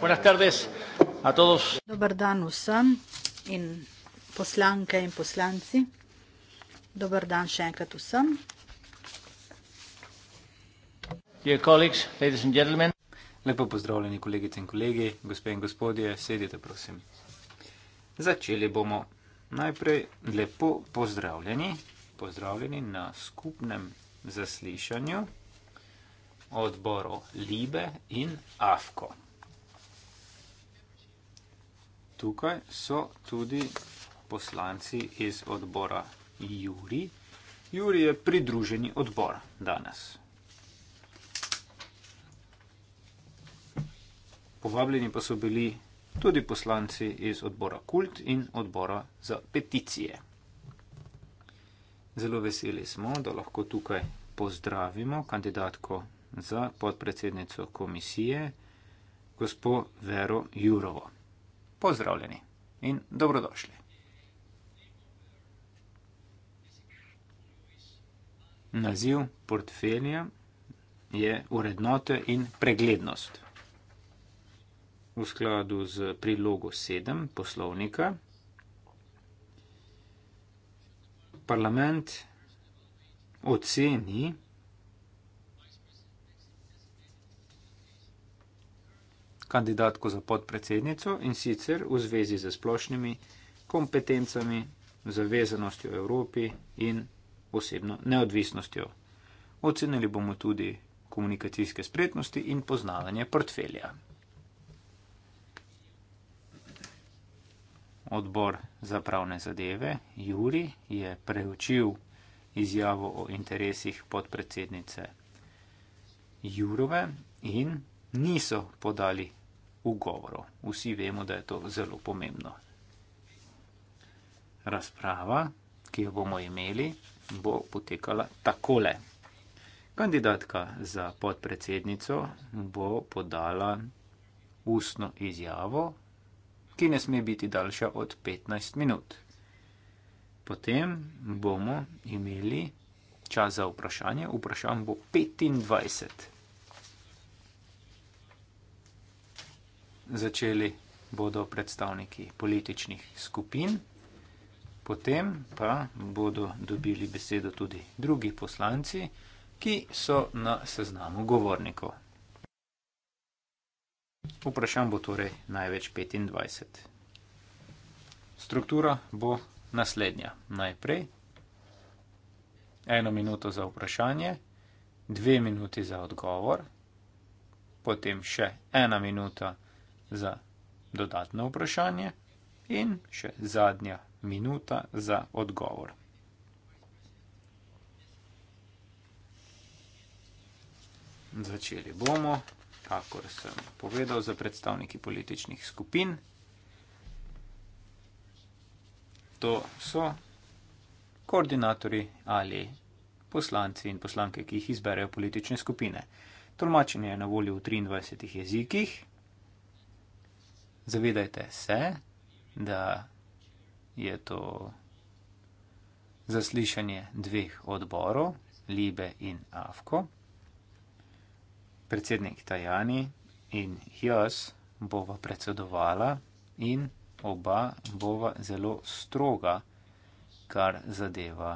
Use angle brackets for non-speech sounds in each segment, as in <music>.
Buenas tardes a todos. Dobar dan vsem in poslanke in poslanci. Dobar dan še enkrat vsem. Dear colleagues, ladies and gentlemen. Lepo pozdravljeni kolegice in kolegi, gospe in gospodje, sedite prosim. Začeli bomo najprej lepo pozdravljeni, pozdravljeni na skupnem zaslišanju odborov Libe in Afko tukaj so tudi poslanci iz odbora Juri. Juri je pridruženi odbor danes. Povabljeni pa so bili tudi poslanci iz odbora Kult in odbora za peticije. Zelo veseli smo, da lahko tukaj pozdravimo kandidatko za podpredsednico komisije, gospod Vero Jurovo. Pozdravljeni in dobrodošli. Naziv portfelja je urednote in preglednost. V skladu z prilogo 7 poslovnika parlament oceni, kandidatko za podpredsednico in sicer v zvezi z splošnimi kompetencami, zavezanostjo Evropi in osebno neodvisnostjo. Ocenili bomo tudi komunikacijske spretnosti in poznavanje portfelja. Odbor za pravne zadeve Juri je preučil izjavo o interesih podpredsednice Jurove in niso podali ugovorov. Vsi vemo, da je to zelo pomembno. Razprava, ki jo bomo imeli, bo potekala takole. Kandidatka za podpredsednico bo podala ustno izjavo, ki ne sme biti daljša od 15 minut. Potem bomo imeli čas za vprašanje, vprašanj bo 25. začeli bodo predstavniki političnih skupin, potem pa bodo dobili besedo tudi drugi poslanci, ki so na seznamu govornikov. Vprašanj bo torej največ 25. Struktura bo naslednja. Najprej eno minuto za vprašanje, dve minuti za odgovor, potem še ena minuta za odgovor za dodatno vprašanje in še zadnja minuta za odgovor. Začeli bomo, kakor sem povedal, za predstavniki političnih skupin. To so koordinatori ali poslanci in poslanke, ki jih izberejo politične skupine. Tolmačenje je na voljo v 23 jezikih, zavedajte se, da je to zaslišanje dveh odborov, Libe in Avko. Predsednik Tajani in jaz bova predsedovala in oba bova zelo stroga, kar zadeva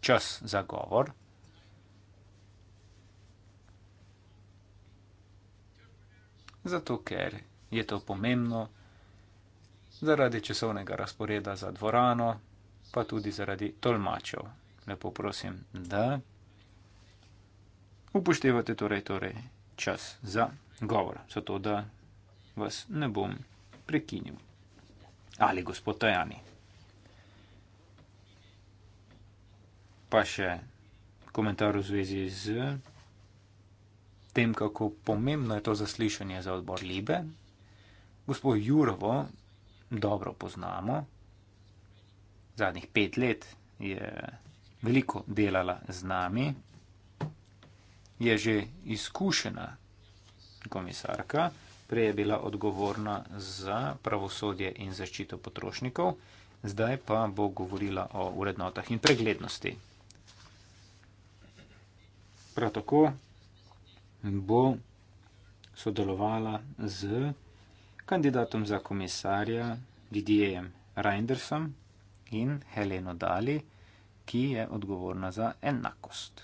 čas za govor. Zato ker je to pomembno zaradi časovnega razporeda za dvorano, pa tudi zaradi tolmačev. Lepo prosim, da upoštevate torej, torej čas za govor, zato da vas ne bom prekinil. Ali gospod Tajani. Pa še komentar v zvezi z tem, kako pomembno je to zaslišanje za odbor Libe, Gospo Jurovo dobro poznamo. Zadnjih pet let je veliko delala z nami, je že izkušena komisarka, prej je bila odgovorna za pravosodje in zaščito potrošnikov, zdaj pa bo govorila o urednotah in preglednosti. Prav tako bo sodelovala z kandidatom za komisarja Didijem Reindersom in Heleno Dali, ki je odgovorna za enakost.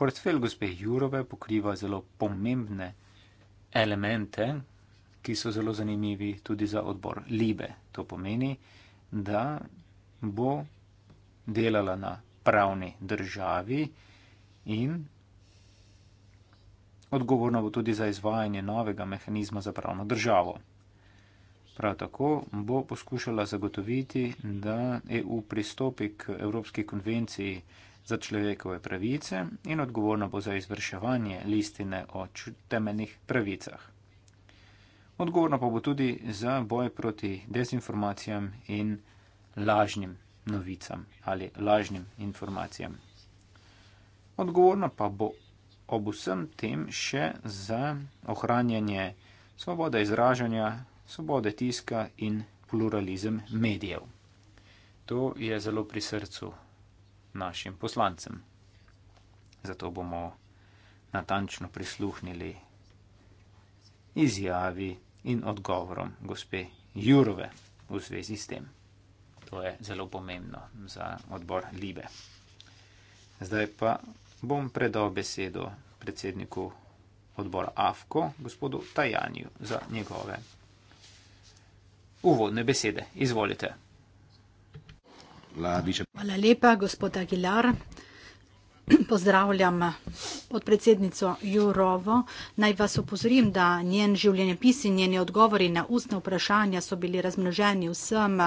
Portfel gospe Jurove pokriva zelo pomembne elemente, ki so zelo zanimivi tudi za odbor Libe. To pomeni, da bo delala na pravni državi in odgovorna bo tudi za izvajanje novega mehanizma za pravno državo. Prav tako bo poskušala zagotoviti, da EU pristopi k Evropski konvenciji za človekove pravice in odgovorna bo za izvrševanje listine o temeljnih pravicah. Odgovorna pa bo tudi za boj proti dezinformacijam in lažnim novicam ali lažnim informacijam. Odgovorna pa bo ob vsem tem še za ohranjanje svobode izražanja, svobode tiska in pluralizem medijev. To je zelo pri srcu našim poslancem. Zato bomo natančno prisluhnili izjavi in odgovorom gospe Jurove v zvezi s tem. To je zelo pomembno za odbor Libe. Zdaj pa bom predal besedo predsedniku odbora AFKO, gospodu Tajanju, za njegove uvodne besede. Izvolite. Hvala lepa, gospod Aguilar pozdravljam podpredsednico Jurovo. Naj vas opozorim, da njen življenjepis in njeni odgovori na ustne vprašanja so bili razmnoženi vsem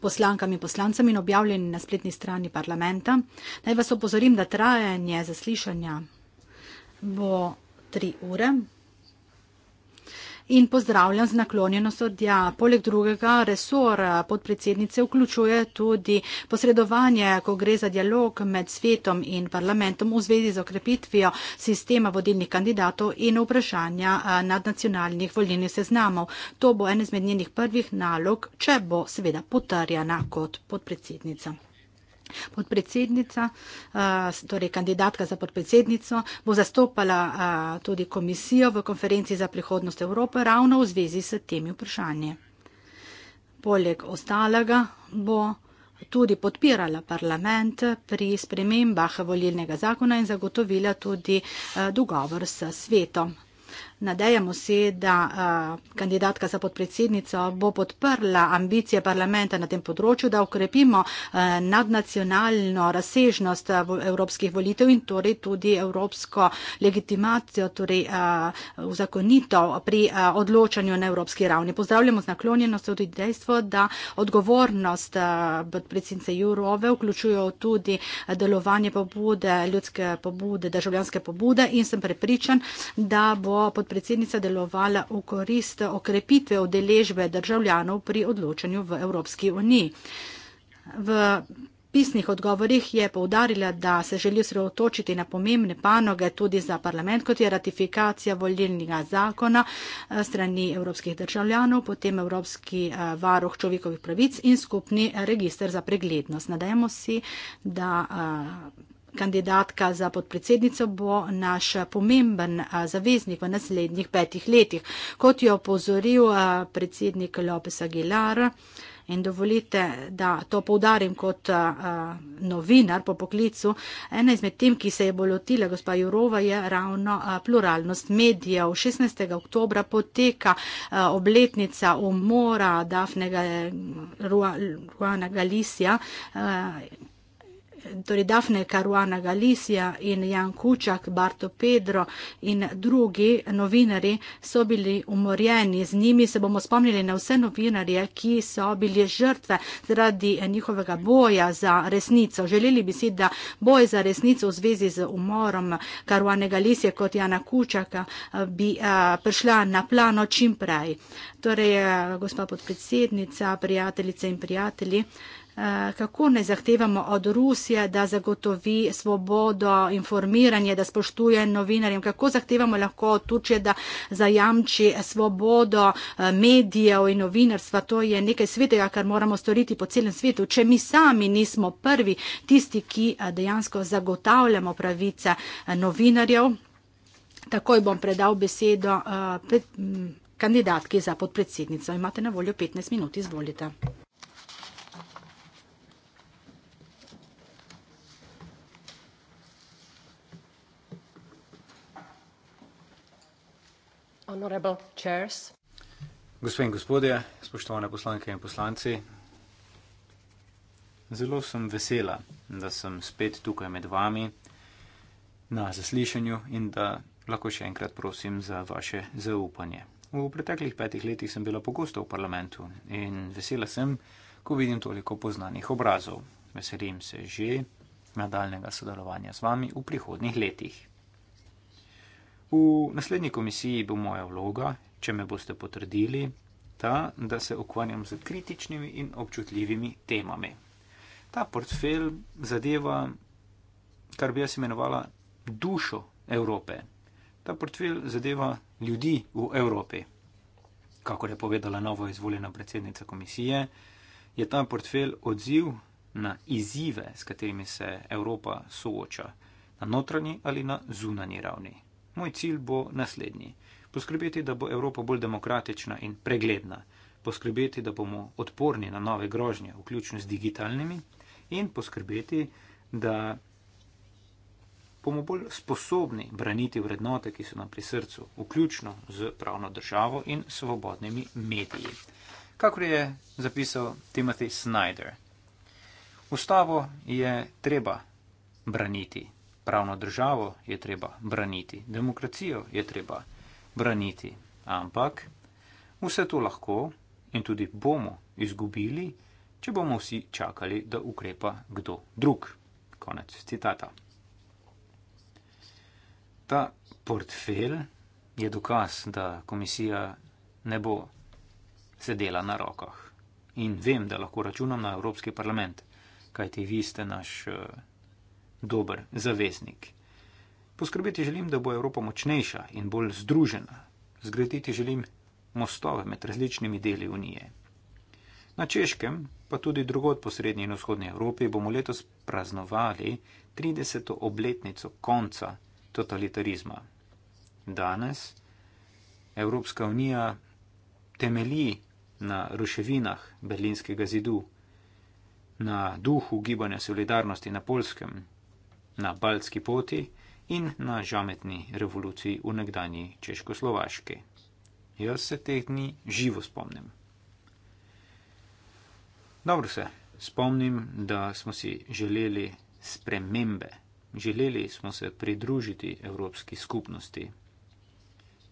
poslankam in poslancem in objavljeni na spletni strani parlamenta. Naj vas opozorim, da trajanje zaslišanja bo tri ure in pozdravljam z naklonjenost od ja. Poleg drugega resor eh, podpredsednice vključuje tudi posredovanje, ko gre za dialog med svetom in parlamentom v zvezi z okrepitvijo sistema vodilnih kandidatov in vprašanja eh, nadnacionalnih volilnih seznamov. To bo ene izmed njenih prvih nalog, če bo seveda potrjena kot podpredsednica. Podpredsednica, torej kandidatka za podpredsednico, bo zastopala tudi komisijo v konferenci za prihodnost Evrope ravno v zvezi s temi vprašanji. Poleg ostalega bo tudi podpirala parlament pri spremembah volilnega zakona in zagotovila tudi dogovor s svetom. Nadejamo se, da uh, kandidatka za podpredsednico bo podprla ambicije parlamenta na tem področju, da ukrepimo uh, nadnacionalno razsežnost uh, evropskih volitev in torej tudi evropsko legitimacijo, torej uh, zakonito pri uh, odločanju na evropski ravni. Pozdravljamo z naklonjenostjo tudi dejstvo, da odgovornost uh, podpredsednice Jurove vključujo tudi delovanje pobude, ljudske pobude, državljanske pobude in sem prepričan, da bo podpredsednica predsednica delovala v korist okrepitve odeležbe državljanov pri odločanju v Evropski uniji. V pisnih odgovorih je povdarila, da se želi osredotočiti na pomembne panoge tudi za parlament, kot je ratifikacija volilnega zakona eh, strani evropskih državljanov, potem Evropski eh, varuh človekovih pravic in skupni register za preglednost. Nadajemo si, da eh, kandidatka za podpredsednico bo naš pomemben zaveznik v naslednjih petih letih. Kot je opozoril predsednik Lopes Aguilar in dovolite, da to povdarim kot novinar po poklicu, ena izmed tem, ki se je bolotila gospa Jurova, je ravno pluralnost medijev. 16. oktobra poteka obletnica umora Dafnega Ruana Galicija torej Dafne Caruana Galicia in Jan Kučak, Barto Pedro in drugi novinari so bili umorjeni. Z njimi se bomo spomnili na vse novinarje, ki so bili žrtve zaradi njihovega boja za resnico. Želeli bi si, da boj za resnico v zvezi z umorom Caruana Galicia kot Jana Kučaka eh, bi a, eh, prišla na plano čim prej. Torej, eh, gospa podpredsednica, prijateljice in prijatelji, Eh, kako ne zahtevamo od Rusije, da zagotovi svobodo informiranja, da spoštuje novinarjem, kako zahtevamo lahko od Turčije, da zajamči svobodo eh, medijev in novinarstva. To je nekaj svetega, kar moramo storiti po celem svetu. Če mi sami nismo prvi tisti, ki eh, dejansko zagotavljamo pravice novinarjev, takoj bom predal besedo kandidatki za podpredsednico. Imate na voljo 15 minut, izvolite. Gospe in gospodje, spoštovane poslanke in poslanci, zelo sem vesela, da sem spet tukaj med vami na zaslišanju in da lahko še enkrat prosim za vaše zaupanje. V preteklih petih letih sem bila pogosto v parlamentu in vesela sem, ko vidim toliko poznanih obrazov. Veselim se že nadaljnega sodelovanja z vami v prihodnih letih. V naslednji komisiji bo moja vloga, če me boste potrdili, ta, da se ukvarjam z kritičnimi in občutljivimi temami. Ta portfelj zadeva, kar bi jaz imenovala dušo Evrope. Ta portfelj zadeva ljudi v Evropi. Kako je povedala novo izvoljena predsednica komisije, je ta portfelj odziv na izzive, s katerimi se Evropa sooča, na notranji ali na zunanji ravni. Moj cilj bo naslednji: poskrbeti, da bo Evropa bolj demokratična in pregledna, poskrbeti, da bomo odporni na nove grožnje, vključno z digitalnimi, in poskrbeti, da bomo bolj sposobni braniti vrednote, ki so nam pri srcu, vključno z pravno državo in svobodnimi mediji. Kakor je zapisal Timothy Snyder, ustavo je treba braniti, pravno državo je treba braniti, demokracijo je treba braniti. Ampak vse to lahko in tudi bomo izgubili, če bomo vsi čakali, da ukrepa kdo drug. Konec citata. Ta portfelj je dokaz, da komisija ne bo sedela na rokah. In vem, da lahko računam na Evropski parlament, kajti vi ste naš eh, dober zaveznik. Poskrbeti želim, da bo Evropa močnejša in bolj združena. Zgraditi želim mostove med različnimi deli Unije. Na Češkem, pa tudi drugod po srednji in vzhodnji Evropi, bomo letos praznovali 30. obletnico konca totalitarizma. Danes Evropska unija temelji na ruševinah berlinskega zidu, na duhu gibanja solidarnosti na polskem, na Baltski poti in na žametni revoluciji v nekdani Češkoslovaški. Jaz se teh dni živo spomnim. Dobro se spomnim, da smo si želeli spremembe, želeli smo se pridružiti Evropski skupnosti.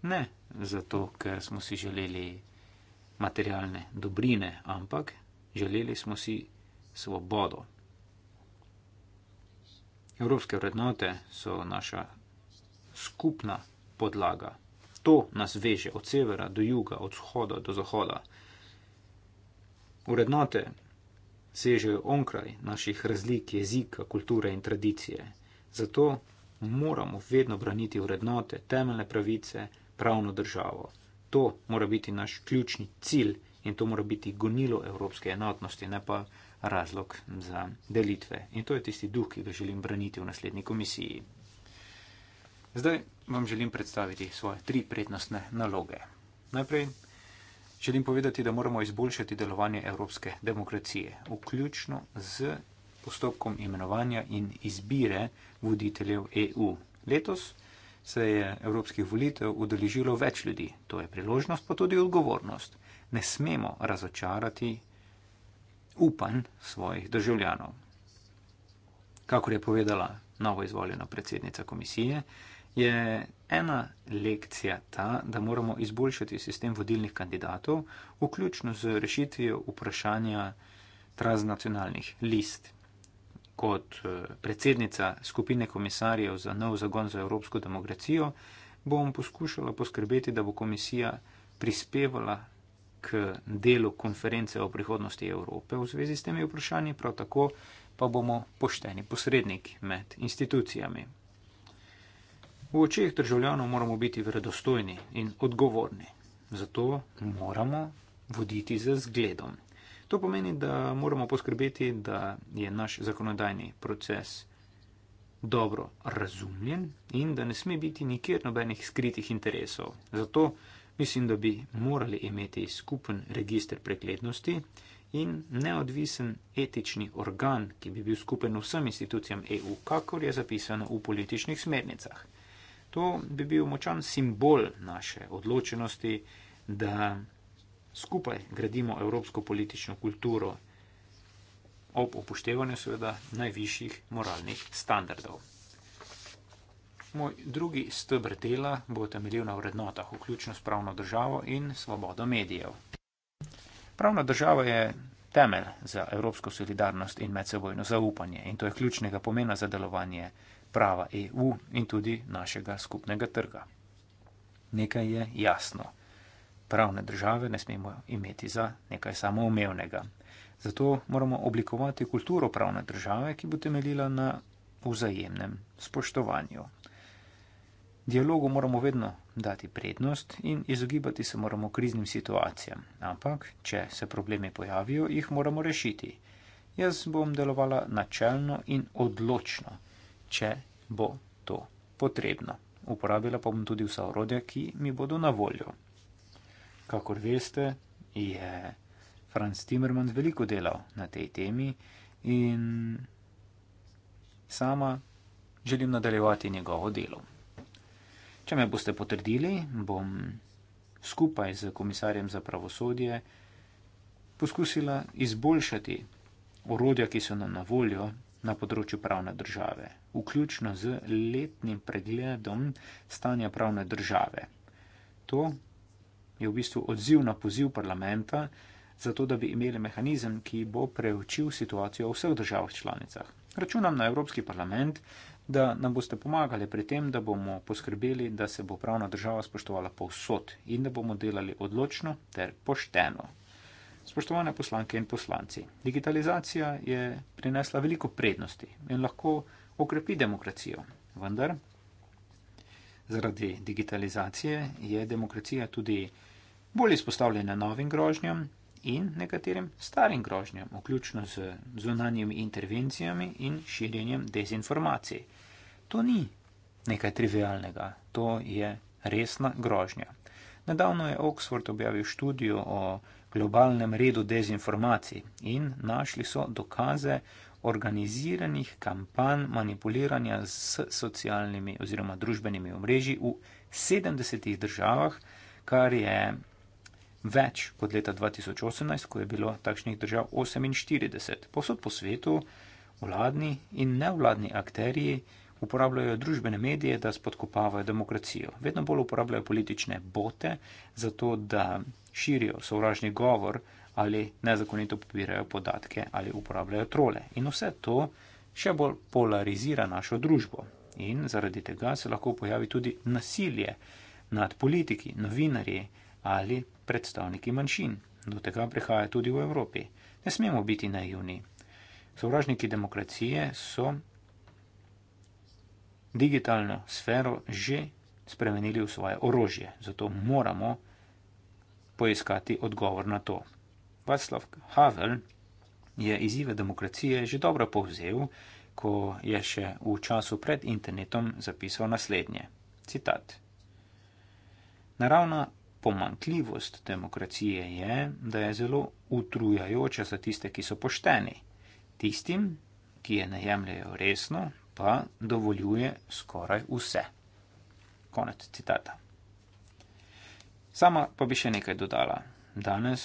Ne zato, ker smo si želeli materialne dobrine, ampak želeli smo si svobodo. Evropske vrednote so naša skupna podlaga. To nas veže od severa do juga, od vzhoda do zahoda. Vrednote sežejo onkraj naših razlik jezika, kulture in tradicije. Zato moramo vedno braniti vrednote, temeljne pravice, pravno državo. To mora biti naš ključni cilj in to mora biti gonilo evropske enotnosti, ne pa razlog za delitve. In to je tisti duh, ki ga želim braniti v naslednji komisiji. Zdaj vam želim predstaviti svoje tri prednostne naloge. Najprej želim povedati, da moramo izboljšati delovanje evropske demokracije, vključno z postopkom imenovanja in izbire voditeljev EU. Letos se je evropskih volitev udeležilo več ljudi. To je priložnost, pa tudi odgovornost. Ne smemo razočarati upanj svojih državljanov. Kakor je povedala novo izvoljena predsednica komisije, je ena lekcija ta, da moramo izboljšati sistem vodilnih kandidatov, vključno z rešitvijo vprašanja transnacionalnih list. Kot eh, predsednica skupine komisarjev za nov zagon za evropsko demokracijo bom poskušala poskrbeti, da bo komisija prispevala k delu konference o prihodnosti Evrope v zvezi s temi vprašanji, prav tako pa bomo pošteni posrednik med institucijami. V očeh državljanov moramo biti verodostojni in odgovorni. Zato moramo voditi z zgledom. To pomeni, da moramo poskrbeti, da je naš zakonodajni proces dobro razumljen in da ne sme biti nikjer nobenih skritih interesov. Zato Mislim, da bi morali imeti skupen registr prekletnosti in neodvisen etični organ, ki bi bil skupen vsem institucijam EU, kakor je zapisano v političnih smernicah. To bi bil močan simbol naše odločenosti, da skupaj gradimo evropsko politično kulturo ob upoštevanju seveda najvišjih moralnih standardov. Moj drugi stebr dela bo temeljil na vrednotah, vključno s pravno državo in svobodo medijev. Pravna država je temelj za evropsko solidarnost in medsebojno zaupanje in to je ključnega pomena za delovanje prava EU in tudi našega skupnega trga. Nekaj je jasno. Pravne države ne smemo imeti za nekaj samoumevnega. Zato moramo oblikovati kulturo pravne države, ki bo temeljila na vzajemnem spoštovanju. Dialogu moramo vedno dati prednost in izogibati se moramo kriznim situacijam, ampak če se problemi pojavijo, jih moramo rešiti. Jaz bom delovala načelno in odločno, če bo to potrebno. Uporabila pa bom tudi vsa orodja, ki mi bodo na voljo. Kakor veste, je Franz Timmermans veliko delal na tej temi in sama želim nadaljevati njegovo delo. Če me boste potrdili, bom skupaj z komisarjem za pravosodje poskusila izboljšati orodja, ki so nam na voljo na področju pravne države, vključno z letnim pregledom stanja pravne države. To je v bistvu odziv na poziv parlamenta, zato da bi imeli mehanizem, ki bo preučil situacijo v vseh državah članicah. Računam na Evropski parlament, da nam boste pomagali pri tem, da bomo poskrbeli, da se bo pravna država spoštovala povsod in da bomo delali odločno ter pošteno. Spoštovane poslanke in poslanci, digitalizacija je prinesla veliko prednosti in lahko okrepi demokracijo, vendar zaradi digitalizacije je demokracija tudi bolj izpostavljena novim grožnjam in nekaterim starim grožnjam, vključno z zunanjimi intervencijami in širjenjem dezinformacij. To ni nekaj trivialnega, to je resna grožnja. Nedavno je Oxford objavil študijo o globalnem redu dezinformacij in našli so dokaze organiziranih kampanj manipuliranja s socialnimi oziroma družbenimi omrežji v 70 državah, kar je več kot leta 2018, ko je bilo takšnih držav 48. Posod po svetu vladni in nevladni akteriji uporabljajo družbene medije, da spodkopavajo demokracijo. Vedno bolj uporabljajo politične bote, zato da širijo sovražni govor ali nezakonito pobirajo podatke ali uporabljajo trole. In vse to še bolj polarizira našo družbo. In zaradi tega se lahko pojavi tudi nasilje nad politiki, novinarji, ali predstavniki manjšin. Do tega prihaja tudi v Evropi. Ne smemo biti naivni. Sovražniki demokracije so digitalno sfero že spremenili v svoje orožje, zato moramo poiskati odgovor na to. Václav Havel je izzive demokracije že dobro povzel, ko je še v času pred internetom zapisal naslednje: Citat. Naravna pomankljivost demokracije je, da je zelo utrujajoča za tiste, ki so pošteni. Tistim, ki je ne jemljajo resno, pa dovoljuje skoraj vse. Konec citata. Sama pa bi še nekaj dodala. Danes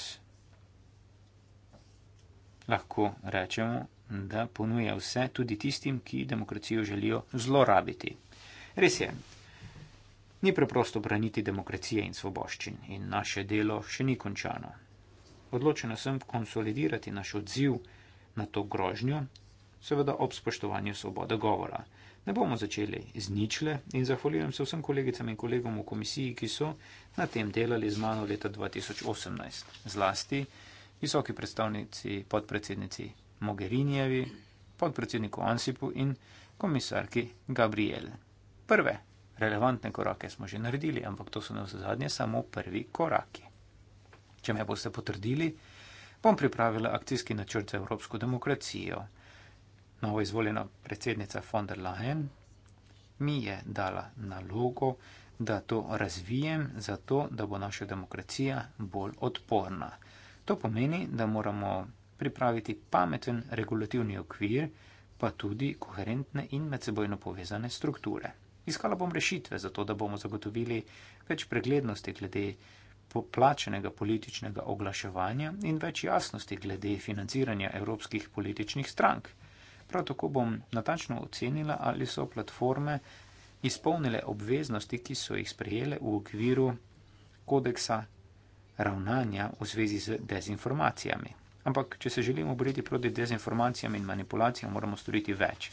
lahko rečemo, da ponuja vse tudi tistim, ki demokracijo želijo zlorabiti. Res je, ni preprosto braniti demokracije in svoboščin in naše delo še ni končano. Odločena sem konsolidirati naš odziv na to grožnjo, seveda ob spoštovanju svobode govora. Ne bomo začeli z ničle in zahvaljujem se vsem kolegicam in kolegom v komisiji, ki so na tem delali z mano leta 2018. Zlasti visoki predstavnici podpredsednici Mogherinijevi, podpredsedniku Ansipu in komisarki Gabriele. Prve relevantne korake smo že naredili, ampak to so na vse zadnje samo prvi koraki. Če me boste potrdili, bom pripravila akcijski načrt za evropsko demokracijo. Novo izvoljena predsednica von der Leyen mi je dala nalogo, da to razvijem, zato da bo naša demokracija bolj odporna. To pomeni, da moramo pripraviti pameten regulativni okvir, pa tudi koherentne in medsebojno povezane strukture. Iskala bom rešitve za to, da bomo zagotovili več preglednosti glede poplačenega političnega oglaševanja in več jasnosti glede financiranja evropskih političnih strank. Prav tako bom natančno ocenila, ali so platforme izpolnile obveznosti, ki so jih sprejele v okviru kodeksa ravnanja v zvezi z dezinformacijami. Ampak, če se želimo boriti proti dezinformacijam in manipulacijam, moramo storiti več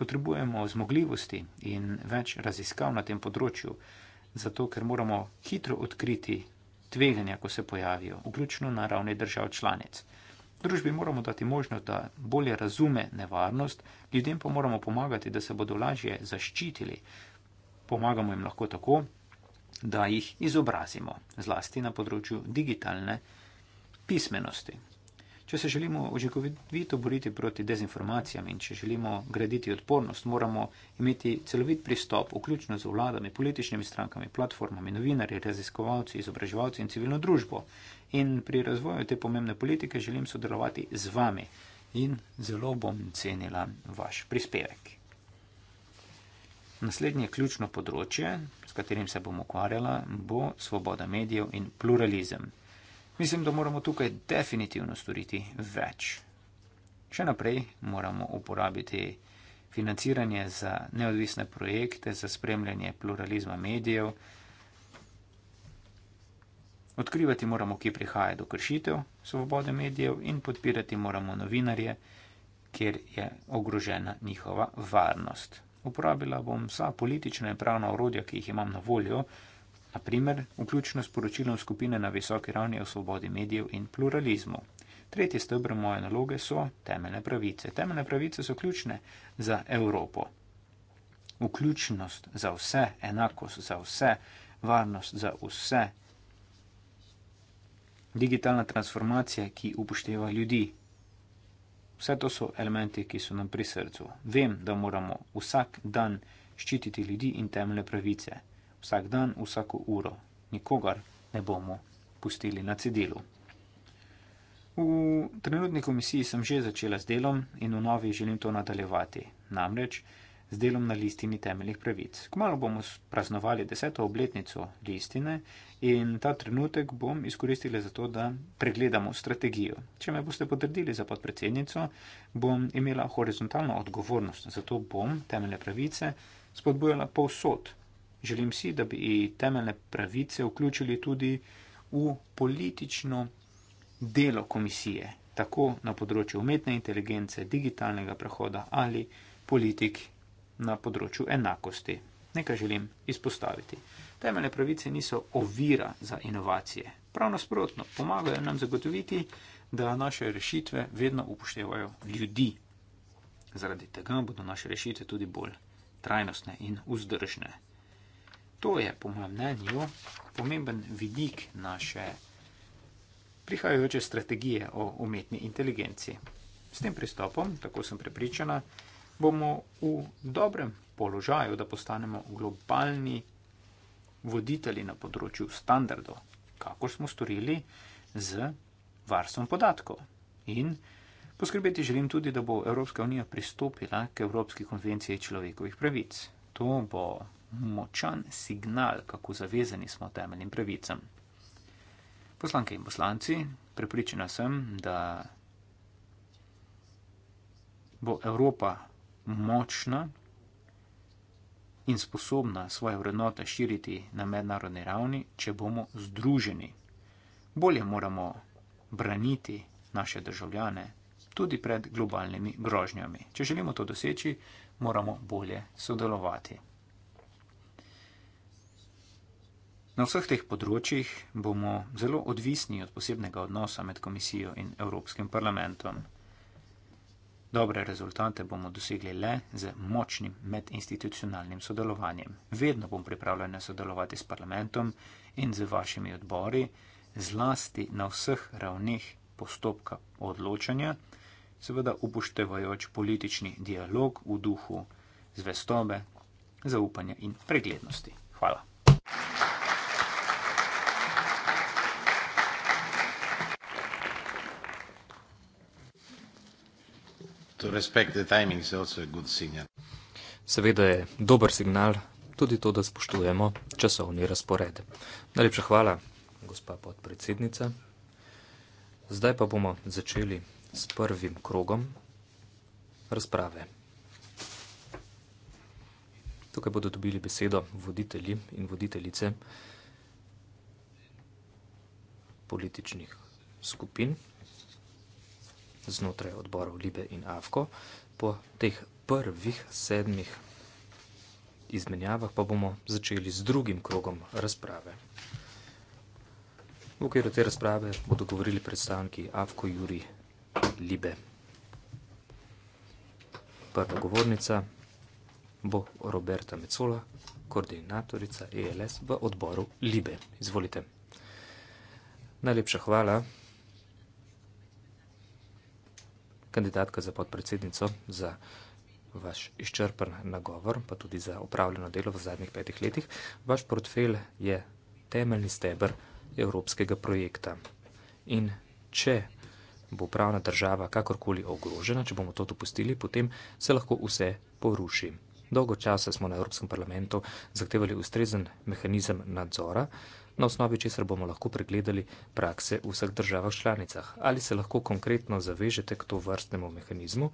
potrebujemo zmogljivosti in več raziskav na tem področju, zato ker moramo hitro odkriti tveganja, ko se pojavijo, vključno na ravni držav članic. Družbi moramo dati možnost, da bolje razume nevarnost, ljudem pa moramo pomagati, da se bodo lažje zaščitili. Pomagamo jim lahko tako, da jih izobrazimo, zlasti na področju digitalne pismenosti. Če se želimo učinkovito boriti proti dezinformacijam in če želimo graditi odpornost, moramo imeti celovit pristop, vključno z vladami, političnimi strankami, platformami, novinarji, raziskovalci, izobraževalci in civilno družbo. In pri razvoju te pomembne politike želim sodelovati z vami in zelo bom cenila vaš prispevek. Naslednje ključno področje, s katerim se bom ukvarjala, bo svoboda medijev in pluralizem. Mislim, da moramo tukaj definitivno storiti več. Še naprej moramo uporabiti financiranje za neodvisne projekte, za spremljanje pluralizma medijev. Odkrivati moramo, ki prihaja do kršitev svobode medijev in podpirati moramo novinarje, kjer je ogrožena njihova varnost. Uporabila bom vsa politična in pravna orodja, ki jih imam na voljo, naprimer vključno s poročilom skupine na visoki ravni o svobodi medijev in pluralizmu. Tretji stebr moje naloge so temeljne pravice. Temeljne pravice so ključne za Evropo. Vključnost za vse, enakost za vse, varnost za vse. Digitalna transformacija, ki upošteva ljudi. Vse to so elementi, ki so nam pri srcu. Vem, da moramo vsak dan ščititi ljudi in temeljne pravice vsak dan, vsako uro. Nikogar ne bomo pustili na cedilu. V trenutni komisiji sem že začela z delom in v novi želim to nadaljevati, namreč z delom na listini temeljih pravic. Kmalo bomo praznovali deseto obletnico listine in ta trenutek bom izkoristila za to, da pregledamo strategijo. Če me boste potrdili za podpredsednico, bom imela horizontalno odgovornost, zato bom temelje pravice spodbujala povsod Želim si, da bi temeljne pravice vključili tudi v politično delo komisije, tako na področju umetne inteligence, digitalnega prehoda ali politik na področju enakosti. Nekaj želim izpostaviti. Temeljne pravice niso ovira za inovacije. Prav nasprotno, pomagajo nam zagotoviti, da naše rešitve vedno upoštevajo ljudi. Zaradi tega bodo naše rešitve tudi bolj trajnostne in vzdržne to je, po mojem mnenju, pomemben vidik naše prihajajoče strategije o umetni inteligenci. S tem pristopom, tako sem prepričana, bomo v dobrem položaju, da postanemo globalni voditelji na področju standardov, kako smo storili z varstvom podatkov. In poskrbeti želim tudi, da bo Evropska unija pristopila k Evropski konvenciji človekovih pravic. To bo močan signal, kako zavezani smo temeljnim pravicam. Poslanke in poslanci, prepričana sem, da bo Evropa močna in sposobna svoje vrednote širiti na mednarodni ravni, če bomo združeni. Bolje moramo braniti naše državljane tudi pred globalnimi grožnjami. Če želimo to doseči, moramo bolje sodelovati. Na vseh teh področjih bomo zelo odvisni od posebnega odnosa med komisijo in Evropskim parlamentom. Dobre rezultate bomo dosegli le z močnim medinstitucionalnim sodelovanjem. Vedno bom pripravljena sodelovati s parlamentom in z vašimi odbori, zlasti na vseh ravneh postopka odločanja, seveda upoštevajoč politični dialog v duhu zvestobe, zaupanja in preglednosti. Hvala. Seveda je dober signal tudi to, da spoštujemo časovni razpored. Najlepša hvala, gospa podpredsednica. Zdaj pa bomo začeli s prvim krogom razprave. Tukaj bodo dobili besedo voditelji in voditeljice političnih skupin znotraj odborov Libe in Avko. Po teh prvih sedmih izmenjavah pa bomo začeli z drugim krogom razprave. V okviru te razprave bodo govorili predstavniki Avko, Juri, Libe. Prva govornica bo Roberta Mecola, koordinatorica ELS v odboru Libe. Izvolite. Najlepša hvala. kandidatka za podpredsednico, za vaš izčrpen nagovor, pa tudi za upravljeno delo v zadnjih petih letih. Vaš portfelj je temeljni stebr evropskega projekta. In če bo pravna država kakorkoli ogrožena, če bomo to dopustili, potem se lahko vse poruši. Dolgo časa smo na Evropskem parlamentu zahtevali ustrezen mehanizem nadzora, na osnovi česar bomo lahko pregledali prakse v vseh državah članicah. Ali se lahko konkretno zavežete k to vrstnemu mehanizmu?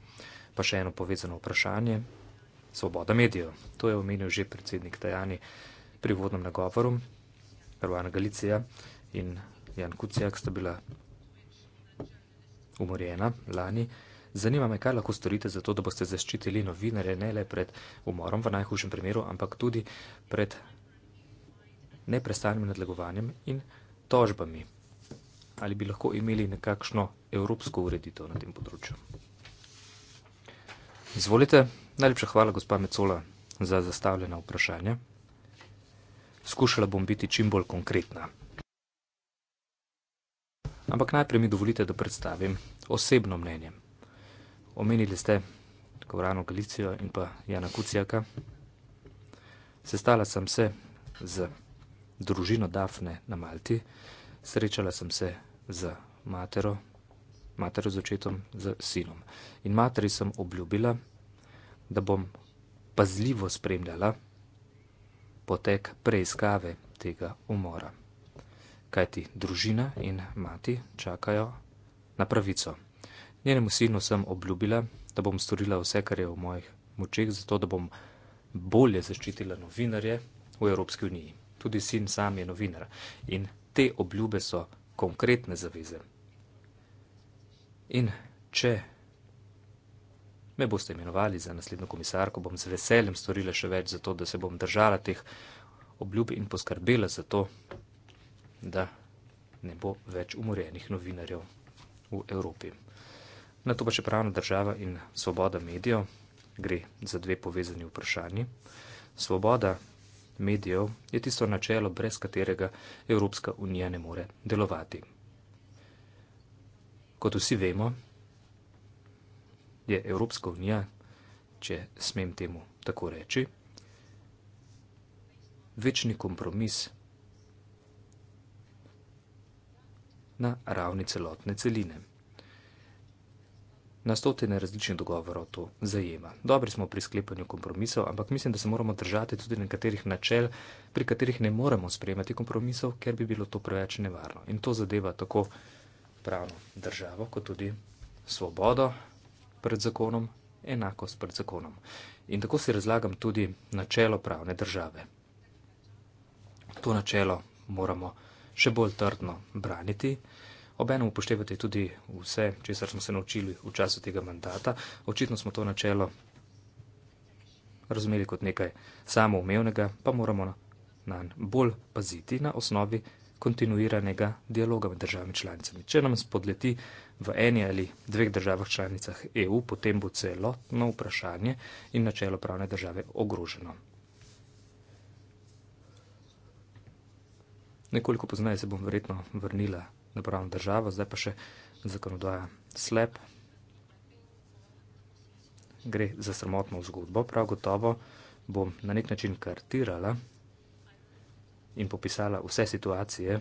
Pa še eno povezano vprašanje. Svoboda medijev. To je omenil že predsednik Tajani pri vodnem nagovoru. Rwana Galicija in Jan Kucijak sta bila umorjena lani. Zanima me, kaj lahko storite za to, da boste zaščitili novinare ne le pred umorom v najhujšem primeru, ampak tudi pred neprestanim nadlegovanjem in tožbami. Ali bi lahko imeli nekakšno evropsko ureditev na tem področju? Izvolite, najlepša hvala, gospa Mecola, za zastavljena vprašanja. Skušala bom biti čim bolj konkretna. Ampak najprej mi dovolite, da predstavim osebno mnenje. Omenili ste Kovrano Galicijo in pa Jana Kucijaka. Sestala sem se z družino Dafne na Malti. Srečala sem se z matero, matero z očetom, z sinom. In materi sem obljubila, da bom pazljivo spremljala potek preiskave tega umora. Kajti družina in mati čakajo na pravico. Njenemu sinu sem obljubila, da bom storila vse, kar je v mojih močeh, zato da bom bolje zaščitila novinarje v Evropski uniji tudi sin sam je novinar. In te obljube so konkretne zaveze. In če me boste imenovali za naslednjo komisarko, bom z veseljem storila še več za to, da se bom držala teh obljub in poskrbela za to, da ne bo več umorjenih novinarjev v Evropi. Na to pa še pravna država in svoboda medijev gre za dve povezani vprašanji. Svoboda medijev je tisto načelo, brez katerega Evropska unija ne more delovati. Kot vsi vemo, je Evropska unija, če smem temu tako reči, večni kompromis na ravni celotne celine na stotine različnih dogovorov to zajema. Dobri smo pri sklepanju kompromisov, ampak mislim, da se moramo držati tudi nekaterih načel, pri katerih ne moremo sprejemati kompromisov, ker bi bilo to preveč nevarno. In to zadeva tako pravno državo, kot tudi svobodo pred zakonom, enakost pred zakonom. In tako si razlagam tudi načelo pravne države. To načelo moramo še bolj trdno braniti. Obenem upoštevate tudi vse, česar smo se naučili v času tega mandata. Očitno smo to načelo razumeli kot nekaj samoumevnega, pa moramo na njem bolj paziti na osnovi kontinuiranega dialoga med državami članicami. Če nam spodleti v eni ali dveh državah članicah EU, potem bo celotno vprašanje in načelo pravne države ogroženo. Nekoliko poznaje se bom verjetno vrnila na pravno državo, zdaj pa še zakonodaja slep. Gre za sramotno zgodbo, prav gotovo bom na nek način kartirala in popisala vse situacije,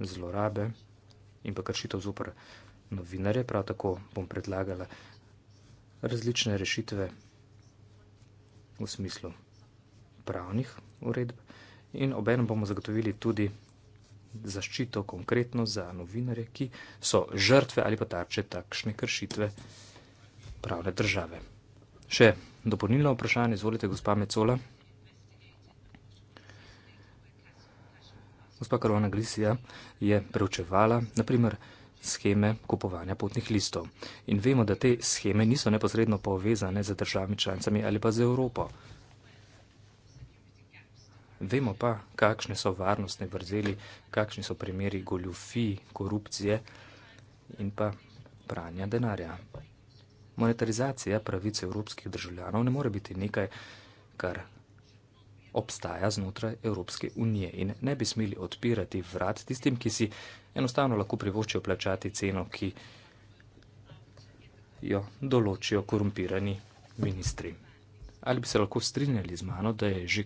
zlorabe in pa kršitev zupr novinarje, prav tako bom predlagala različne rešitve v smislu pravnih uredb in obenem bomo zagotovili tudi zaščito konkretno za novinarje, ki so žrtve ali pa tarče takšne kršitve pravne države. Še dopolnilno vprašanje, izvolite, gospa Mecola. Gospa Karovana Grisija je preučevala, naprimer, scheme kupovanja potnih listov. In vemo, da te scheme niso neposredno povezane z državami članicami ali pa z Evropo. Vemo pa, kakšne so varnostne vrzeli, kakšni so primeri goljufij, korupcije in pa pranja denarja. Monetarizacija pravice evropskih državljanov ne more biti nekaj, kar obstaja znotraj Evropske unije in ne bi smeli odpirati vrat tistim, ki si enostavno lahko privoščijo plačati ceno, ki jo določijo korumpirani ministri. Ali bi se lahko strinjali z mano, da je že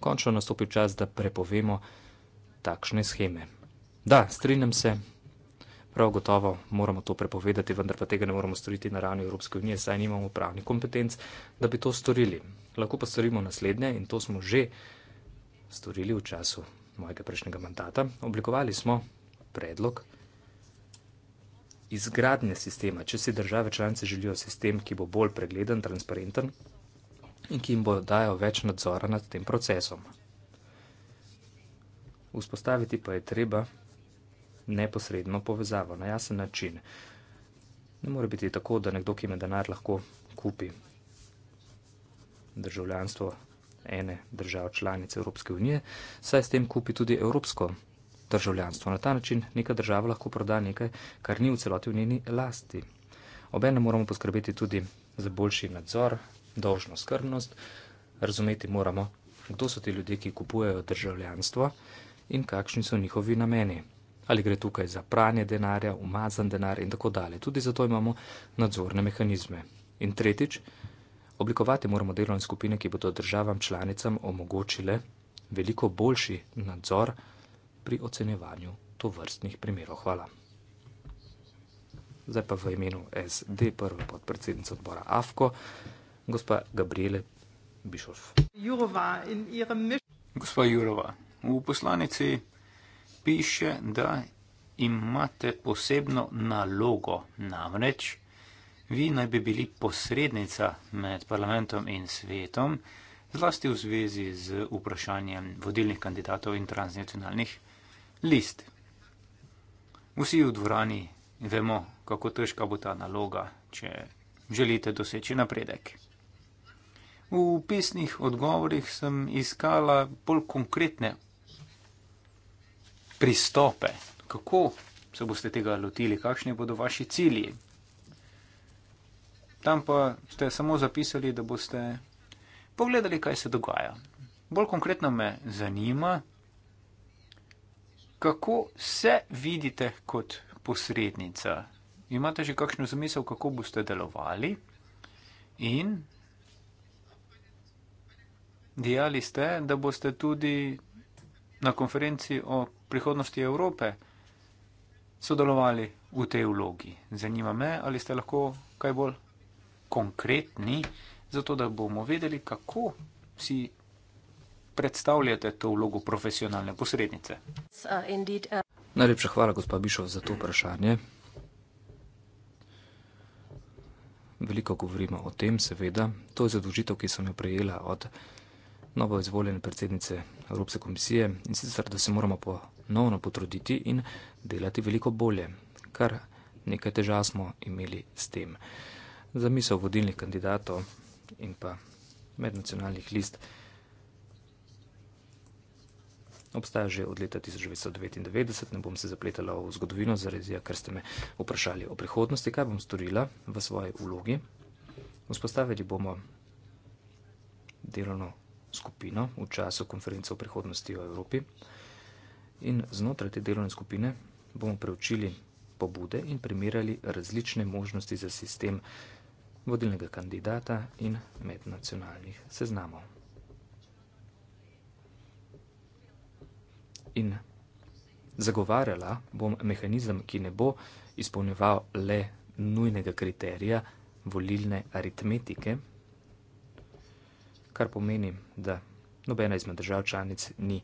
končno nastopil čas, da prepovemo takšne scheme. Da, strinjam se, prav gotovo moramo to prepovedati, vendar pa tega ne moramo storiti na ravni Evropske unije, saj nimamo pravni kompetenc, da bi to storili. Lahko pa storimo naslednje in to smo že storili v času mojega prejšnjega mandata. Oblikovali smo predlog izgradnje sistema, če si države članice želijo sistem, ki bo bolj pregleden, transparenten in ki jim bo dajal več nadzora nad tem procesom. Vzpostaviti pa je treba neposredno povezavo na jasen način. Ne more biti tako, da nekdo, ki ima denar, lahko kupi državljanstvo ene države članice Evropske unije, saj s tem kupi tudi evropsko državljanstvo. Na ta način neka država lahko proda nekaj, kar ni v celoti v njeni lasti. Obenem moramo poskrbeti tudi za boljši nadzor dolžno skrbnost, razumeti moramo, kdo so ti ljudje, ki kupujejo državljanstvo in kakšni so njihovi nameni. Ali gre tukaj za pranje denarja, umazan denar in tako dalje. Tudi zato imamo nadzorne mehanizme. In tretjič, oblikovati moramo delovne skupine, ki bodo državam članicam omogočile veliko boljši nadzor pri ocenjevanju tovrstnih primerov. Hvala. Zdaj pa v imenu SD, prva podpredsednica odbora AFKO gospa Gabriele Bišov. Gospa Jurova, v poslanici piše, da imate osebno nalogo, namreč vi naj bi bili posrednica med parlamentom in svetom, zlasti v zvezi z vprašanjem vodilnih kandidatov in transnacionalnih list. Vsi v dvorani vemo, kako težka bo ta naloga, če želite doseči napredek. V pisnih odgovorih sem iskala bolj konkretne pristope, kako se boste tega lotili, kakšni bodo vaši cilji. Tam pa ste samo zapisali, da boste pogledali, kaj se dogaja. Bolj konkretno me zanima, kako se vidite kot posrednica. Imate že kakšno zamisel, kako boste delovali in Dijali ste, da boste tudi na konferenci o prihodnosti Evrope sodelovali v tej vlogi. Zanima me, ali ste lahko kaj bolj konkretni, zato da bomo vedeli, kako si. Predstavljate to vlogo profesionalne posrednice? Najlepša hvala, gospod Bišov, za to vprašanje. Veliko govorimo o tem, seveda. To je zadužitev, ki sem jo prejela od novo izvoljene predsednice Evropske komisije in sicer, da se moramo ponovno potruditi in delati veliko bolje, kar nekaj težav smo imeli s tem. Zamisel vodilnih kandidatov in pa mednacionalnih list obstaja že od leta 1999, ne bom se zapletala v zgodovino zaradi, ker ste me vprašali o prihodnosti, kaj bom storila v svoji vlogi. Vzpostavili bomo delovno skupino v času konference o prihodnosti v Evropi. In znotraj te delovne skupine bomo preučili pobude in primerjali različne možnosti za sistem vodilnega kandidata in mednacionalnih seznamov. In zagovarjala bom mehanizem, ki ne bo izpolnjeval le nujnega kriterija volilne aritmetike, kar pomeni, da nobena izmed držav članic ni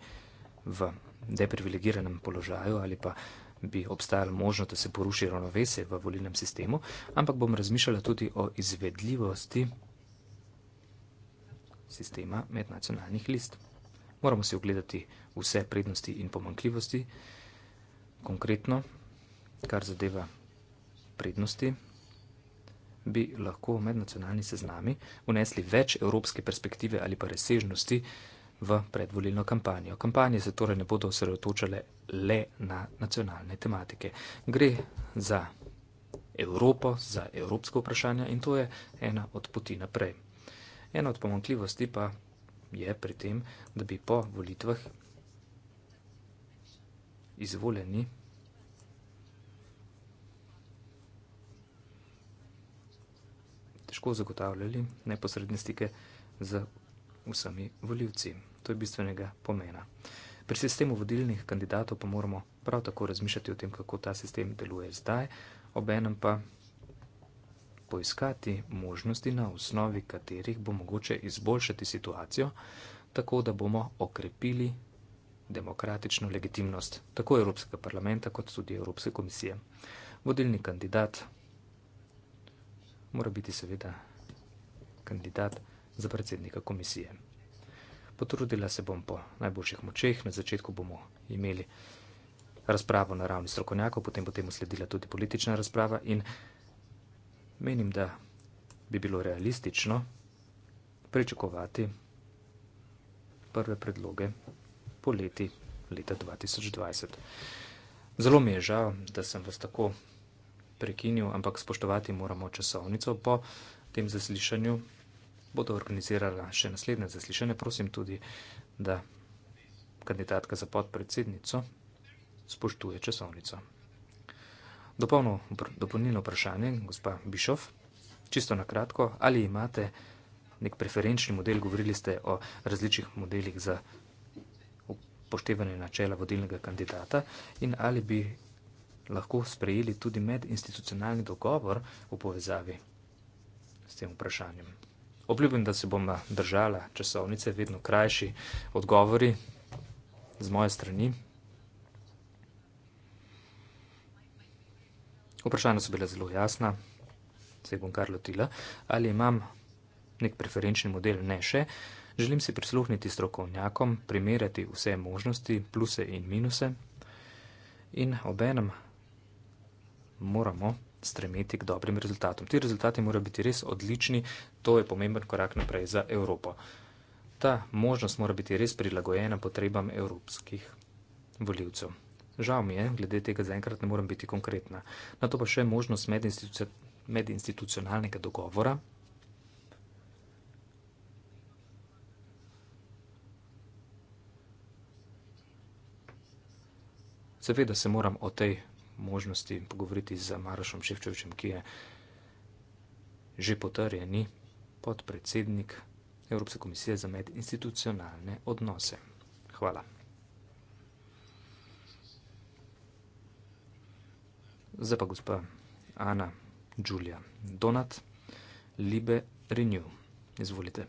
v deprivilegiranem položaju ali pa bi obstajala možnost, da se poruši ravnovesje v volilnem sistemu, ampak bom razmišljala tudi o izvedljivosti sistema mednacionalnih list. Moramo si ogledati vse prednosti in pomankljivosti, konkretno, kar zadeva prednosti, bi lahko med nacionalni seznami unesli več evropske perspektive ali pa razsežnosti v predvolilno kampanjo. Kampanje se torej ne bodo osredotočale le na nacionalne tematike. Gre za Evropo, za evropsko vprašanje in to je ena od poti naprej. Ena od pomankljivosti pa je pri tem, da bi po volitvah izvoljeni težko zagotavljali neposredne stike z vsemi voljivci. To je bistvenega pomena. Pri sistemu vodilnih kandidatov pa moramo prav tako razmišljati o tem, kako ta sistem deluje zdaj, obenem pa poiskati možnosti, na osnovi katerih bo mogoče izboljšati situacijo, tako da bomo okrepili demokratično legitimnost tako Evropskega parlamenta kot tudi Evropske komisije. Vodilni kandidat mora biti seveda kandidat za predsednika komisije. Potrudila se bom po najboljših močeh, na začetku bomo imeli razpravo na ravni strokovnjakov, potem bo temu sledila tudi politična razprava in menim, da bi bilo realistično pričakovati prve predloge po leti leta 2020. Zelo mi je žal, da sem vas tako prekinil, ampak spoštovati moramo časovnico. Po tem zaslišanju bodo organizirala še naslednje zaslišanje. Prosim tudi, da kandidatka za podpredsednico spoštuje časovnico. Dopolno, dopolnilno vprašanje, gospa Bišov, čisto na kratko, ali imate nek preferenčni model, govorili ste o različnih modelih za upoštevanje načela vodilnega kandidata in ali bi lahko sprejeli tudi medinstitucionalni dogovor v povezavi s tem vprašanjem. Obljubim, da se bom držala časovnice, vedno krajši odgovori z moje strani. Vprašanja so bila zelo jasna, se bom kar lotila. Ali imam nek preferenčni model? Ne še. Želim si prisluhniti strokovnjakom, primerjati vse možnosti, pluse in minuse in obenem moramo stremeti k dobrim rezultatom. Ti rezultati morajo biti res odlični, to je pomemben korak naprej za Evropo. Ta možnost mora biti res prilagojena potrebam evropskih voljivcev. Žal mi je, glede tega zaenkrat ne morem biti konkretna. Na to pa še možnost medinstitucio medinstitucionalnega dogovora. Seveda se moram o tej možnosti pogovoriti z Marošom Ševčevičem, ki je že potrjeni podpredsednik Evropske komisije za medinstitucionalne odnose. Hvala. Zdaj pa gospa Ana Đulja Donat, Libe Renew. Izvolite.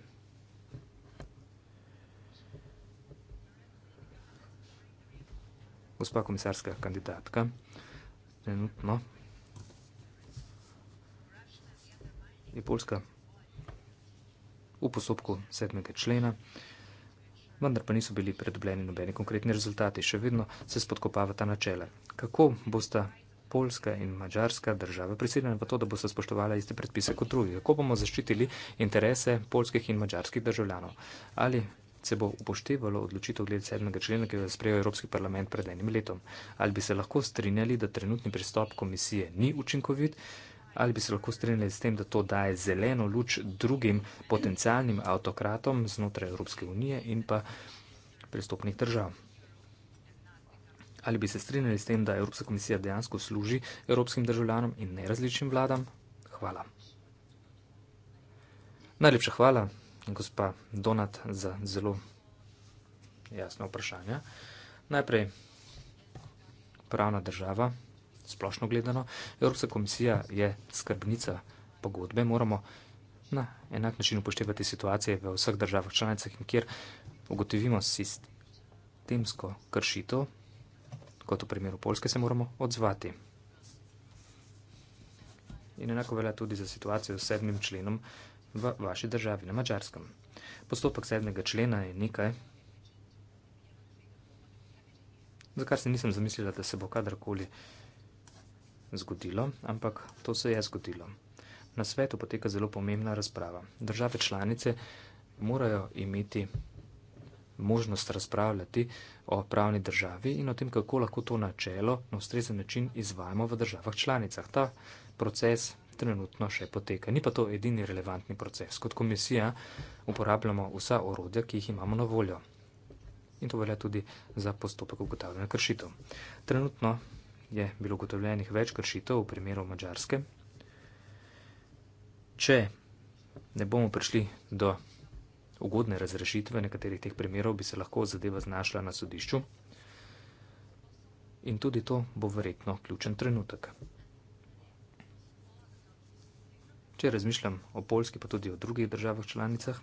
Gospa komisarska kandidatka trenutno. Je Poljska v postopku sedmega člena, vendar pa niso bili predobljeni nobeni konkretni rezultati. Še vedno se spodkopavata načela. Kako bosta Poljska in Mačarska država prisiljena v to, da bosta spoštovala iste predpise kot drugi? Kako bomo zaščitili interese polskih in mačarskih državljanov? Ali se bo upoštevalo odločitev glede 7. člena, ki jo je sprejel Evropski parlament pred enim letom. Ali bi se lahko strinjali, da trenutni pristop komisije ni učinkovit, ali bi se lahko strinjali s tem, da to daje zeleno luč drugim potencialnim avtokratom znotraj Evropske unije in pa pristopnih držav. Ali bi se strinjali s tem, da Evropska komisija dejansko služi evropskim državljanom in ne različnim vladam? Hvala. Najlepša hvala gospa Donat za zelo jasno vprašanje. Najprej pravna država, splošno gledano. Evropska komisija je skrbnica pogodbe. Moramo na enak način upoštevati situacije v vseh državah članicah in kjer ugotovimo sistemsko kršito, kot v primeru Polske, se moramo odzvati. In enako velja tudi za situacijo s sedmim členom v vaši državi, na Mačarskem. Postopek sedmega člena je nekaj, za kar se nisem zamislila, da se bo kadarkoli zgodilo, ampak to se je zgodilo. Na svetu poteka zelo pomembna razprava. Države članice morajo imeti možnost razpravljati o pravni državi in o tem, kako lahko to načelo na ustrezen način izvajamo v državah članicah. Ta proces trenutno še poteka. Ni pa to edini relevantni proces. Kot komisija uporabljamo vsa orodja, ki jih imamo na voljo. In to velja tudi za postopek ugotavljanja kršitev. Trenutno je bilo ugotovljenih več kršitev v primeru Mačarske. Če ne bomo prišli do ugodne razrešitve nekaterih teh primerov, bi se lahko zadeva znašla na sodišču. In tudi to bo verjetno ključen trenutek če razmišljam o Poljski, pa tudi o drugih državah članicah,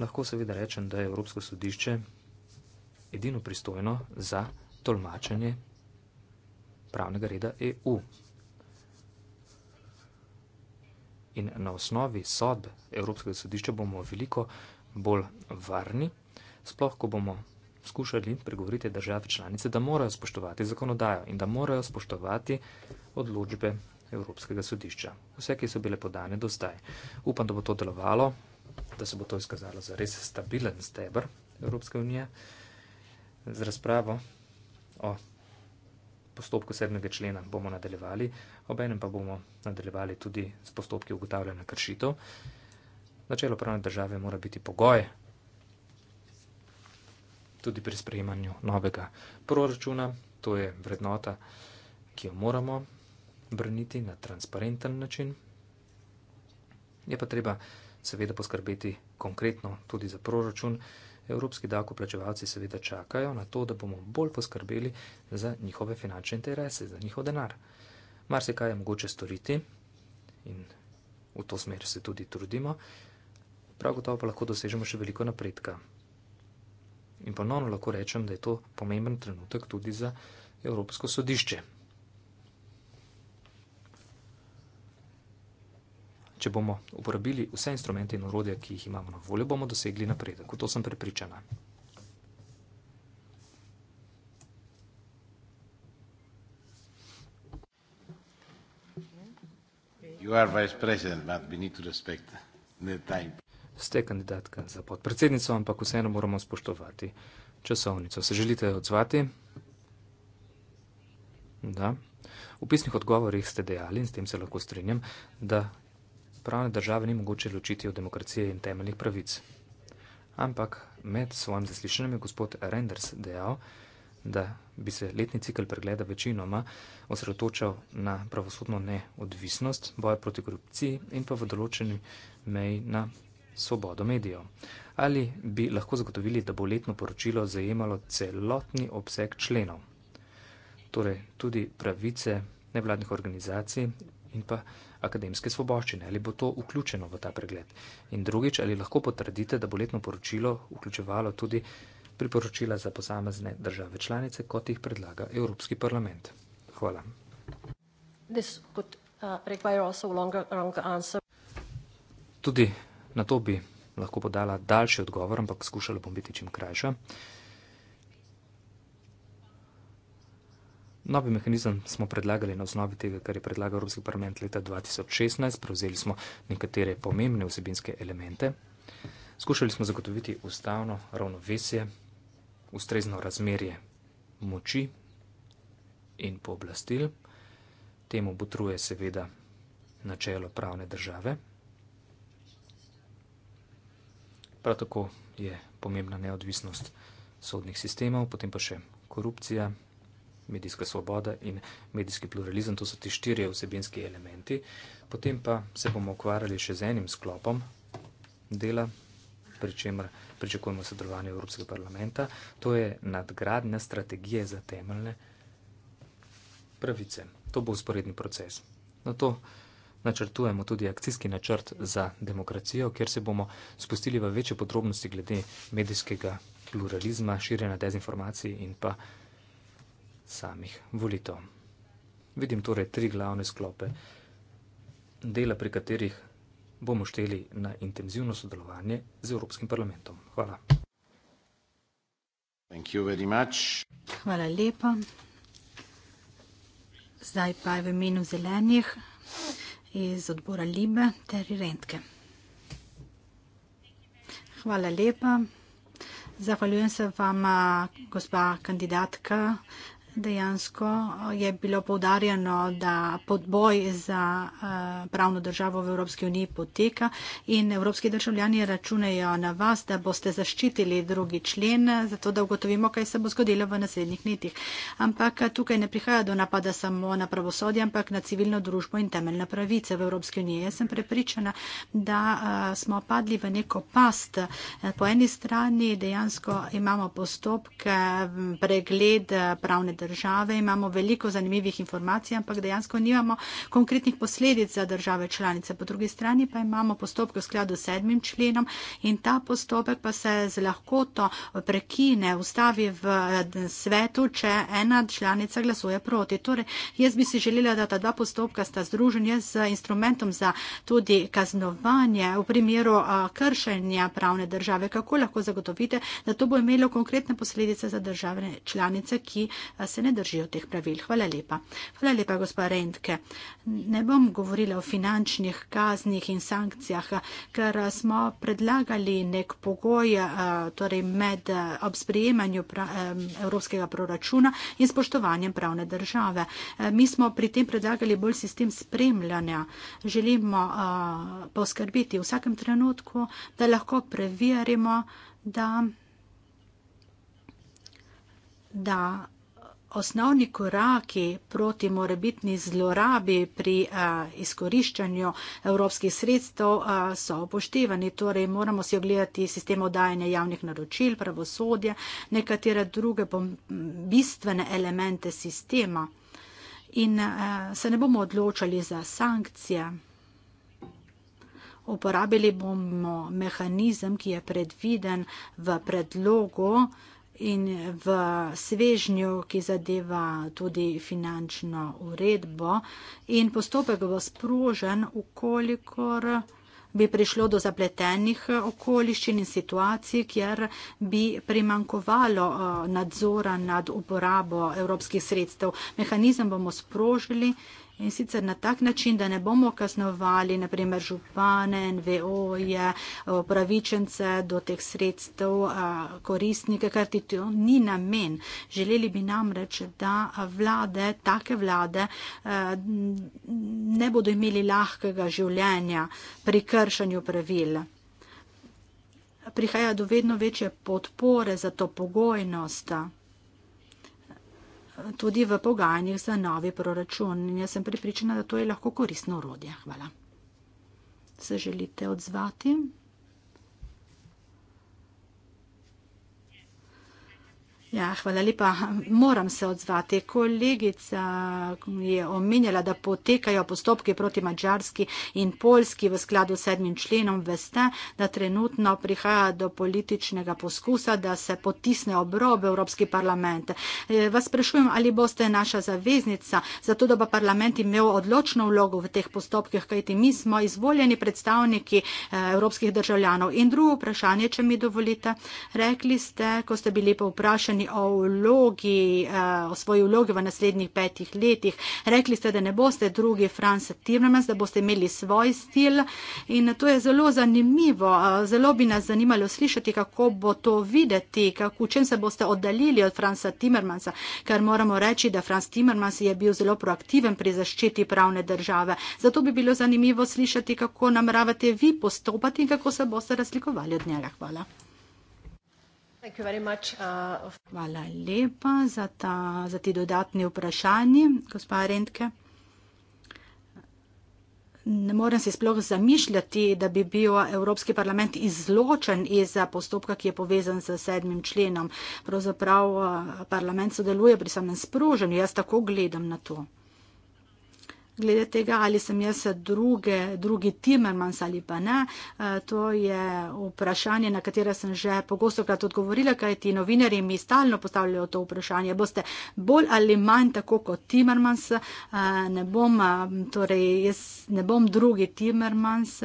lahko seveda rečem, da je Evropsko sodišče edino pristojno za tolmačenje pravnega reda EU. In na osnovi sodb Evropskega sodišča bomo veliko bolj varni, sploh ko bomo skušali pregovoriti države članice, da morajo spoštovati zakonodajo in da morajo spoštovati odločbe Evropskega sodišča. Vse, ki so bile podane do zdaj. Upam, da bo to delovalo, da se bo to izkazalo za res stabilen stebr Evropske unije z razpravo o postopku sedmega člena bomo nadaljevali, obenem pa bomo nadaljevali tudi s postopki ugotavljanja kršitev. Načelo pravne države mora biti pogoj tudi pri sprejemanju novega proračuna. To je vrednota, ki jo moramo braniti na transparenten način. Je pa treba seveda poskrbeti konkretno tudi za proračun. Evropski davkoplačevalci seveda čakajo na to, da bomo bolj poskrbeli za njihove finančne interese, za njihov denar. Mar se kaj je mogoče storiti in v to smer se tudi trudimo, prav gotovo pa lahko dosežemo še veliko napredka. In ponovno lahko rečem, da je to pomemben trenutek tudi za Evropsko sodišče. Če bomo uporabili vse instrumente in orodje, ki jih imamo na voljo, bomo dosegli napredek. V to sem prepričana. Ste kandidatka za podpredsednico, ampak vseeno moramo spoštovati časovnico. Se želite odzvati? Da. V pisnih odgovorih ste dejali, in s tem se lahko strinjam, da pravne države ni mogoče ločiti od demokracije in temeljnih pravic. Ampak med svojim zaslišanjem je gospod Renders dejal, da bi se letni cikl pregleda večinoma osredotočal na pravosodno neodvisnost, boje proti korupciji in pa v določeni meji na svobodo medijev. Ali bi lahko zagotovili, da bo letno poročilo zajemalo celotni obseg členov? Torej tudi pravice nevladnih organizacij, in pa akademske svoboščine. Ali bo to vključeno v ta pregled? In drugič, ali lahko potrdite, da bo letno poročilo vključevalo tudi priporočila za posamezne države članice, kot jih predlaga Evropski parlament? Hvala. Uh, tudi na to bi lahko podala daljši odgovor, ampak skušala bom biti čim krajša. Novi mehanizem smo predlagali na osnovi tega, kar je predlagal Evropski parlament leta 2016. Prevzeli smo nekatere pomembne vsebinske elemente. Skušali smo zagotoviti ustavno ravnovesje, ustrezno razmerje moči in pooblastil. Temu butruje seveda načelo pravne države. Prav tako je pomembna neodvisnost sodnih sistemov, potem pa še korupcija medijska svoboda in medijski pluralizem, to so ti štirje vsebinski elementi. Potem pa se bomo ukvarjali še z enim sklopom dela, pri čemer pričakujemo sodelovanje Evropskega parlamenta, to je nadgradnja strategije za temeljne pravice. To bo usporedni proces. Na to načrtujemo tudi akcijski načrt za demokracijo, kjer se bomo spustili v večje podrobnosti glede medijskega pluralizma, širjena dezinformacije in pa samih volitev. Vidim torej tri glavne sklope dela, pri katerih bomo šteli na intenzivno sodelovanje z Evropskim parlamentom. Hvala. Hvala lepa. Zdaj pa je v imenu zelenih iz odbora Libe ter Rentke. Hvala lepa. Zahvaljujem se vama, gospa kandidatka, dejansko eh, je bilo povdarjeno, da podboj za eh, pravno državo v Evropski uniji poteka in evropski državljani računejo na vas, da boste zaščitili drugi člen, eh, zato da ugotovimo, kaj se bo zgodilo v naslednjih letih. Ampak tukaj ne prihaja do napada samo na pravosodje, ampak na civilno družbo in temeljne pravice v Evropski uniji. Jaz sem prepričana, da smo padli v neko past. Po eni strani dejansko imamo postopke, pregled pravne države, države, imamo veliko zanimivih informacij, ampak dejansko nimamo konkretnih posledic za države članice. Po drugi strani pa imamo postopke v skladu s sedmim členom in ta postopek pa se z lahkoto prekine, ustavi v eh, svetu, če ena članica glasuje proti. Torej, jaz bi si želela, da ta dva postopka sta združenja z instrumentom za tudi kaznovanje v primeru eh, kršenja pravne države. Kako lahko zagotovite, da to bo imelo konkretne posledice za države članice, ki eh, se ne držijo teh pravil. Hvala lepa. Hvala lepa, gospa Rendke. Ne bom govorila o finančnih kaznih in sankcijah, ker smo predlagali nek pogoj eh, torej med eh, obsprijemanju eh, evropskega proračuna in spoštovanjem pravne države. Mi smo pri tem predlagali bolj sistem spremljanja. Želimo poskrbiti v vsakem trenutku, da lahko preverimo, da. da Osnovni koraki proti morebitni zlorabi pri a, izkoriščanju evropskih sredstev a, so upoštevani. Torej, moramo si ogledati sistem oddajanja javnih naročil, pravosodje, nekatere druge bistvene elemente sistema in a, se ne bomo odločali za sankcije. Uporabili bomo mehanizem, ki je predviden v predlogu in v svežnju, ki zadeva tudi finančno uredbo. In postopek bo sprožen, ukolikor bi prišlo do zapletenih okoliščin in situacij, kjer bi primankovalo eh, nadzora nad uporabo evropskih sredstev. Mehanizem bomo sprožili in sicer na tak način, da ne bomo kaznovali naprimer župane, NVO-je, eh, upravičence do teh sredstev, eh, koristnike, kar ti to ni namen. Želeli bi namreč, da vlade, take vlade, eh, ne bodo imeli lahkega življenja pri kršanju pravil. Prihaja do vedno večje podpore za to pogojnost tudi v pogajanjih za novi proračun. In jaz sem pripričana, da to je lahko koristno urodje. Hvala. Se želite odzvati? Ja, hvala lepa. Moram se odzvati. Kolegica je omenjala, da potekajo postopki proti Mačarski in Poljski v skladu s sedmim členom. Veste, da trenutno prihaja do političnega poskusa, da se potisne obrobe Evropski parlament. E, vas sprašujem, ali boste naša zaveznica, zato da bo parlament imel odločno vlogo v teh postopkih, kajti mi smo izvoljeni predstavniki e, evropskih državljanov. In drugo vprašanje, če mi dovolite, rekli ste, ko ste bili pa vprašani, pogajanji o vlogi, eh, o svoji vlogi v naslednjih petih letih. Rekli ste, da ne boste drugi Franz Timmermans, da boste imeli svoj stil in to je zelo zanimivo. Eh, zelo bi nas zanimalo slišati, kako bo to videti, kako, v čem se boste oddaljili od Franza Timmermansa, ker moramo reči, da Franz Timmermans je bil zelo proaktiven pri zaščiti pravne države. Zato bi bilo zanimivo slišati, kako nameravate vi postopati in kako se boste razlikovali od njega. Hvala. Uh, Hvala lepa za, ta, za ti dodatni vprašanji, gospa Rendke. Ne morem si sploh zamišljati, da bi bil Evropski parlament izločen iz postopka, ki je povezan z sedmim členom. Pravzaprav uh, parlament sodeluje pri samem sproženju, jaz tako gledam na to glede tega, ali sem jaz druge, drugi Timmermans ali pa ne. Eh, to je vprašanje, na katero sem že pogosto krat odgovorila, kaj ti novinarji mi stalno postavljajo to vprašanje. Boste bolj ali manj tako kot Timmermans, eh, ne bom, eh, torej jaz ne bom drugi Timmermans,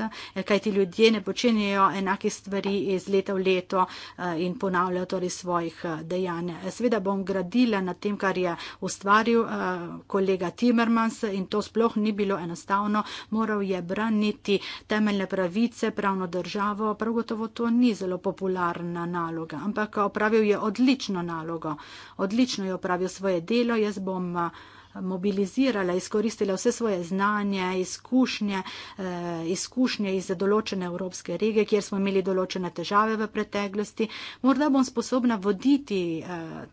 kaj ti ljudje ne počenjajo enake stvari iz leta v leto in ponavljajo torej svojih dejanj. Seveda bom gradila na tem, kar je ustvaril kolega Timmermans in to sploh sploh ni bilo enostavno, moral je braniti temeljne pravice, pravno državo, prav gotovo to ni zelo popularna naloga, ampak opravil je odlično nalogo, odlično je opravil svoje delo, jaz bom. Uh, mobilizirala, izkoristila vse svoje znanje, izkušnje, eh, izkušnje iz določene evropske regije, kjer smo imeli določene težave v preteklosti. Morda bom sposobna voditi eh,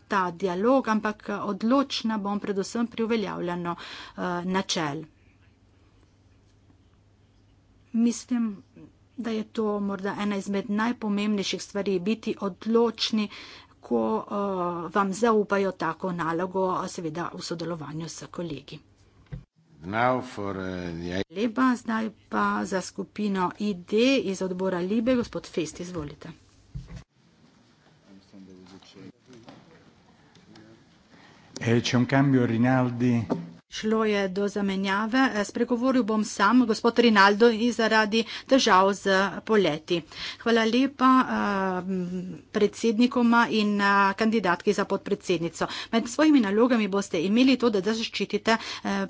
ta dialog, ampak eh, odločna bom predvsem pri uveljavljanju načel. Mislim, da je to morda ena izmed najpomembnejših stvari, biti odločni, lahko uh, vam zaupajo tako nalogo, eh, seveda v sodelovanju s kolegi. For, uh, eh, yeah. Leba, zdaj pa za skupino ID iz odbora Libe, gospod Fest, izvolite. Eh, c'è un cambio Rinaldi Šlo je do zamenjave. Eh, spregovoril bom sam, gospod Rinaldo, in zaradi težav z poleti. Hvala lepa eh, predsednikoma in eh, kandidatki za podpredsednico. Med svojimi nalogami boste imeli to, da zaščitite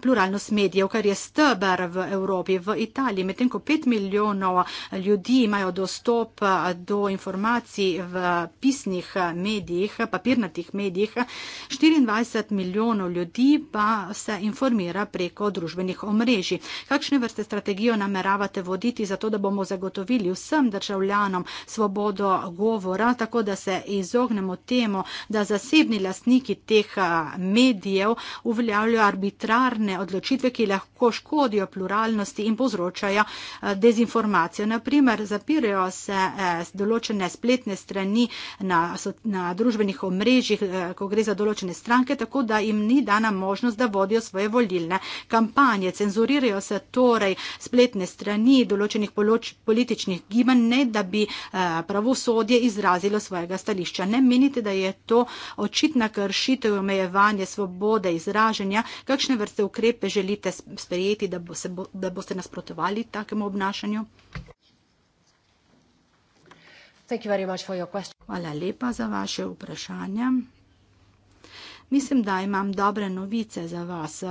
pluralnost medijev, kar je stebr v Evropi, v Italiji. Medtem, ko pet milijonov ljudi imajo dostop do informacij v pisnih medijih, papirnatih medijih, 24 milijonov ljudi pa se informacijo informira preko družbenih omrežij. Kakšne vrste strategijo nameravate voditi za to, da bomo zagotovili vsem državljanom svobodo govora, tako da se izognemo temu, da zasebni lastniki teh medijev uveljavljajo arbitrarne odločitve, ki lahko škodijo pluralnosti in povzročajo dezinformacijo. Naprimer, zapirajo se določene spletne strani na, na družbenih omrežjih, ko gre za določene stranke, tako da jim ni dana možnost, da vodijo svoje njihove volilne kampanje. Cenzurirajo se torej spletne strani določenih poloč, političnih gibanj, ne da bi eh, pravosodje izrazilo svojega stališča. Ne menite, da je to očitna kršitev omejevanje svobode izraženja? Kakšne vrste ukrepe želite sprejeti, da, bo se, da boste nasprotovali takemu obnašanju? Hvala lepa za vaše vprašanje. Mislim, da imam dobre novice za vas.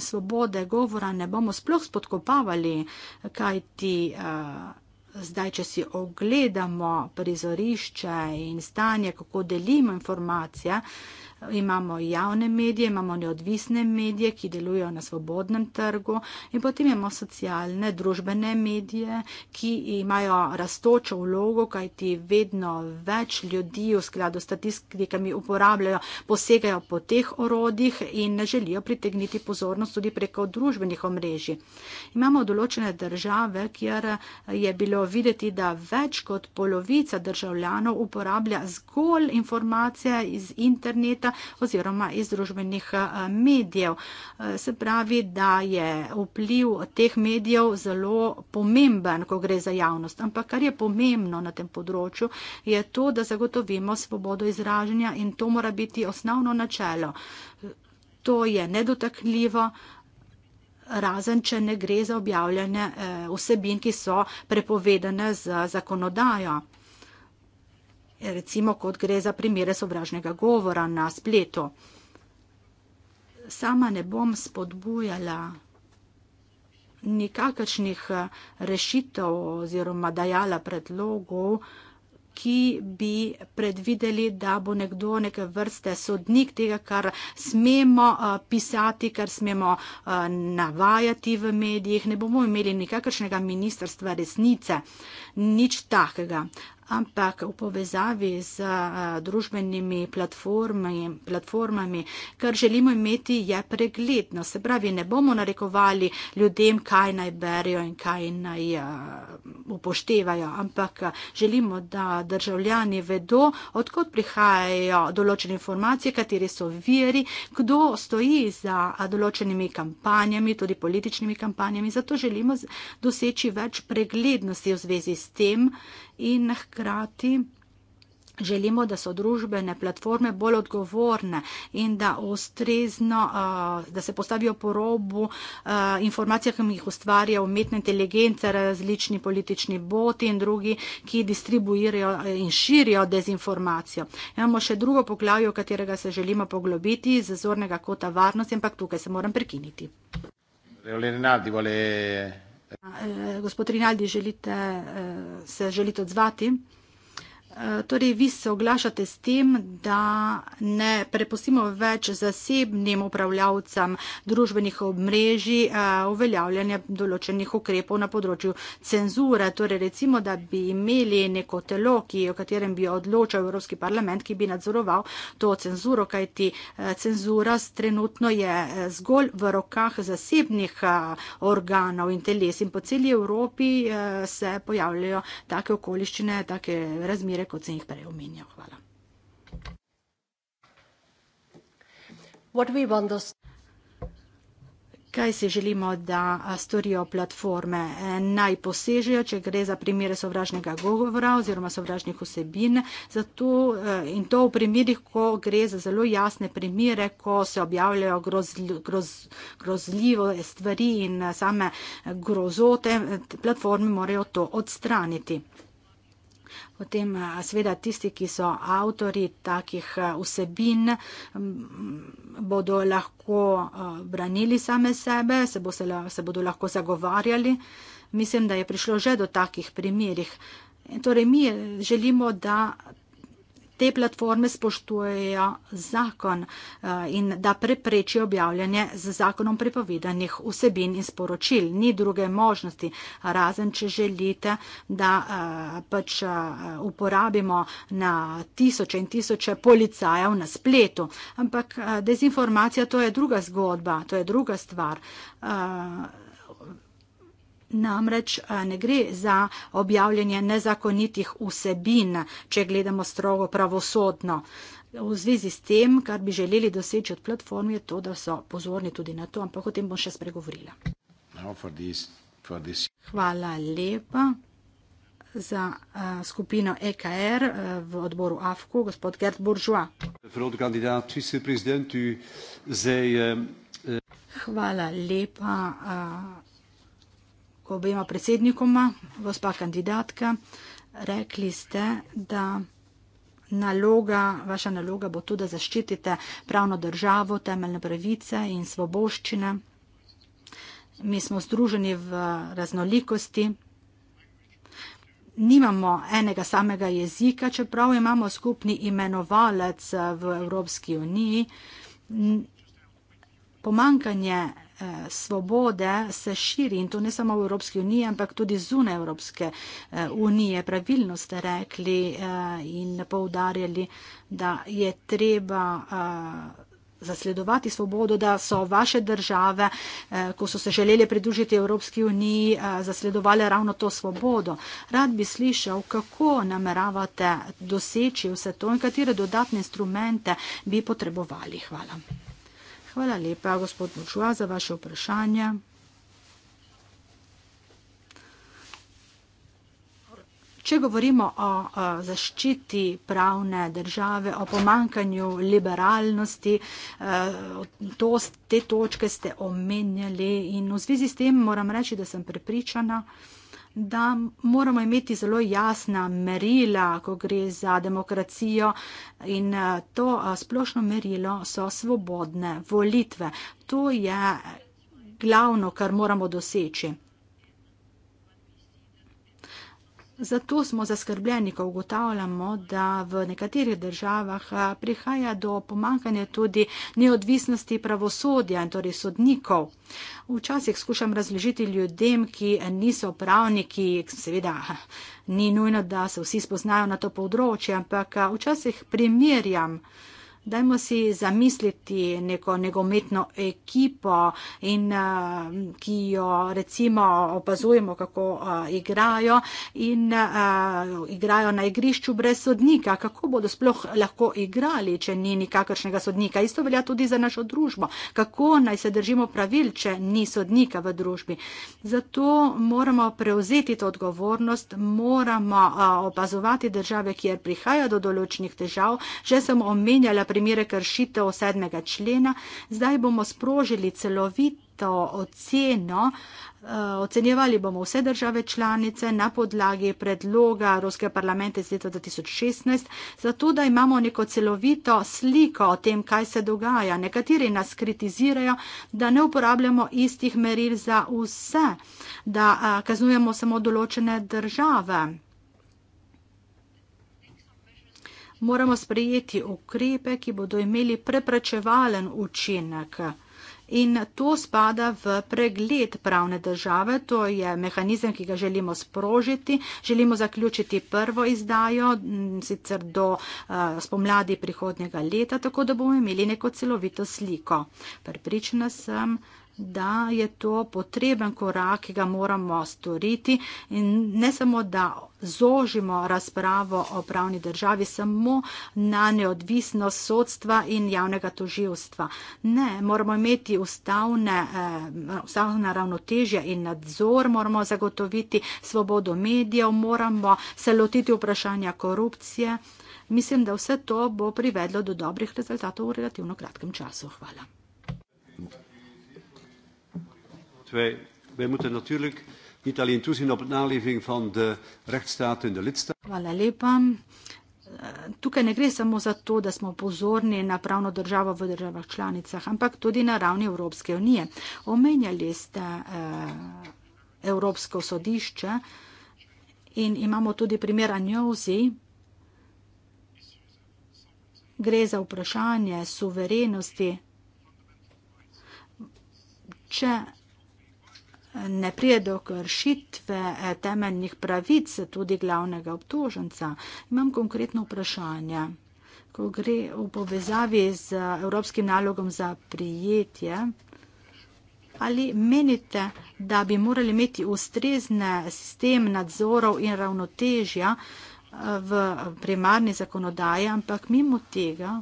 Svobode govora ne bomo sploh spodkopavali, kaj ti zdaj, če si ogledamo prizorišče in stanje, kako delimo informacije, imamo javne medije, imamo neodvisne medije, ki delujejo na svobodnem trgu in potem imamo socialne, družbene medije, ki imajo rastočo vlogo, kajti vedno več ljudi v skladu s statistikami uporabljajo, posegajo po teh orodjih in želijo pritegniti pozornost tudi preko družbenih omrežij. Imamo določene države, kjer je bilo videti, da več kot polovica državljanov uporablja zgolj informacije iz interneta, spleta oziroma iz družbenih eh, medijev. Eh, se pravi, da je vpliv teh medijev zelo pomemben, ko gre za javnost. Ampak kar je pomembno na tem področju, je to, da zagotovimo svobodo izražanja in to mora biti osnovno načelo. To je nedotakljivo razen, če ne gre za objavljanje eh, vsebin, ki so prepovedane z zakonodajo. Ja, recimo kot gre za primere sovražnega govora na spletu. Sama ne bom spodbujala nikakršnih eh, rešitev oziroma dajala predlogov, ki bi predvideli, da bo nekdo neke vrste sodnik tega, kar smemo eh, pisati, kar smemo eh, navajati v medijih. Ne bomo imeli nikakršnega ministrstva resnice, nič takega ampak v povezavi z družbenimi platformami, platformami, kar želimo imeti, je pregledno. Se pravi, ne bomo narekovali ljudem, kaj naj berijo in kaj naj upoštevajo, ampak želimo, da državljani vedo, odkot prihajajo določene informacije, kateri so veri, kdo stoji za določenimi kampanjami, tudi političnimi kampanjami. Zato želimo doseči več preglednosti v zvezi s tem, in hkrati želimo, da so družbene platforme bolj odgovorne in da ustrezno, da se postavijo po robu informacijam, ki jih ustvarja umetna inteligenca, različni politični boti in drugi, ki distribuirajo in širijo dezinformacijo. Imamo še drugo poglavje, v katerega se želimo poglobiti iz zazornega kota varnosti, ampak tukaj se moram prekiniti. Leonardi vuole Eh, gospod Rinaldi, želite, eh, se želite odzvati? Eh, torej, vi se oglašate s tem, da ne prepustimo več zasebnim upravljavcem družbenih obmrežij eh, uveljavljanja določenih ukrepov na področju cenzure. Torej, recimo, da bi imeli neko telo, ki, o katerem bi odločal Evropski parlament, ki bi nadzoroval to cenzuro, kajti eh, cenzura trenutno je zgolj v rokah zasebnih organov in teles. In po celi Evropi se pojavljajo take okoliščine, take razmere kot sem jih prej omenjal. Hvala. Kaj si želimo, da storijo platforme? E, naj posežejo, če gre za primere sovražnega govora oziroma sovražnih vsebin. Zato, e, in to v primerih, ko gre za zelo jasne primere, ko se objavljajo grozli, groz, grozljive stvari in e, same grozote, platforme morajo to odstraniti. Potem eh, seveda tisti, ki so avtori takih eh, vsebin, mm, bodo lahko eh, branili same sebe, se, bo se, se bodo lahko zagovarjali. Mislim, da je prišlo že do takih primerih. Torej, mi želimo, da te platforme spoštujejo zakon eh, in da preprečijo objavljanje z zakonom prepovedanih vsebin in sporočil. Ni druge možnosti, razen če želite, da eh, pač eh, uporabimo na tisoče in tisoče policajev na spletu. Ampak dezinformacija to je druga zgodba, to je druga stvar namreč eh, ne gre za objavljanje nezakonitih vsebin, če gledamo strogo pravosodno. V zvezi s tem, kar bi želeli doseči od platform, je to, da so pozorni tudi na to, ampak o tem bom še spregovorila. For this, for this. Hvala lepa za uh, skupino EKR uh, eh, v odboru AFKO, gospod Gert Bourgeois. Hvala lepa. Uh, obema predsednikoma, gospa kandidatka, rekli ste, da naloga, vaša naloga bo tudi, da zaščitite pravno državo, temeljne pravice in svoboščine. Mi smo združeni v raznolikosti. Nimamo enega samega jezika, čeprav imamo skupni imenovalec v Evropski uniji. Pomankanje Eh, svobode se širi in to ne samo v Evropski uniji, ampak tudi zune Evropske eh, unije. Pravilno ste rekli eh, in poudarjali, da je treba zasledovati svobodo, da so vaše države, ko so se želeli pridružiti Evropski uniji, zasledovali ravno to svobodo. Rad bi slišal, kako nameravate doseči vse to in katere dodatne instrumente bi potrebovali. Hvala. Hvala lepa, gospod Močuva, za vaše vprašanje. Če govorimo o, o zaščiti pravne države, o pomankanju liberalnosti, eh, to, te točke ste omenjali in v zvezi s tem moram reči, da sem prepričana, da da moramo imeti zelo jasna merila, ko gre za demokracijo in eh, to eh, splošno merilo so svobodne volitve. To je glavno, kar moramo doseči. Zato smo zaskrbljeni, ko ugotavljamo, da v nekaterih državah prihaja do pomankanja tudi neodvisnosti pravosodja in torej sodnikov. Včasih skušam razložiti ljudem, ki niso pravniki, seveda ni nujno, da se vsi spoznajo na to področje, ampak včasih primerjam. Dajmo si zamisliti neko nogometno ekipo, in, uh, ki jo recimo opazujemo, kako uh, igrajo in uh, igrajo na igrišču brez sodnika. Kako bodo sploh lahko igrali, če ni nikakršnega sodnika? Isto velja tudi za našo družbo. Kako naj se držimo pravil, če ni sodnika v družbi? Zato moramo prevzeti to odgovornost, moramo uh, opazovati države, kjer prihaja do določenih težav. Že sem omenjala pri primere kršitev 7. člena. Zdaj bomo sprožili celovito oceno. Eh, ocenjevali bomo vse države članice na podlagi predloga Ruske parlamente iz leta 2016, zato da imamo neko celovito sliko o tem, kaj se dogaja. Nekateri nas kritizirajo, da ne uporabljamo istih meril za vse, da eh, kaznujemo samo določene države. moramo sprejeti ukrepe, ki bodo imeli preprečevalen učinek. In to spada v pregled pravne države, to je mehanizem, ki ga želimo sprožiti. Želimo zaključiti prvo izdajo, sicer do eh, spomladi prihodnjega leta, tako da bomo imeli neko celovito sliko. Pripričana sem, da je to potreben korak, ki ga moramo storiti in ne samo, da zožimo razpravo o pravni državi samo na neodvisnost sodstva in javnega toživstva. Ne, moramo imeti ustavne, eh, ustavna ravnotežja in nadzor, moramo zagotoviti svobodo medijev, moramo se lotiti vprašanja korupcije. Mislim, da vse to bo privedlo do dobrih rezultatov v relativno kratkem času. Hvala. Wij, wij moeten natuurlijk niet alleen toezien op de naleving van de rechtsstaat in de lidstaat. Hvala lepa. Eh, tukaj ne gre samo za to, da smo pozorni na pravno državo v državah članicah, ampak tudi na ravni Evropske unije. Omenjali ste eh, Evropsko sodišče in imamo tudi primer Anjozi. Gre za vprašanje suverenosti. Če ne prije do kršitve eh, temeljnih pravic tudi glavnega obtoženca. Imam konkretno vprašanje. Ko gre v povezavi z evropskim nalogom za prijetje, ali menite, da bi morali imeti ustrezne sistem nadzorov in ravnotežja eh, v primarni zakonodaji, ampak mimo tega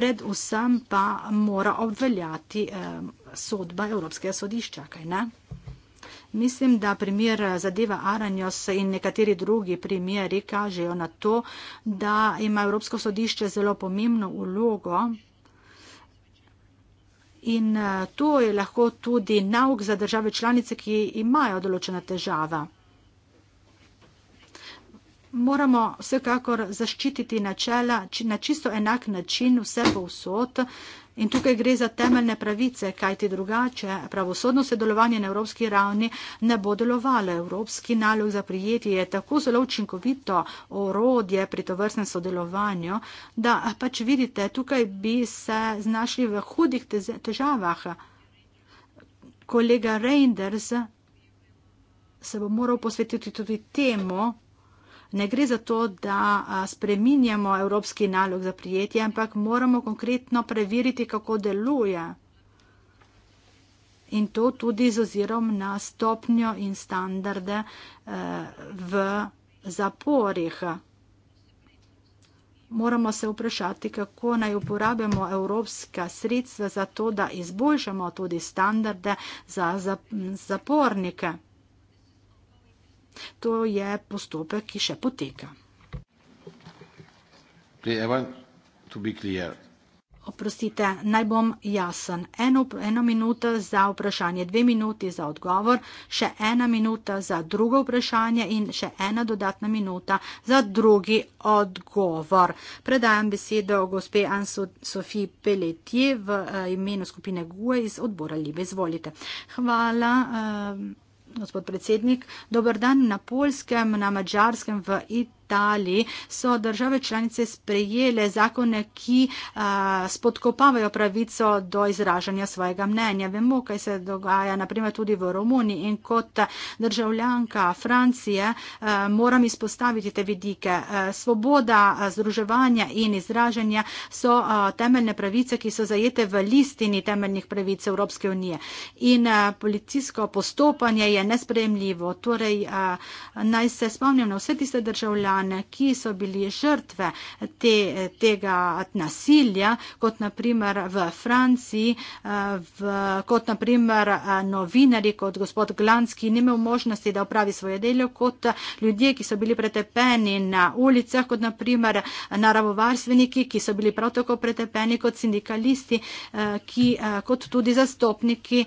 predvsem pa mora obveljati eh, sodba Evropskega sodišča, kaj ne? Mislim, da primer zadeva Aranjos in nekateri drugi primeri kažejo na to, da ima Evropsko sodišče zelo pomembno ulogo in eh, to je lahko tudi nauk za države članice, ki imajo določena težava moramo vsekakor zaščititi načela na čisto enak način vse povsod. In tukaj gre za temeljne pravice, kajti drugače pravosodno sodelovanje na evropski ravni ne bo delovalo. Evropski nalog za prijetje je tako zelo učinkovito orodje pri tovrstnem sodelovanju, da pač vidite, tukaj bi se znašli v hudih težavah. Kolega Reinders se bo moral posvetiti tudi temu, ne gre za to, da spreminjamo evropski nalog za prijetje, ampak moramo konkretno preveriti, kako deluje. In to tudi z ozirom na stopnjo in standarde e, v zaporih. Moramo se vprašati, kako naj uporabimo evropska sredstva za to, da izboljšamo tudi standarde za zapornike. To je postopek, ki še poteka. Oprostite, naj bom jasen. Eno, eno minuto za vprašanje, dve minuti za odgovor, še ena minuta za drugo vprašanje in še ena dodatna minuta za drugi odgovor. Predajam besedo gospe Anne-Sophie Pelletier v eh, imenu skupine GUE iz odbora Libe. Izvolite. Hvala. Uh, gospod predsednik, dober dan na polskem, na mačarskem, v Italiji. Italiji so države članice sprejele zakone, ki a, spodkopavajo pravico do izražanja svojega mnenja. Vemo, kaj se dogaja naprimer tudi v Romuniji in kot državljanka Francije a, moram izpostaviti te vidike. A, svoboda a, združevanja in izražanja so a, temeljne pravice, ki so zajete v listini temeljnih pravic Evropske unije. In a, policijsko postopanje je nesprejemljivo. Torej, a, naj se spomnim na vse tiste državljane, državljane, ki so bili žrtve te, tega nasilja, kot naprimer v Franciji, eh, v, kot naprimer eh, novinari, kot gospod Glanc, ki ni imel možnosti, da opravi svoje delo, kot ljudje, ki so bili pretepeni na ulicah, kot naprimer eh, naravovarstveniki, ki so bili prav tako pretepeni kot sindikalisti, ki, kot tudi zastopniki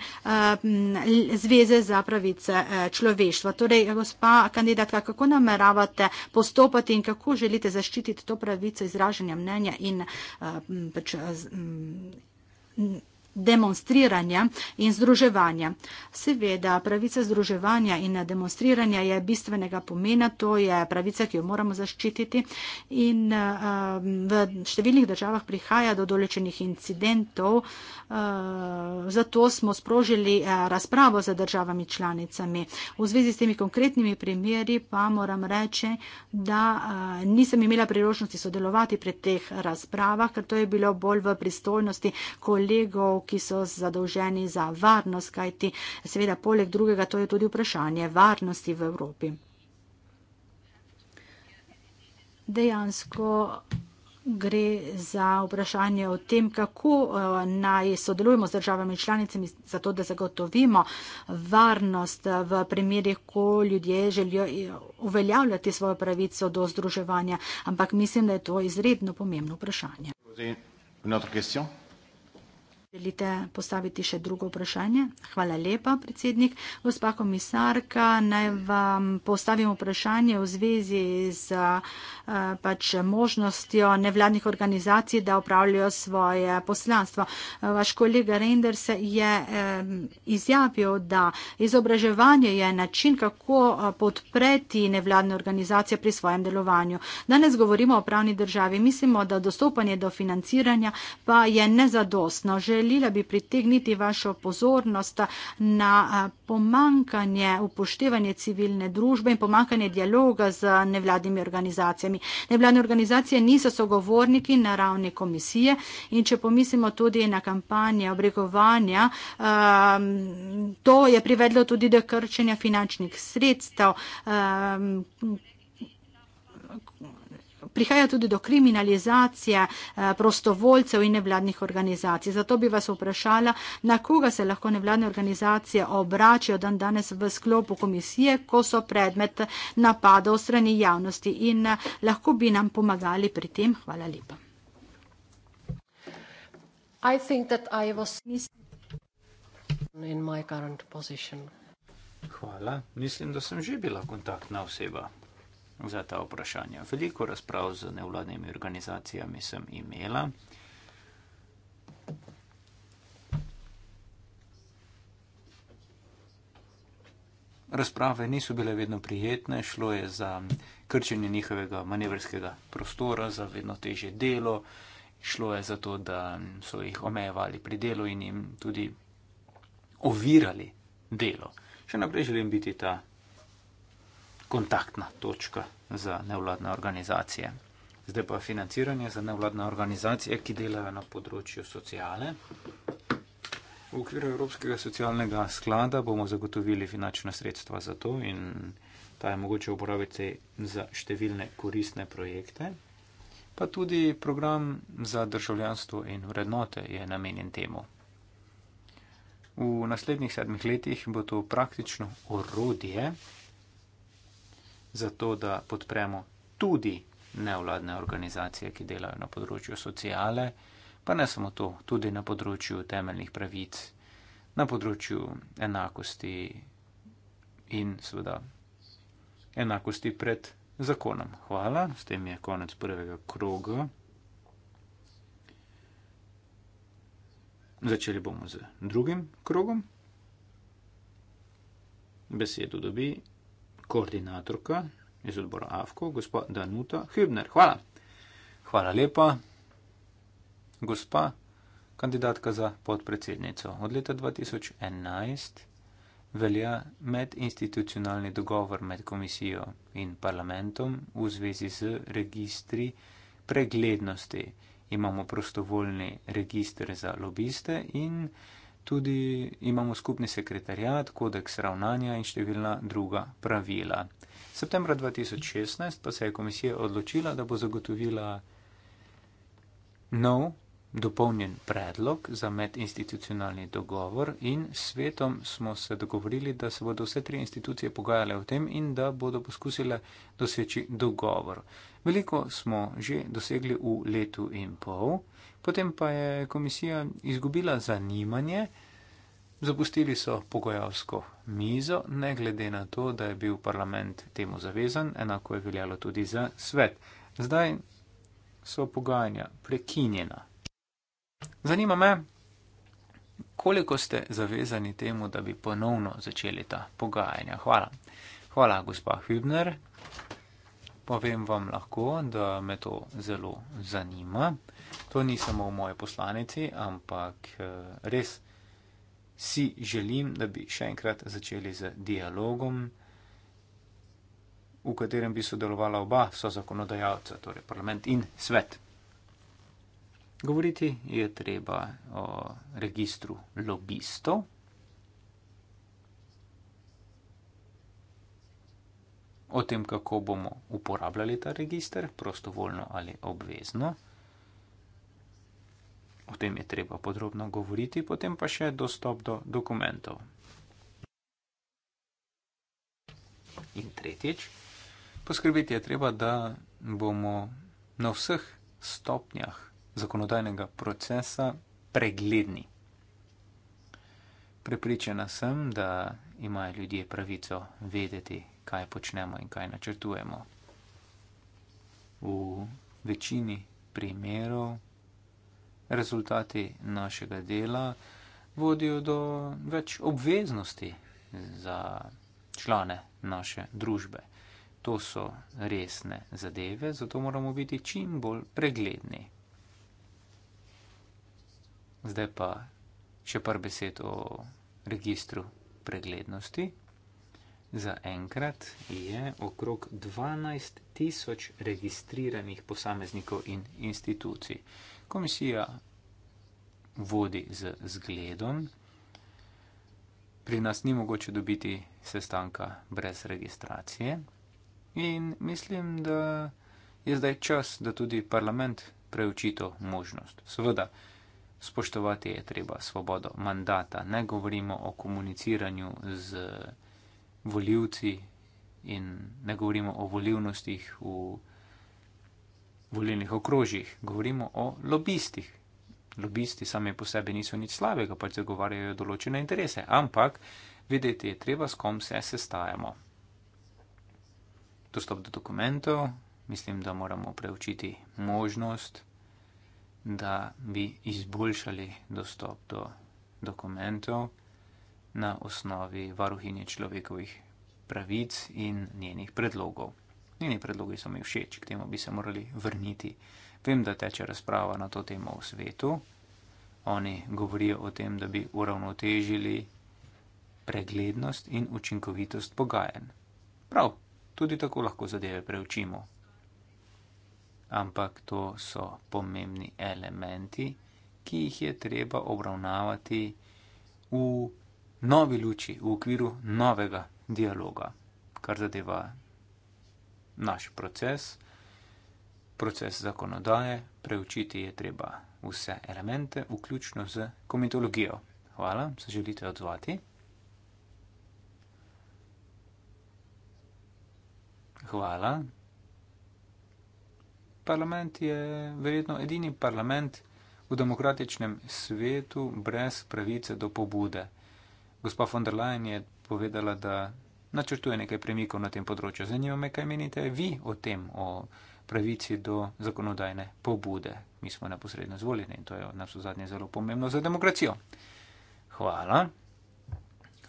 Zveze za pravice človeštva. Torej, gospa kandidatka, kako nameravate postopiti? nastopati in kako želite zaščititi to pravico izražanja mnenja in uh, pač. Uh, demonstriranja in združevanja. Seveda, pravica združevanja in demonstriranja je bistvenega pomena, to je pravica, ki jo moramo zaščititi in uh, v številnih državah prihaja do določenih incidentov, uh, zato smo sprožili uh, razpravo z državami članicami. V zvezi s temi konkretnimi primeri pa moram reči, da uh, nisem imela priložnosti sodelovati pri teh razpravah, ker to je bilo bolj v pristojnosti kolegov, ki so zadolženi za varnost, kajti seveda poleg drugega to je tudi vprašanje varnosti v Evropi. Dejansko gre za vprašanje o tem, kako eh, naj sodelujemo z državami članicami, zato da zagotovimo varnost v primerih, ko ljudje želijo eh, uveljavljati svojo pravico do združevanja. Ampak mislim, da je to izredno pomembno vprašanje. Une autre question Želite postaviti še drugo vprašanje? Hvala lepa, predsednik. Gospa komisarka, naj vam postavim vprašanje v zvezi z eh, pač, možnostjo nevladnih organizacij, da upravljajo svoje poslanstvo. Vaš kolega Reinders je eh, izjavil, da izobraževanje je način, kako eh, podpreti nevladne organizacije pri svojem delovanju. Danes govorimo o pravni državi. Mislimo, da dostopanje do financiranja pa je nezadostno. Želi želela bi pritegniti vašo pozornost na pomankanje upoštevanja civilne družbe in pomankanje dialoga z nevladnimi organizacijami. Nevladne organizacije niso sogovorniki na ravni komisije in če pomislimo tudi na kampanje obregovanja, to je privedlo tudi do krčenja finančnih sredstev prihaja tudi do kriminalizacije eh, prostovoljcev in nevladnih organizacij. Zato bi vas vprašala, na koga se lahko nevladne organizacije obračajo dan danes v sklopu komisije, ko so predmet napada v strani javnosti in eh, lahko bi nam pomagali pri tem. Hvala lepa. I think that I was in my current position. Hvala. Mislim, da sem že bila kontaktna oseba za ta vprašanja. Veliko razprav z nevladnimi organizacijami sem imela. Razprave niso bile vedno prijetne, šlo je za krčenje njihovega manevrskega prostora, za vedno teže delo, šlo je za to, da so jih omejevali pri delu in jim tudi ovirali delo. Še naprej želim biti ta kontaktna točka za nevladne organizacije. Zdaj pa financiranje za nevladne organizacije, ki delajo na področju sociale. V okviru Evropskega socialnega sklada bomo zagotovili finančna sredstva za to in ta je mogoče uporabiti za številne koristne projekte. Pa tudi program za državljanstvo in vrednote je namenjen temu. V naslednjih sedmih letih bo to praktično orodje, zato da podpremo tudi nevladne organizacije, ki delajo na področju sociale, pa ne samo to, tudi na področju temeljnih pravic, na področju enakosti in seveda enakosti pred zakonom. Hvala, s tem je konec prvega kroga. Začeli bomo z drugim krogom. Besedo dobi koordinatorka iz odbora AFKO, gospa Danuta Hübner. Hvala. Hvala lepa, gospa kandidatka za podpredsednico. Od leta 2011 velja medinstitucionalni dogovor med komisijo in parlamentom v zvezi z registri preglednosti. Imamo prostovoljni registr za lobiste in tudi imamo skupni sekretarjat, kodeks ravnanja in številna druga pravila. Septembra 2016 pa se je komisija odločila, da bo zagotovila nov, dopolnjen predlog za medinstitucionalni dogovor in svetom smo se dogovorili, da se bodo vse tri institucije pogajale o tem in da bodo poskusile doseči dogovor. Veliko smo že dosegli v letu in pol, Potem pa je komisija izgubila zanimanje, zapustili so pogojavsko mizo, ne glede na to, da je bil parlament temu zavezan, enako je veljalo tudi za svet. Zdaj so pogajanja prekinjena. Zanima me, koliko ste zavezani temu, da bi ponovno začeli ta pogajanja. Hvala. Hvala, gospa Hübner. Povem vam lahko, da me to zelo zanima. To ni samo v moje poslanici, ampak eh, res si želim, da bi še enkrat začeli z dialogom, v katerem bi sodelovala oba so zakonodajalca, torej parlament in svet. Govoriti je treba o registru lobistov. o tem, kako bomo uporabljali ta registr, prostovoljno ali obvezno. O tem je treba podrobno govoriti, potem pa še dostop do dokumentov. In tretjič, poskrbeti je treba, da bomo na vseh stopnjah zakonodajnega procesa pregledni. Prepričana sem, da imajo ljudje pravico vedeti, kaj počnemo in kaj načrtujemo. V večini primerov rezultati našega dela vodijo do več obveznosti za člane naše družbe. To so resne zadeve, zato moramo biti čim bolj pregledni. Zdaj pa še par besed o registru preglednosti. Za enkrat je okrog 12 tisoč registriranih posameznikov in institucij. Komisija vodi z zgledom. Pri nas ni mogoče dobiti sestanka brez registracije. In mislim, da je zdaj čas, da tudi parlament preuči to možnost. Seveda, spoštovati je treba svobodo mandata. Ne govorimo o komuniciranju z voljivci in ne govorimo o voljivnostih v volilnih okrožjih, govorimo o lobistih. Lobisti sami po sebi niso nič slabega, pač zagovarjajo določene interese, ampak vedeti je treba, s kom se sestajamo. Dostop do dokumentov, mislim, da moramo preučiti možnost da bi izboljšali dostop do dokumentov na osnovi varuhinje človekovih pravic in njenih predlogov. Njeni predlogi so mi všeč, k temu bi se morali vrniti. Vem, da teče razprava na to temo v svetu. Oni govorijo o tem, da bi uravnotežili preglednost in učinkovitost pogajanj. Prav, tudi tako lahko zadeve preučimo ampak to so pomembni elementi, ki jih je treba obravnavati v novi luči, v okviru novega dialoga, kar zadeva naš proces, proces zakonodaje, preučiti je treba vse elemente, vključno z komitologijo. Hvala, se želite odzvati. Hvala parlament je verjetno edini parlament v demokratičnem svetu brez pravice do pobude. Gospa von der Leyen je povedala, da načrtuje nekaj premikov na tem področju. Zanima me, kaj menite vi o tem, o pravici do zakonodajne pobude. Mi smo neposredno zvoljeni in to je od nas v zadnje zelo pomembno za demokracijo. Hvala.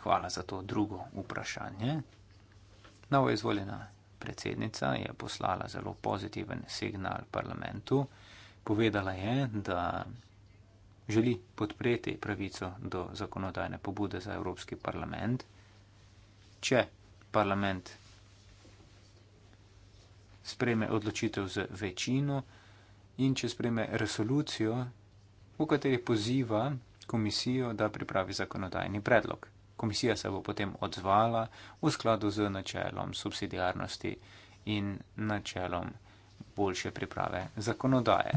Hvala za to drugo vprašanje. Novo izvoljena predsednica je poslala zelo pozitiven signal parlamentu. Povedala je, da želi podpreti pravico do zakonodajne pobude za Evropski parlament, če parlament spreme odločitev z večino in če spreme resolucijo, v kateri poziva komisijo, da pripravi zakonodajni predlog. Komisija se bo potem odzvala v skladu z načelom subsidijarnosti in načelom boljše priprave zakonodaje.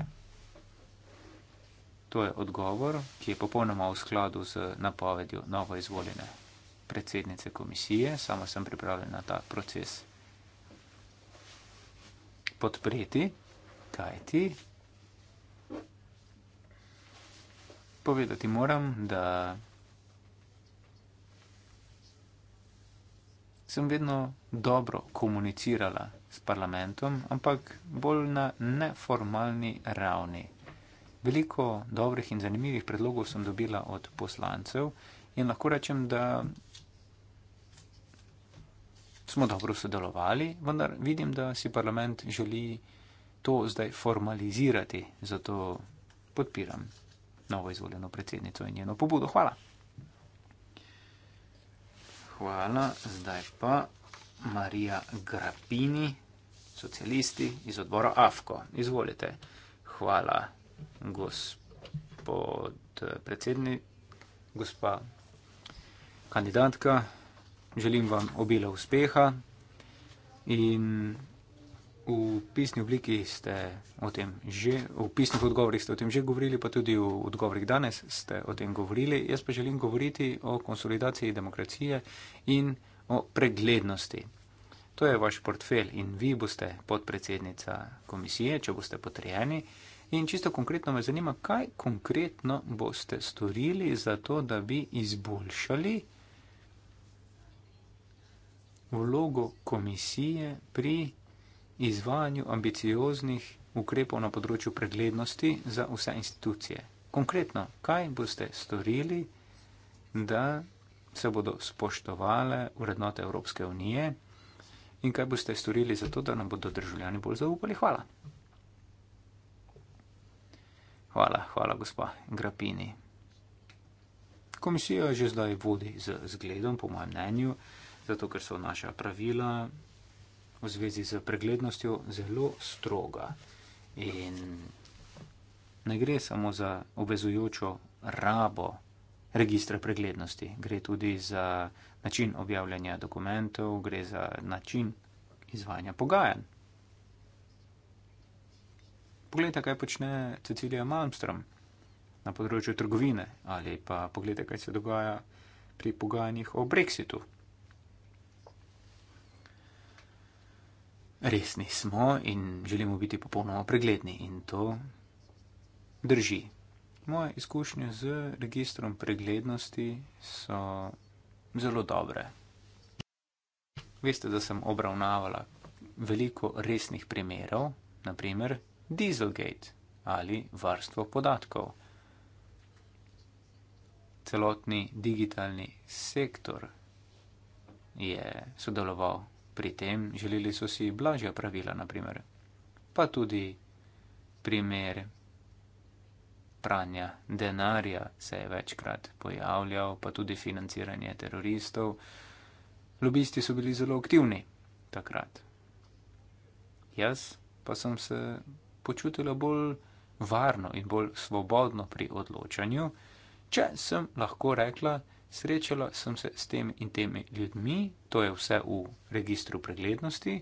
To je odgovor, ki je popolnoma v skladu z napovedjo novo izvoljene predsednice komisije. Sama sem pripravljen na ta proces podpreti, kajti povedati moram, da. sem vedno dobro komunicirala s parlamentom, ampak bolj na neformalni ravni. Veliko dobrih in zanimivih predlogov sem dobila od poslancev in lahko rečem, da smo dobro sodelovali, vendar vidim, da si parlament želi to zdaj formalizirati, zato podpiram novo izvoljeno predsednico in njeno pobudo. Hvala hvala. Zdaj pa Marija Grapini, socialisti iz odbora AFKO. Izvolite. Hvala, gospod predsednik, gospa kandidatka. Želim vam obilo uspeha in V pisni obliki ste o tem že, v pisnih odgovorih ste o tem že govorili, pa tudi v odgovorih danes ste o tem govorili. Jaz pa želim govoriti o konsolidaciji demokracije in o preglednosti. To je vaš portfelj in vi boste podpredsednica komisije, če boste potrejeni. In čisto konkretno me zanima, kaj konkretno boste storili za to, da bi izboljšali vlogo komisije pri izvajanju ambicioznih ukrepov na področju preglednosti za vse institucije. Konkretno, kaj boste storili, da se bodo spoštovale urednote Evropske unije in kaj boste storili za to, da nam bodo državljani bolj zaupali? Hvala. Hvala, hvala, gospa Grapini. Komisija že zdaj vodi z zgledom, po mojem mnenju, zato ker so naša pravila v zvezi z preglednostjo zelo stroga. In ne gre samo za obvezujočo rabo registra preglednosti, gre tudi za način objavljanja dokumentov, gre za način izvajanja pogajanj. Poglejte, kaj počne Cecilija Malmström na področju trgovine ali pa poglejte, kaj se dogaja pri pogajanjih o brexitu. resni smo in želimo biti popolnoma pregledni in to drži. Moje izkušnje z registrom preglednosti so zelo dobre. Veste, da sem obravnavala veliko resnih primerov, naprimer Dieselgate ali varstvo podatkov. Celotni digitalni sektor je sodeloval Pri tem želeli so si blažja pravila, naprimer. pa tudi primer pranja denarja se je večkrat pojavljal, pa tudi financiranje teroristov. Lobisti so bili zelo aktivni takrat. Jaz pa sem se počutila bolj varno in bolj svobodno pri odločanju, če sem lahko rekla, da srečala sem se s tem in temi ljudmi, to je vse v registru preglednosti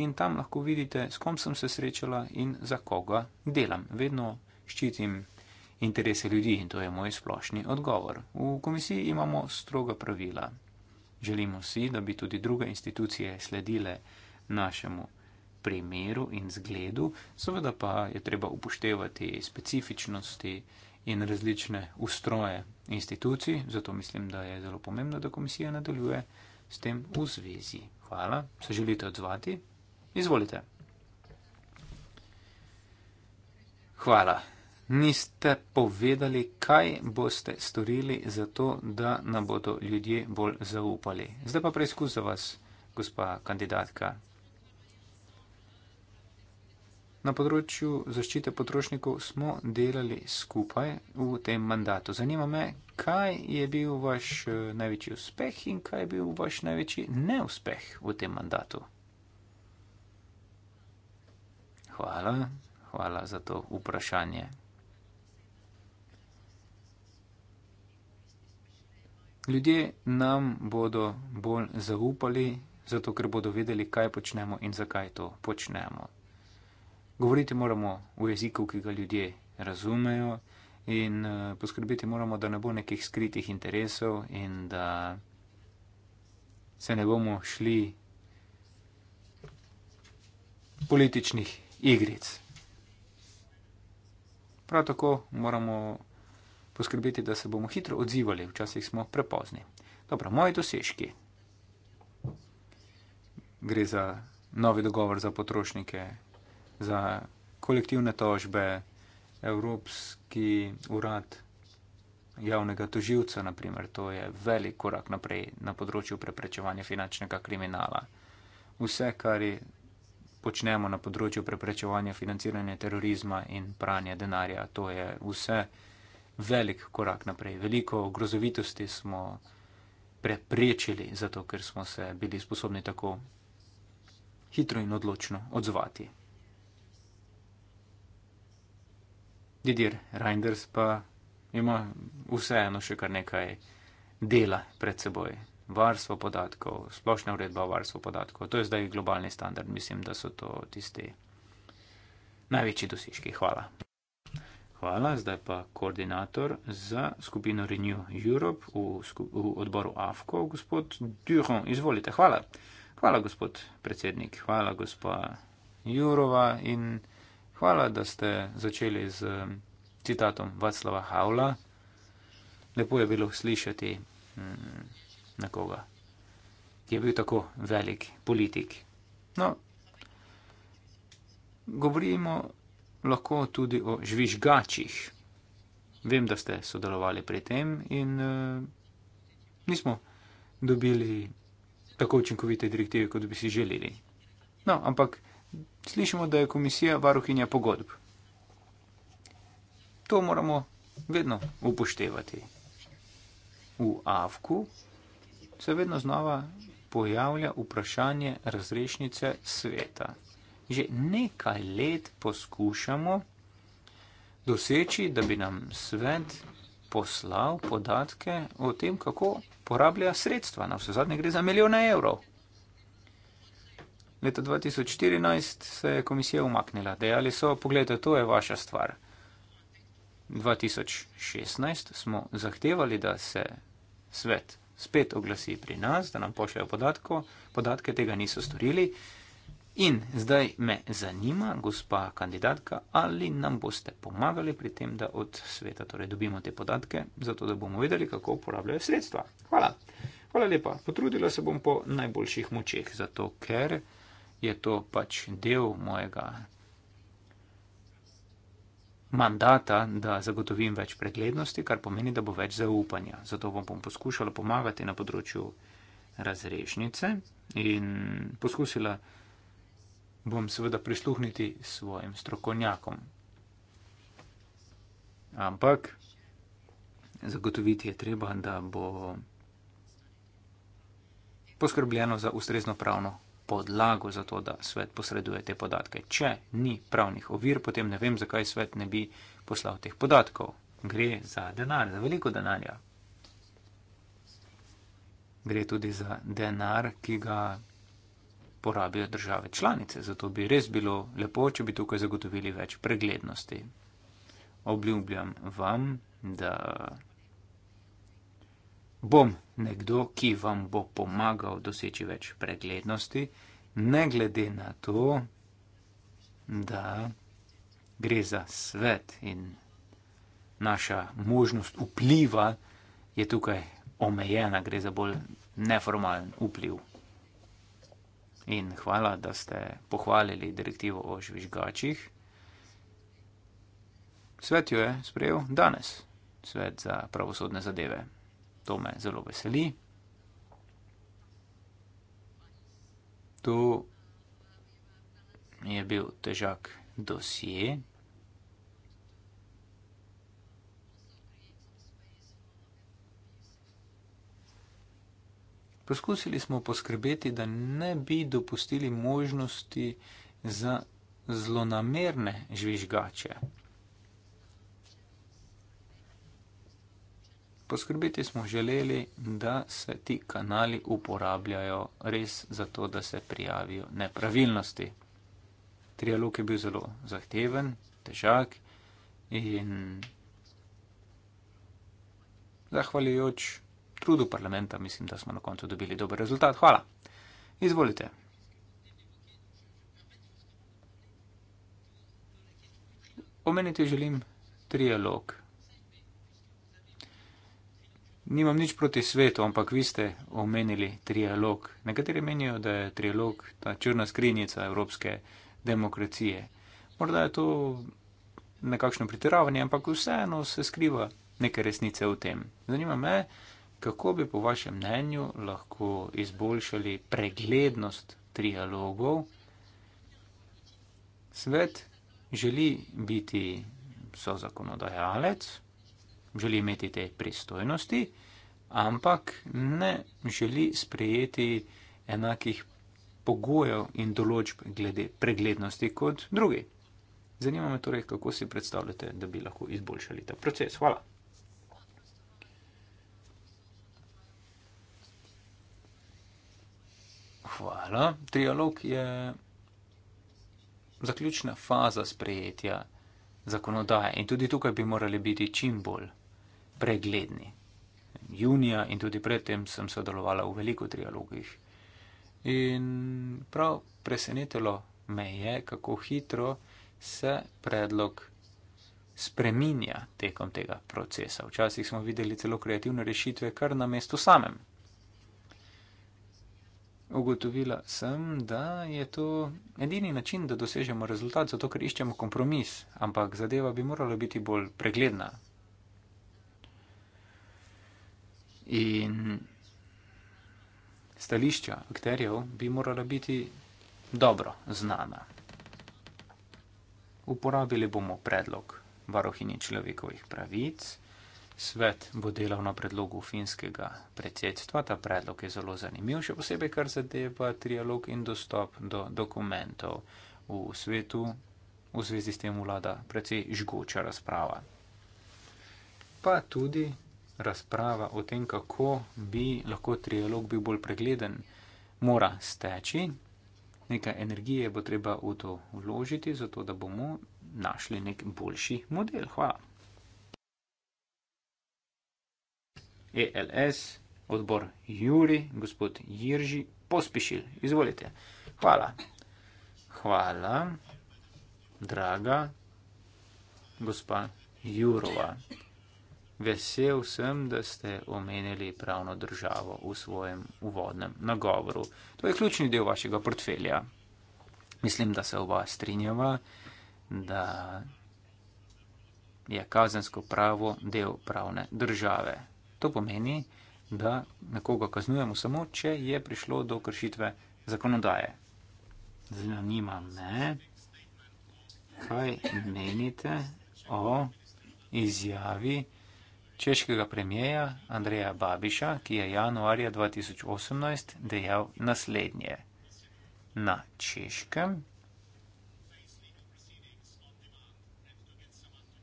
in tam lahko vidite, s kom sem se srečala in za koga delam. Vedno ščitim interese ljudi in to je moj splošni odgovor. V komisiji imamo stroga pravila. Želimo si, da bi tudi druge institucije sledile našemu primeru in zgledu, seveda pa je treba upoštevati specifičnosti, in različne ustroje institucij, zato mislim, da je zelo pomembno, da komisija nadaljuje s tem v zvezi. Hvala, se želite odzvati? Izvolite. Hvala. Niste povedali, kaj boste storili za to, da nam bodo ljudje bolj zaupali. Zdaj pa preizkus za vas, gospa kandidatka. Na področju zaščite potrošnikov smo delali skupaj v tem mandatu. Zanima me, kaj je bil vaš eh, največji uspeh in kaj je bil vaš največji neuspeh v tem mandatu. Hvala, hvala za to vprašanje. Ljudje nam bodo bolj zaupali, zato ker bodo vedeli, kaj počnemo in zakaj to počnemo. Govoriti moramo v jeziku, ki ga ljudje razumejo, in eh, poskrbeti moramo, da ne bo nekih skritih interesov in da se ne bomo šli političnih igric. Prav tako moramo poskrbeti, da se bomo hitro odzivali, včasih smo prepozni. Dobro, moji dosežki. Gre za novi dogovor za potrošnike za kolektivne tožbe, Evropski urad javnega toživca, naprimer, to je velik korak naprej na področju preprečevanja finančnega kriminala. Vse, kar počnemo na področju preprečevanja financiranja terorizma in pranja denarja, to je vse velik korak naprej. Veliko grozovitosti smo preprečili, zato ker smo se bili sposobni tako hitro in odločno odzvati. Didier Reinders pa ima vseeno še kar nekaj dela pred seboj. Varstvo podatkov, splošna uredba o varstvu podatkov, to je zdaj globalni standard. Mislim, da so to tisti največji dosežki. Hvala. Hvala, zdaj pa koordinator za skupino Renew Europe v, v odboru AFKO, gospod Duhon. Izvolite, hvala. Hvala, gospod predsednik, hvala, gospa Jurova in. Hvala, da ste začeli z um, citatom Vaclava Havla. Lepo je bilo slišati mm, nekoga, ki je bil tako velik politik. No, govorimo lahko tudi o žvižgačih. Vem, da ste sodelovali pri tem in uh, nismo dobili tako učinkovite direktive, kot bi si želeli. No, ampak slišimo, da je komisija varuhinja pogodb. To moramo vedno upoštevati. V AFK-u se vedno znova pojavlja vprašanje razrešnice sveta. Že nekaj let poskušamo doseči, da bi nam svet poslal podatke o tem, kako porablja sredstva. Na vse zadnje gre za milijone evrov. Leta 2014 se je komisija umaknila, dejali so, pogledajte, to je vaša stvar. 2016 smo zahtevali, da se svet spet oglasi pri nas, da nam pošljajo podatko, podatke tega niso storili. In zdaj me zanima, gospa kandidatka, ali nam boste pomagali pri tem, da od sveta torej dobimo te podatke, zato da bomo vedeli, kako uporabljajo sredstva. Hvala. Hvala lepa. Potrudila se bom po najboljših močeh, zato ker je to pač del mojega mandata, da zagotovim več preglednosti, kar pomeni, da bo več zaupanja. Zato vam bom poskušala pomagati na področju razrešnice in poskusila bom seveda prisluhniti svojim strokovnjakom. Ampak zagotoviti je treba, da bo poskrbljeno za ustrezno pravno podlago za to, da svet posreduje te podatke. Če ni pravnih ovir, potem ne vem, zakaj svet ne bi poslal teh podatkov. Gre za denar, za veliko denarja. Gre tudi za denar, ki ga porabijo države članice. Zato bi res bilo lepo, če bi tukaj zagotovili več preglednosti. Obljubljam vam, da bom nekdo, ki vam bo pomagal doseči več preglednosti, ne glede na to, da gre za svet in naša možnost vpliva je tukaj omejena, gre za bolj neformalen vpliv. In hvala, da ste pohvalili direktivo o žvižgačih. Svet jo je sprejel danes, svet za pravosodne zadeve to me zelo veseli. To je bil težak dosje. Poskusili smo poskrbeti, da ne bi dopustili možnosti za zlonamerne žvižgače. Poskrbeti smo želeli, da se ti kanali uporabljajo res za to, da se prijavijo nepravilnosti. Trialog je bil zelo zahteven, težak in zahvaljujoč trudu parlamenta mislim, da smo na koncu dobili dober rezultat. Hvala. Izvolite. Omeniti želim trialog nimam nič proti svetu, ampak vi ste omenili trialog. Nekateri menijo, da je trialog ta črna skrinjica evropske demokracije. Morda je to nekakšno pretiravanje, ampak vseeno se skriva neke resnice v tem. Zanima me, kako bi po vašem mnenju lahko izboljšali preglednost trialogov. Svet želi biti sozakonodajalec želi imeti te pristojnosti, ampak ne želi sprejeti enakih pogojev in določb glede preglednosti kot drugi. Zanima me torej, kako si predstavljate, da bi lahko izboljšali ta proces. Hvala. Hvala. Trialog je zaključna faza sprejetja zakonodaje in tudi tukaj bi morali biti čim bolj pregledni. Junija in tudi predtem sem sodelovala v veliko trialogih. In prav presenetilo me je, kako hitro se predlog spreminja tekom tega procesa. Včasih smo videli celo kreativne rešitve kar na mestu samem. Ugotovila sem, da je to edini način, da dosežemo rezultat, zato ker iščemo kompromis, ampak zadeva bi morala biti bolj pregledna, In stališča akterjev bi morala biti dobro znana. Uporabili bomo predlog varohini človekovih pravic. Svet bo delal na predlogu finskega predsedstva. Ta predlog je zelo zanimiv, še posebej, kar zadeva trialog in dostop do dokumentov v svetu. V zvezi s tem vlada precej žgoča razprava. Pa tudi razprava o tem, kako bi lahko trialog bil bolj pregleden, mora steči, nekaj energije bo treba v to vložiti, zato da bomo našli nek boljši model. Hvala. ELS, odbor Juri, gospod Jirži, pospešil, izvolite. Hvala. Hvala, draga gospa Jurova. Vesel sem, da ste omenili pravno državo v svojem uvodnem nagovoru. To je ključni del vašega portfelja. Mislim, da se oba strinjava, da je kazensko pravo del pravne države. To pomeni, da nekoga kaznujemo samo, če je prišlo do kršitve zakonodaje. Zanima me, kaj menite o izjavi, češkega premijeja Andreja Babiša, ki je januarja 2018 dejal naslednje. Na češkem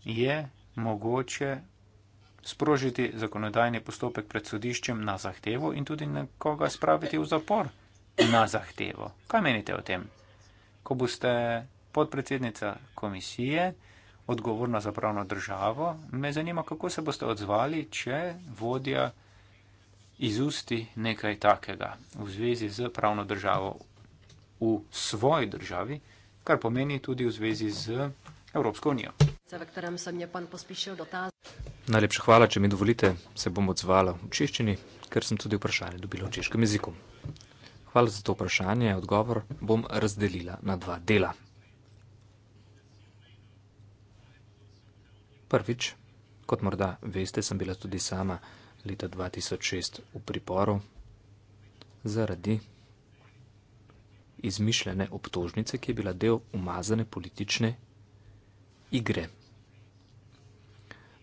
je mogoče sprožiti zakonodajni postopek pred sodiščem na zahtevo in tudi nekoga spraviti v zapor na zahtevo. Kaj menite o tem? Ko boste podpredsednica komisije, odgovorna za pravno državo. Me zanima, kako se boste odzvali, če vodja izusti nekaj takega v zvezi z pravno državo v svoji državi, kar pomeni tudi v zvezi z Evropsko unijo. Najlepša hvala, če mi dovolite, se bom odzvala v češčini, ker sem tudi vprašanje dobila v češkem jeziku. Hvala za to vprašanje. Odgovor bom razdelila na dva dela. Prvič, kot morda veste, sem bila tudi sama leta 2006 v priporu zaradi izmišljene obtožnice, ki je bila del umazane politične igre.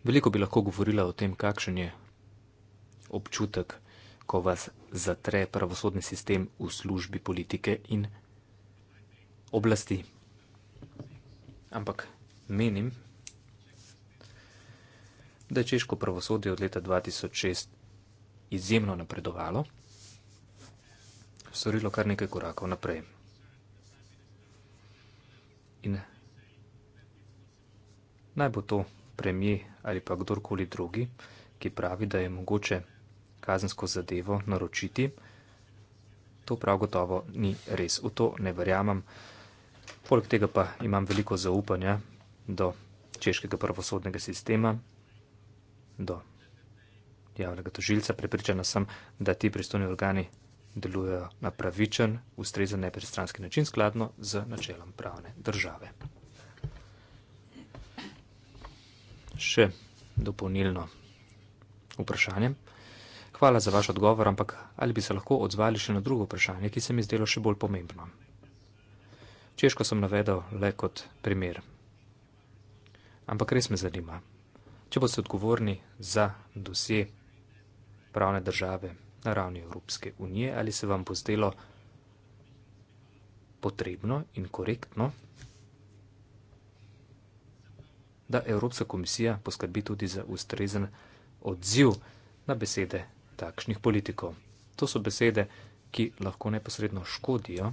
Veliko bi lahko govorila o tem, kakšen je občutek, ko vas zatre pravosodni sistem v službi politike in oblasti. Ampak menim, da je češko pravosodje od leta 2006 izjemno napredovalo, storilo kar nekaj korakov naprej. In naj bo to premije ali pa kdorkoli drugi, ki pravi, da je mogoče kazensko zadevo naročiti, to prav gotovo ni res. V to ne verjamem. Poleg tega pa imam veliko zaupanja do češkega pravosodnega sistema, do javnega tožilca. Prepričana sem, da ti pristojni organi delujejo na pravičen, ustrezen, nepristranski način, skladno z načelom pravne države. Še dopolnilno vprašanje. Hvala za vaš odgovor, ampak ali bi se lahko odzvali še na drugo vprašanje, ki se mi zdelo še bolj pomembno. Češko sem navedel le kot primer. Ampak res me zanima če pa so odgovorni za dosje pravne države na ravni Evropske unije, ali se vam bo zdelo potrebno in korektno, da Evropska komisija poskrbi tudi za ustrezen odziv na besede takšnih politikov. To so besede, ki lahko neposredno škodijo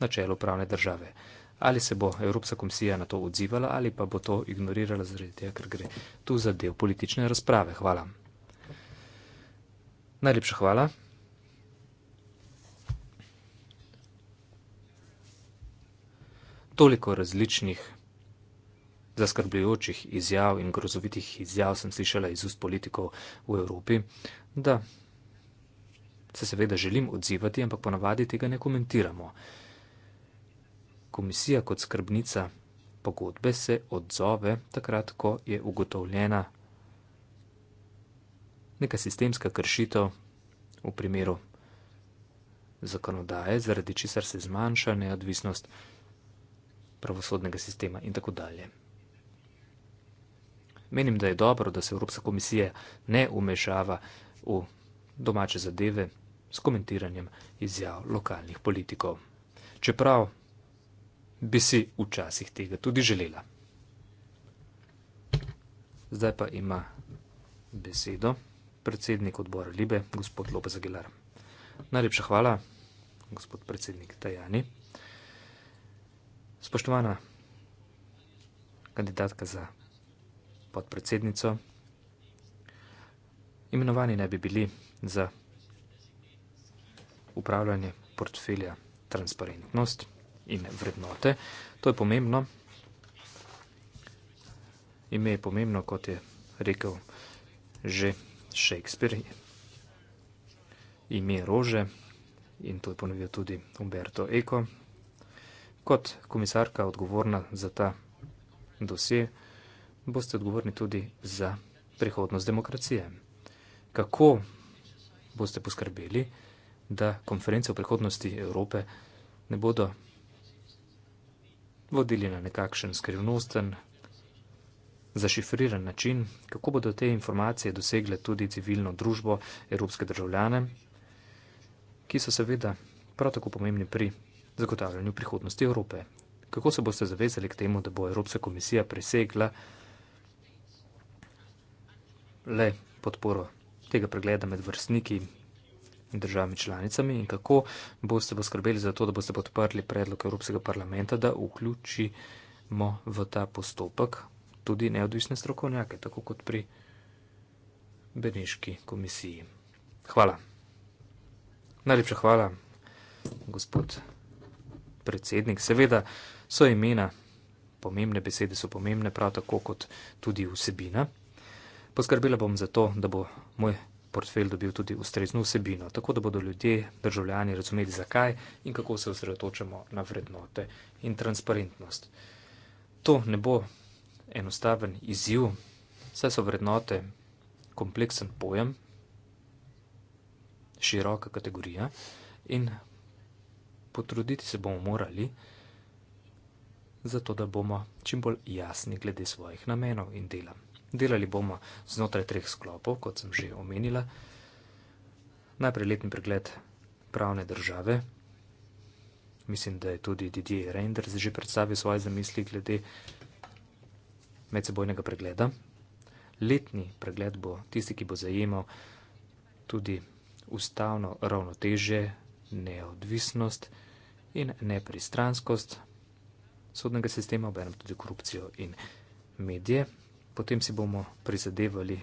načelu pravne države ali se bo Evropska komisija na to odzivala ali pa bo to ignorirala zaradi tega, ker gre tu za del politične razprave. Hvala. Najlepša hvala. Toliko različnih zaskrbljujočih izjav in grozovitih izjav sem slišala iz ust politikov v Evropi, da se seveda želim odzivati, ampak ponavadi tega ne komentiramo komisija kot skrbnica pogodbe se odzove takrat, ko je ugotovljena neka sistemska kršitev v primeru zakonodaje, zaradi česar se zmanjša neodvisnost pravosodnega sistema in tako dalje. Menim, da je dobro, da se Evropska komisija ne umešava v domače zadeve s komentiranjem izjav lokalnih politikov. Čeprav bi si včasih tega tudi želela. Zdaj pa ima besedo predsednik odbora Libe, gospod Lopez Aguilar. Najlepša hvala, gospod predsednik Tajani. Spoštovana kandidatka za podpredsednico, imenovani naj bi bili za upravljanje portfelja transparentnosti in vrednote. To je pomembno. Ime je pomembno, kot je rekel že Shakespeare. Ime Rože in to je ponovil tudi Umberto Eko. Kot komisarka odgovorna za ta dosje, boste odgovorni tudi za prihodnost demokracije. Kako boste poskrbeli, da konference v prihodnosti Evrope ne bodo vodili na nekakšen skrivnosten, zašifriran način, kako bodo te informacije dosegle tudi civilno družbo, evropske državljane, ki so seveda prav tako pomembni pri zagotavljanju prihodnosti Evrope. Kako se boste zavezali k temu, da bo Evropska komisija presegla le podporo tega pregleda med vrstniki državami članicami in kako boste poskrbeli za to, da boste podprli predlog Evropskega parlamenta, da vključimo v ta postopek tudi neodvisne strokovnjake, tako kot pri Beneški komisiji. Hvala. Najlepša hvala, gospod predsednik. Seveda so imena pomembne, besede so pomembne, prav tako kot tudi vsebina. Poskrbela bom za to, da bo moj portfelj dobil tudi ustrezno vsebino, tako da bodo ljudje, državljani razumeli, zakaj in kako se osredotočamo na vrednote in transparentnost. To ne bo enostaven izziv, saj so vrednote kompleksen pojem, široka kategorija in potruditi se bomo morali, zato da bomo čim bolj jasni glede svojih namenov in dela. Delali bomo znotraj treh sklopov, kot sem že omenila. Najprej letni pregled pravne države. Mislim, da je tudi Didier Reinders že predstavil svoje zamisli glede medsebojnega pregleda. Letni pregled bo tisti, ki bo zajemal tudi ustavno ravnoteže, neodvisnost in nepristranskost sodnega sistema, obenem tudi korupcijo in medije potem si bomo prizadevali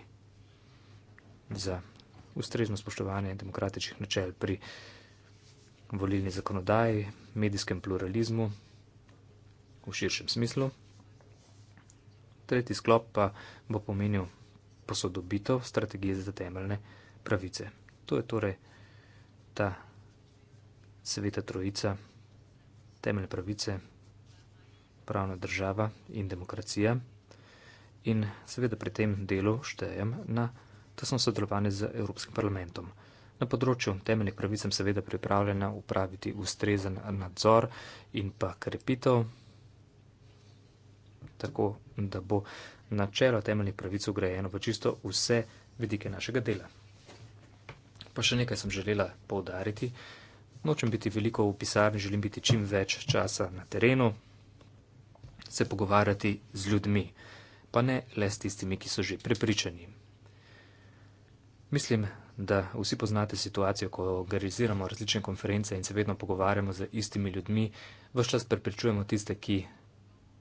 za ustrezno spoštovanje demokratičnih načel pri volilni zakonodaji, medijskem pluralizmu v širšem smislu. Tretji sklop pa bo pomenil posodobitev strategije za temeljne pravice. To je torej ta sveta trojica, temeljne pravice, pravna država in demokracija in seveda pri tem delu štejem na tesno sodelovanje z Evropskim parlamentom. Na področju temeljnih pravic sem seveda pripravljena upraviti ustrezen nadzor in pa krepitev, tako da bo načelo temeljnih pravic ugrajeno v čisto vse vidike našega dela. Pa še nekaj sem želela povdariti. Nočem biti veliko v pisarni, želim biti čim več časa na terenu, se pogovarjati z ljudmi pa ne le s tistimi, ki so že prepričani. Mislim, da vsi poznate situacijo, ko organiziramo različne konference in se vedno pogovarjamo z istimi ljudmi, vse čas prepričujemo tiste, ki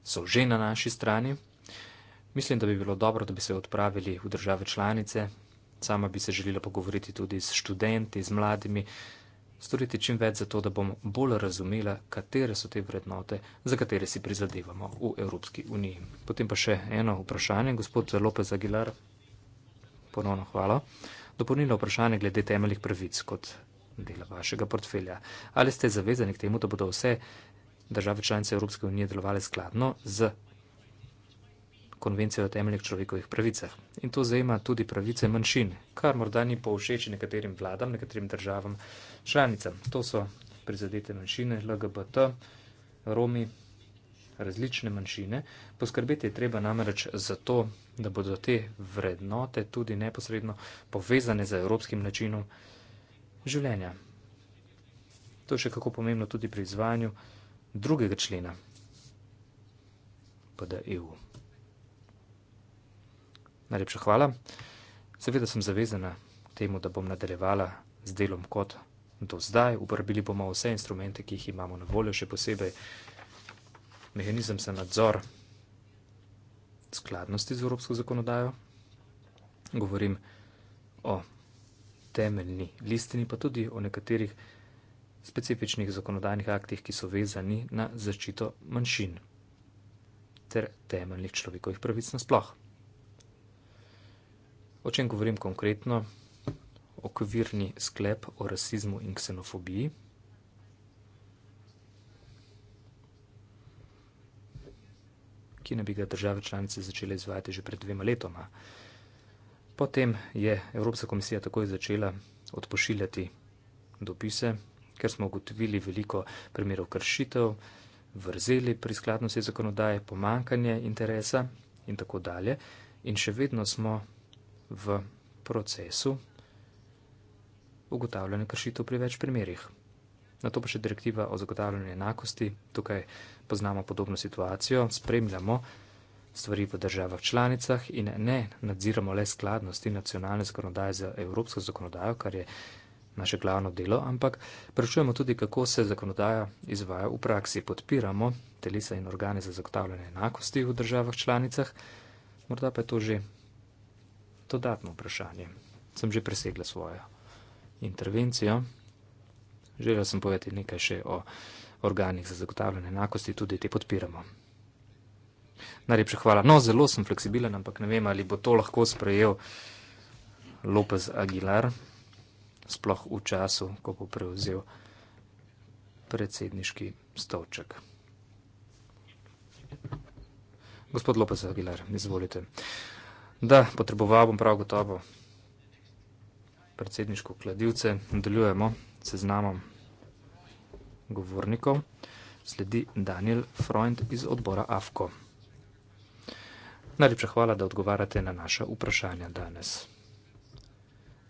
so že na naši strani. Mislim, da bi bilo dobro, da bi se odpravili v države članice. Sama bi se želela pogovoriti tudi s študenti, z mladimi, storiti čim več za to, da bomo bolj razumeli, katere so te vrednote, za katere si prizadevamo v Evropski uniji. Potem pa še eno vprašanje, gospod Lopez Aguilar, ponovno hvala. Dopolnilo vprašanje glede temeljih pravic kot dela vašega portfelja. Ali ste zavezani k temu, da bodo vse države članice Evropske unije delovale skladno z konvencijo o temeljih človekovih pravicah? In to zajema tudi pravice manjšin, kar morda ni povšeči nekaterim vladam, nekaterim državam članicam. To so prizadete manjšine, LGBT, Romi, različne manjšine. Poskrbeti je treba namreč za to, da bodo te vrednote tudi neposredno povezane z evropskim načinom življenja. To je še kako pomembno tudi pri izvajanju drugega člena PDEU. Najlepša hvala. Seveda sem zavezana temu, da bom nadaljevala z delom kot do zdaj, uporabili bomo vse instrumente, ki jih imamo na voljo, še posebej mehanizem za nadzor skladnosti z evropsko zakonodajo. Govorim o temeljni listini, pa tudi o nekaterih specifičnih zakonodajnih aktih, ki so vezani na zaščito manjšin ter temeljnih človekovih pravic nasploh. O čem govorim konkretno? okvirni sklep o rasizmu in ksenofobiji. Ki naj bi ga države članice začele izvajati že pred dvema letoma. Potem je Evropska komisija takoj začela odpošiljati dopise, ker smo ugotovili veliko primerov kršitev, vrzeli pri skladnosti zakonodaje, pomankanje interesa in tako dalje. In še vedno smo v procesu ugotavljanje kršitev pri več primerjih. Na to pa še direktiva o zagotavljanju enakosti, tukaj poznamo podobno situacijo, spremljamo stvari v državah članicah in ne nadziramo le skladnosti nacionalne zakonodaje z evropsko zakonodajo, kar je naše glavno delo, ampak prečujemo tudi, kako se zakonodaja izvaja v praksi. Podpiramo telesa in organe za zagotavljanje enakosti v državah članicah, morda pa je to že dodatno vprašanje. Sem že presegla svojo intervencijo. Želel sem povedati nekaj še o organih za zagotavljanje enakosti, tudi te podpiramo. Najlepša hvala. No, zelo sem fleksibilen, ampak ne vem, ali bo to lahko sprejel Lopez Aguilar, sploh v času, ko bo prevzel predsedniški stolček. Gospod Lopez Aguilar, izvolite. Da, potreboval bom prav gotovo predsedniško kladivce, nadaljujemo se znamom govornikov. Sledi Daniel Freund iz odbora AFKO. Najlepša hvala, da odgovarate na naša vprašanja danes.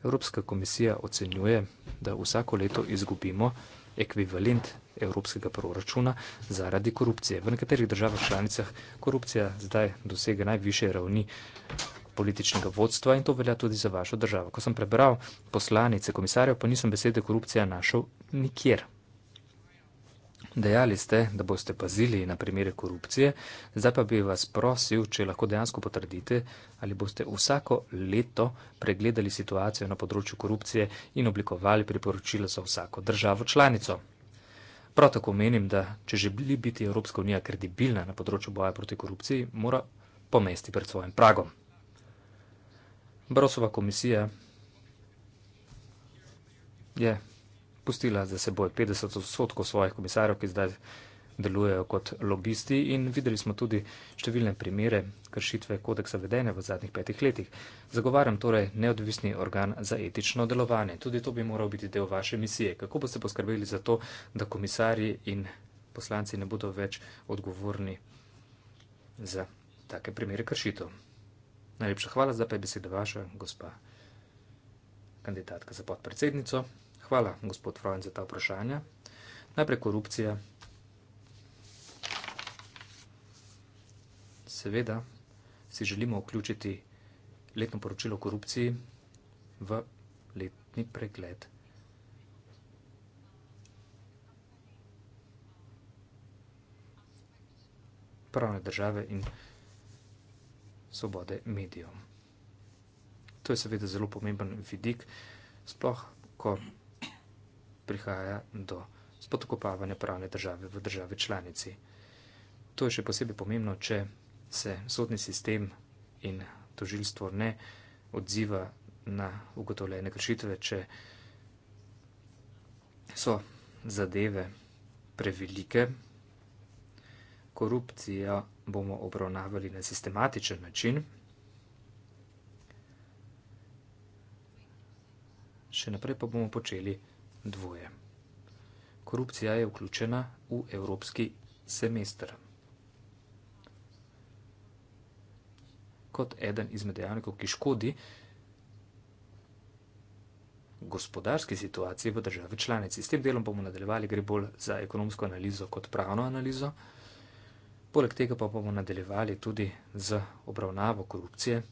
Evropska komisija ocenjuje, da vsako leto izgubimo ekvivalent evropskega proračuna zaradi korupcije. V nekaterih državah članicah korupcija zdaj dosega najviše ravni političnega vodstva in to velja tudi za vašo državo. Ko sem prebral poslanice komisarjev, pa nisem besede korupcija našel nikjer. Dejali ste, da boste pazili na primere korupcije, zdaj pa bi vas prosil, če lahko dejansko potrdite, ali boste vsako leto pregledali situacijo na področju korupcije in oblikovali priporočila za vsako državo članico. Prav tako menim, da če želi biti Evropska unija kredibilna na področju boja proti korupciji, mora pomesti pred svojim pragom. Brosova komisija je pustila za seboj 50 odstotkov svojih komisarjev, ki zdaj delujejo kot lobisti in videli smo tudi številne primere kršitve kodeksa vedenja v zadnjih petih letih. Zagovarjam torej neodvisni organ za etično delovanje. Tudi to bi moral biti del vaše misije. Kako boste poskrbeli za to, da komisarji in poslanci ne bodo več odgovorni za take primere kršitev? Najlepša hvala, zdaj pa je beseda vaša, gospa kandidatka za podpredsednico. Hvala, gospod Frojen, za ta vprašanja. Najprej korupcija. Seveda si želimo vključiti letno poročilo o korupciji v letni pregled. Pravne države in korupcije svobode medijev. To je seveda zelo pomemben vidik, sploh ko prihaja do spodkopavanja pravne države v državi članici. To je še posebej pomembno, če se sodni sistem in tožilstvo ne odziva na ugotovljene kršitve, če so zadeve prevelike, korupcija bomo obravnavali na sistematičen način. Še naprej pa bomo počeli dvoje. Korupcija je vključena v evropski semester. Kot eden izmed dejavnikov, ki škodi gospodarski situaciji v državi članici. S tem delom bomo nadaljevali, gre bolj za ekonomsko analizo kot pravno analizo. Poleg tega pa bomo nadaljevali tudi z obravnavo korupcije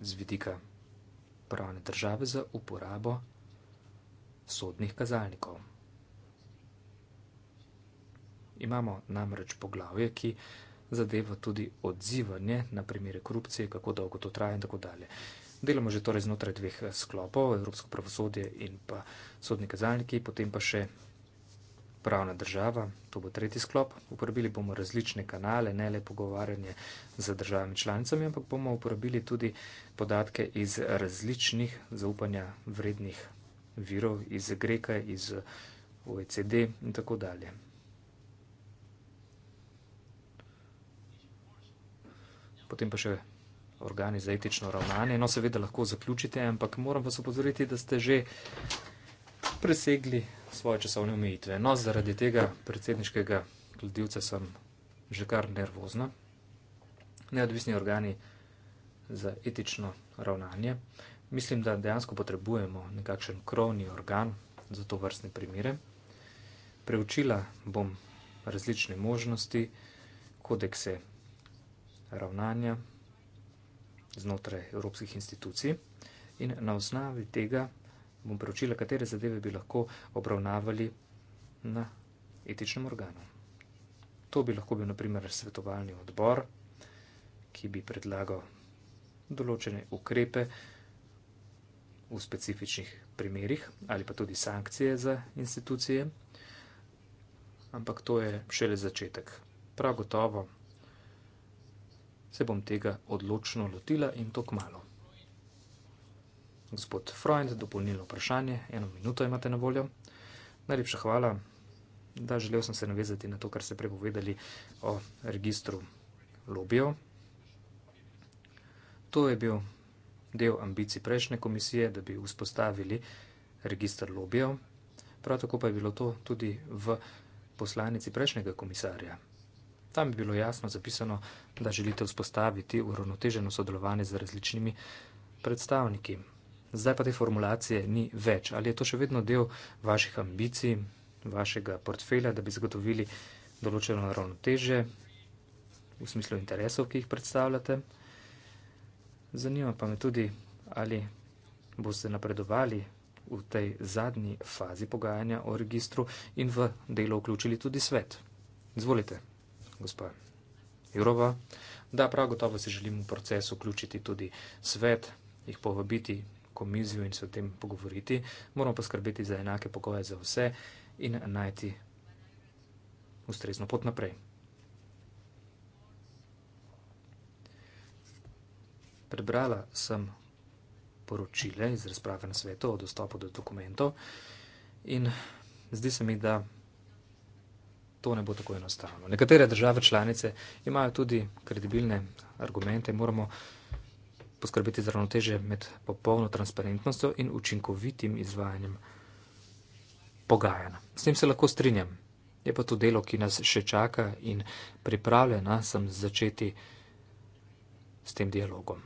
z vidika pravne države za uporabo sodnih kazalnikov. Imamo namreč poglavje, ki zadeva tudi odzivanje na primere korupcije, kako dolgo to traja in tako dalje. Delamo že torej znotraj dveh sklopov, Evropsko pravosodje in pa sodni kazalniki, potem pa še pravna država, to bo tretji sklop. Uporabili bomo različne kanale, ne le pogovarjanje z državami članicami, ampak bomo uporabili tudi podatke iz različnih zaupanja vrednih virov, iz Greka, iz OECD in tako dalje. Potem pa še organi za etično ravnanje. No, seveda lahko zaključite, ampak moram vas opozoriti, da ste že presegli svoje časovne omejitve. No, zaradi tega predsedniškega gledilca sem že kar nervozna. Neodvisni organi za etično ravnanje. Mislim, da dejansko potrebujemo nekakšen krovni organ za to vrstne primere. Preučila bom različne možnosti, kodekse ravnanja znotraj evropskih institucij in na osnovi tega bom preučila, katere zadeve bi lahko obravnavali na etičnem organu. To bi lahko bil, naprimer, svetovalni odbor, ki bi predlagal določene ukrepe v specifičnih primerjih ali pa tudi sankcije za institucije, ampak to je šele začetek. Prav gotovo se bom tega odločno lotila in to kmalo. Gospod Freund, dopolnilno vprašanje, eno minuto imate na voljo. Najlepša hvala, da želel sem se navezati na to, kar ste prepovedali o registru lobijo. To je bil del ambicij prejšnje komisije, da bi vzpostavili registr lobijo. Prav tako pa je bilo to tudi v poslanici prejšnjega komisarja. Tam je bilo jasno zapisano, da želite vzpostaviti uravnoteženo sodelovanje z različnimi predstavniki zdaj pa te formulacije ni več. Ali je to še vedno del vaših ambicij, vašega portfelja, da bi zagotovili določeno ravnoteže v smislu interesov, ki jih predstavljate? Zanima pa me tudi, ali boste napredovali v tej zadnji fazi pogajanja o registru in v delo vključili tudi svet. Izvolite, gospa Jurova. Da, prav gotovo si želim v proces vključiti tudi svet, jih povabiti komisijo in se o tem pogovoriti. Moramo poskrbeti za enake pogoje za vse in najti ustrezno pot naprej. Prebrala sem poročile iz razprave na svetu o dostopu do dokumentov in zdi se mi, da to ne bo tako enostavno. Nekatere države članice imajo tudi kredibilne argumente in moramo poskrbeti za ravnoteže med popolno transparentnostjo in učinkovitim izvajanjem pogajanj. S tem se lahko strinjam. Je pa to delo, ki nas še čaka in pripravljena sem začeti s tem dialogom.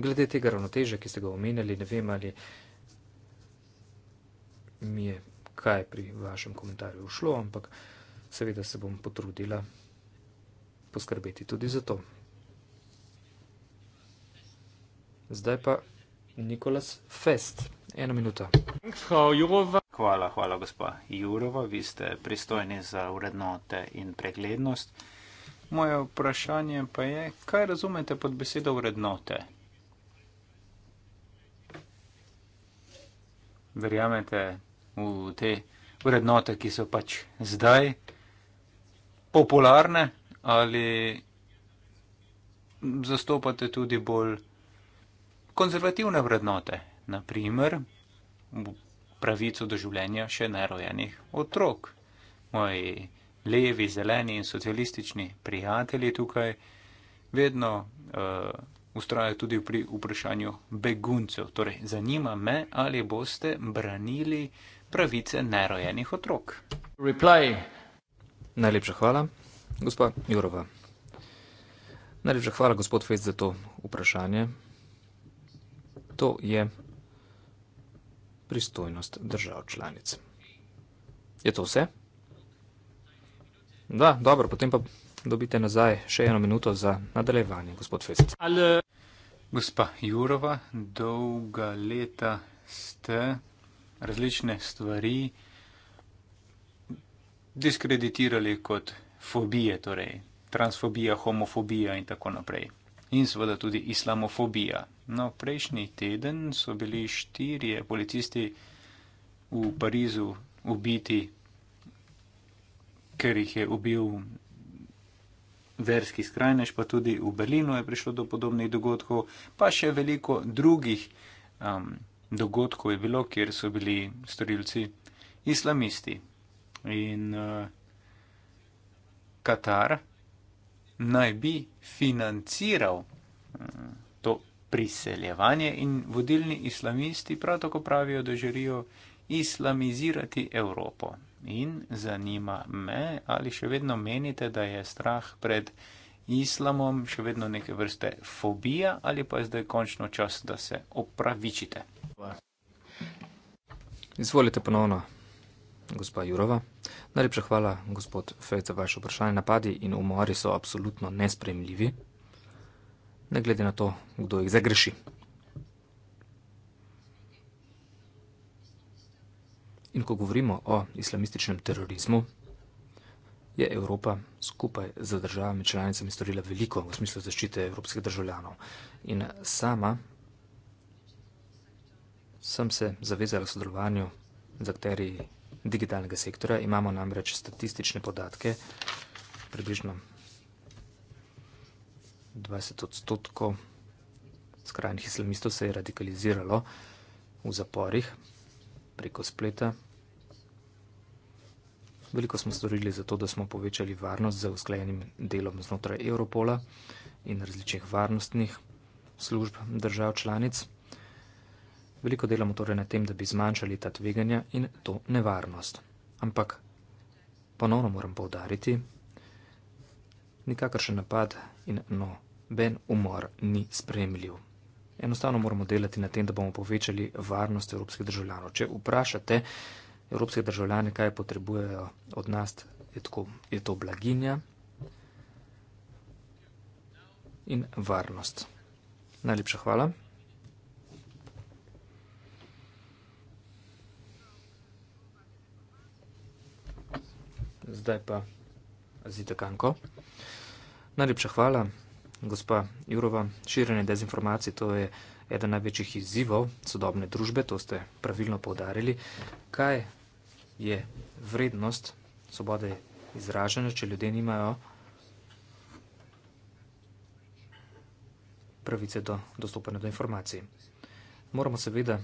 Glede tega ravnoteže, ki ste ga omenjali, ne vem, ali mi je kaj pri vašem komentarju ušlo, ampak seveda se bom potrudila poskrbeti tudi za to. Zdaj pa Nikolas Fest, ena minuta. Hvala, hvala, gospa Jurova, vi ste pristojni za urednote in preglednost. Moje vprašanje pa je, kaj razumete pod besedo urednote? Verjamete v te urednote, ki so pač zdaj popularne ali zastopate tudi bolj konzervativne vrednote, naprimer pravico do življenja še nerojenih otrok. Moji levi, zeleni in socialistični prijatelji tukaj vedno uh, ustrajajo tudi pri vprašanju beguncev. Torej, zanima me, ali boste branili pravice nerojenih otrok. Reply. Najlepša hvala, gospa Jurova. Najlepša hvala, gospod Fejc, za to vprašanje to je pristojnost držav članic. Je to vse? Da, dobro, potem pa dobite nazaj še eno minuto za nadaljevanje, gospod Fesic. Ale... Gospa Jurova, dolga leta ste različne stvari diskreditirali kot fobije, torej transfobija, homofobija in tako naprej. In seveda tudi islamofobija, No, prejšnji teden so bili štirje policisti v Parizu ubiti, ker jih je ubil verski skrajnež, pa tudi v Berlinu je prišlo do podobnih dogodkov, pa še veliko drugih um, dogodkov je bilo, kjer so bili storilci islamisti. In uh, Katar naj bi financiral. Uh, priseljevanje in vodilni islamisti prav tako pravijo, da želijo islamizirati Evropo. In zanima me, ali še vedno menite, da je strah pred islamom še vedno neke vrste fobija ali pa je zdaj končno čas, da se opravičite. Izvolite ponovno, gospa Jurova. Najlepša hvala, gospod Fej, za vaše vprašanje. Napadi in umori so apsolutno nespremljivi ne glede na to, kdo jih zagreši. In ko govorimo o islamističnem terorizmu, je Evropa skupaj z državami članicami storila veliko v smislu zaščite evropskih državljanov. In sama sem se zavezala sodelovanju z akterji digitalnega sektora. Imamo namreč statistične podatke, približno 20 odstotkov skrajnih islamistov se je radikaliziralo v zaporih preko spleta. Veliko smo storili za to, da smo povečali varnost za usklajenim delom znotraj Europola in različnih varnostnih služb držav članic. Veliko delamo torej na tem, da bi zmanjšali ta tveganja in to nevarnost. Ampak ponovno moram povdariti, nikakršen napad in noben umor ni spremljiv. Enostavno moramo delati na tem, da bomo povečali varnost evropskih državljanov. Če vprašate evropske državljane, kaj potrebujejo od nas, je, tako, je to blaginja in varnost. Najlepša hvala. Zdaj pa zita kanko. Najlepša hvala, gospa Jurova. Širjenje dezinformacij to je eden največjih izzivov sodobne družbe, to ste pravilno povdarili. Kaj je vrednost svobode izražanja, če ljudje nimajo pravice do dostopanja do informacij? Moramo seveda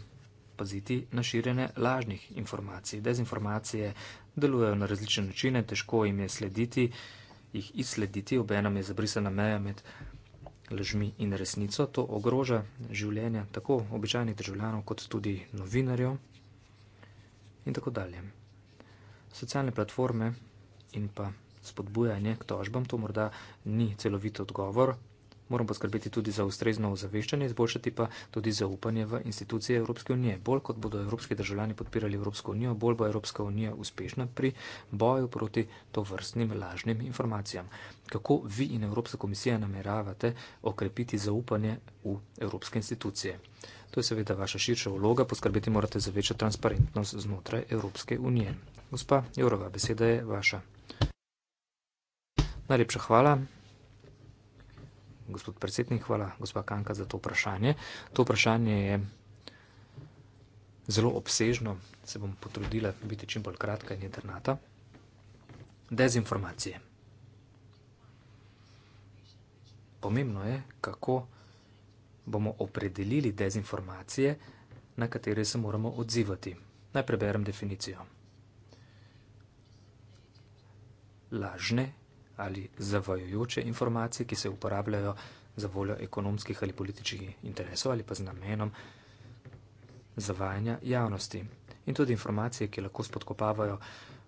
paziti na širjenje lažnih informacij. Dezinformacije delujejo na različne načine, težko jim je slediti jih izslediti, obenem je zabrisana meja med lažmi in resnico. To ogroža življenje tako običajnih državljanov, kot tudi novinarjev in tako dalje. Socialne platforme in pa spodbujanje k tožbam, to morda ni celovit odgovor, moramo poskrbeti tudi za ustrezno ozaveščanje, izboljšati pa tudi zaupanje v institucije Evropske unije. Bolj kot bodo evropski državljani podpirali Evropsko unijo, bolj bo Evropska unija uspešna pri boju proti to vrstnim lažnim informacijam. Kako vi in Evropska komisija nameravate okrepiti zaupanje v evropske institucije? To je seveda vaša širša vloga, poskrbeti morate za večjo transparentnost znotraj Evropske unije. Gospa Jurova, beseda je vaša. Najlepša hvala gospod predsednik, hvala, gospa Kanka, za to vprašanje. To vprašanje je zelo obsežno, se bom potrudila biti čim bolj kratka in jedrnata. Dezinformacije. Pomembno je, kako bomo opredelili dezinformacije, na katere se moramo odzivati. Najprej berem definicijo. Lažne informacije ali zavajojoče informacije, ki se uporabljajo za voljo ekonomskih ali političnih interesov ali pa z namenom zavajanja javnosti. In tudi informacije, ki lahko spodkopavajo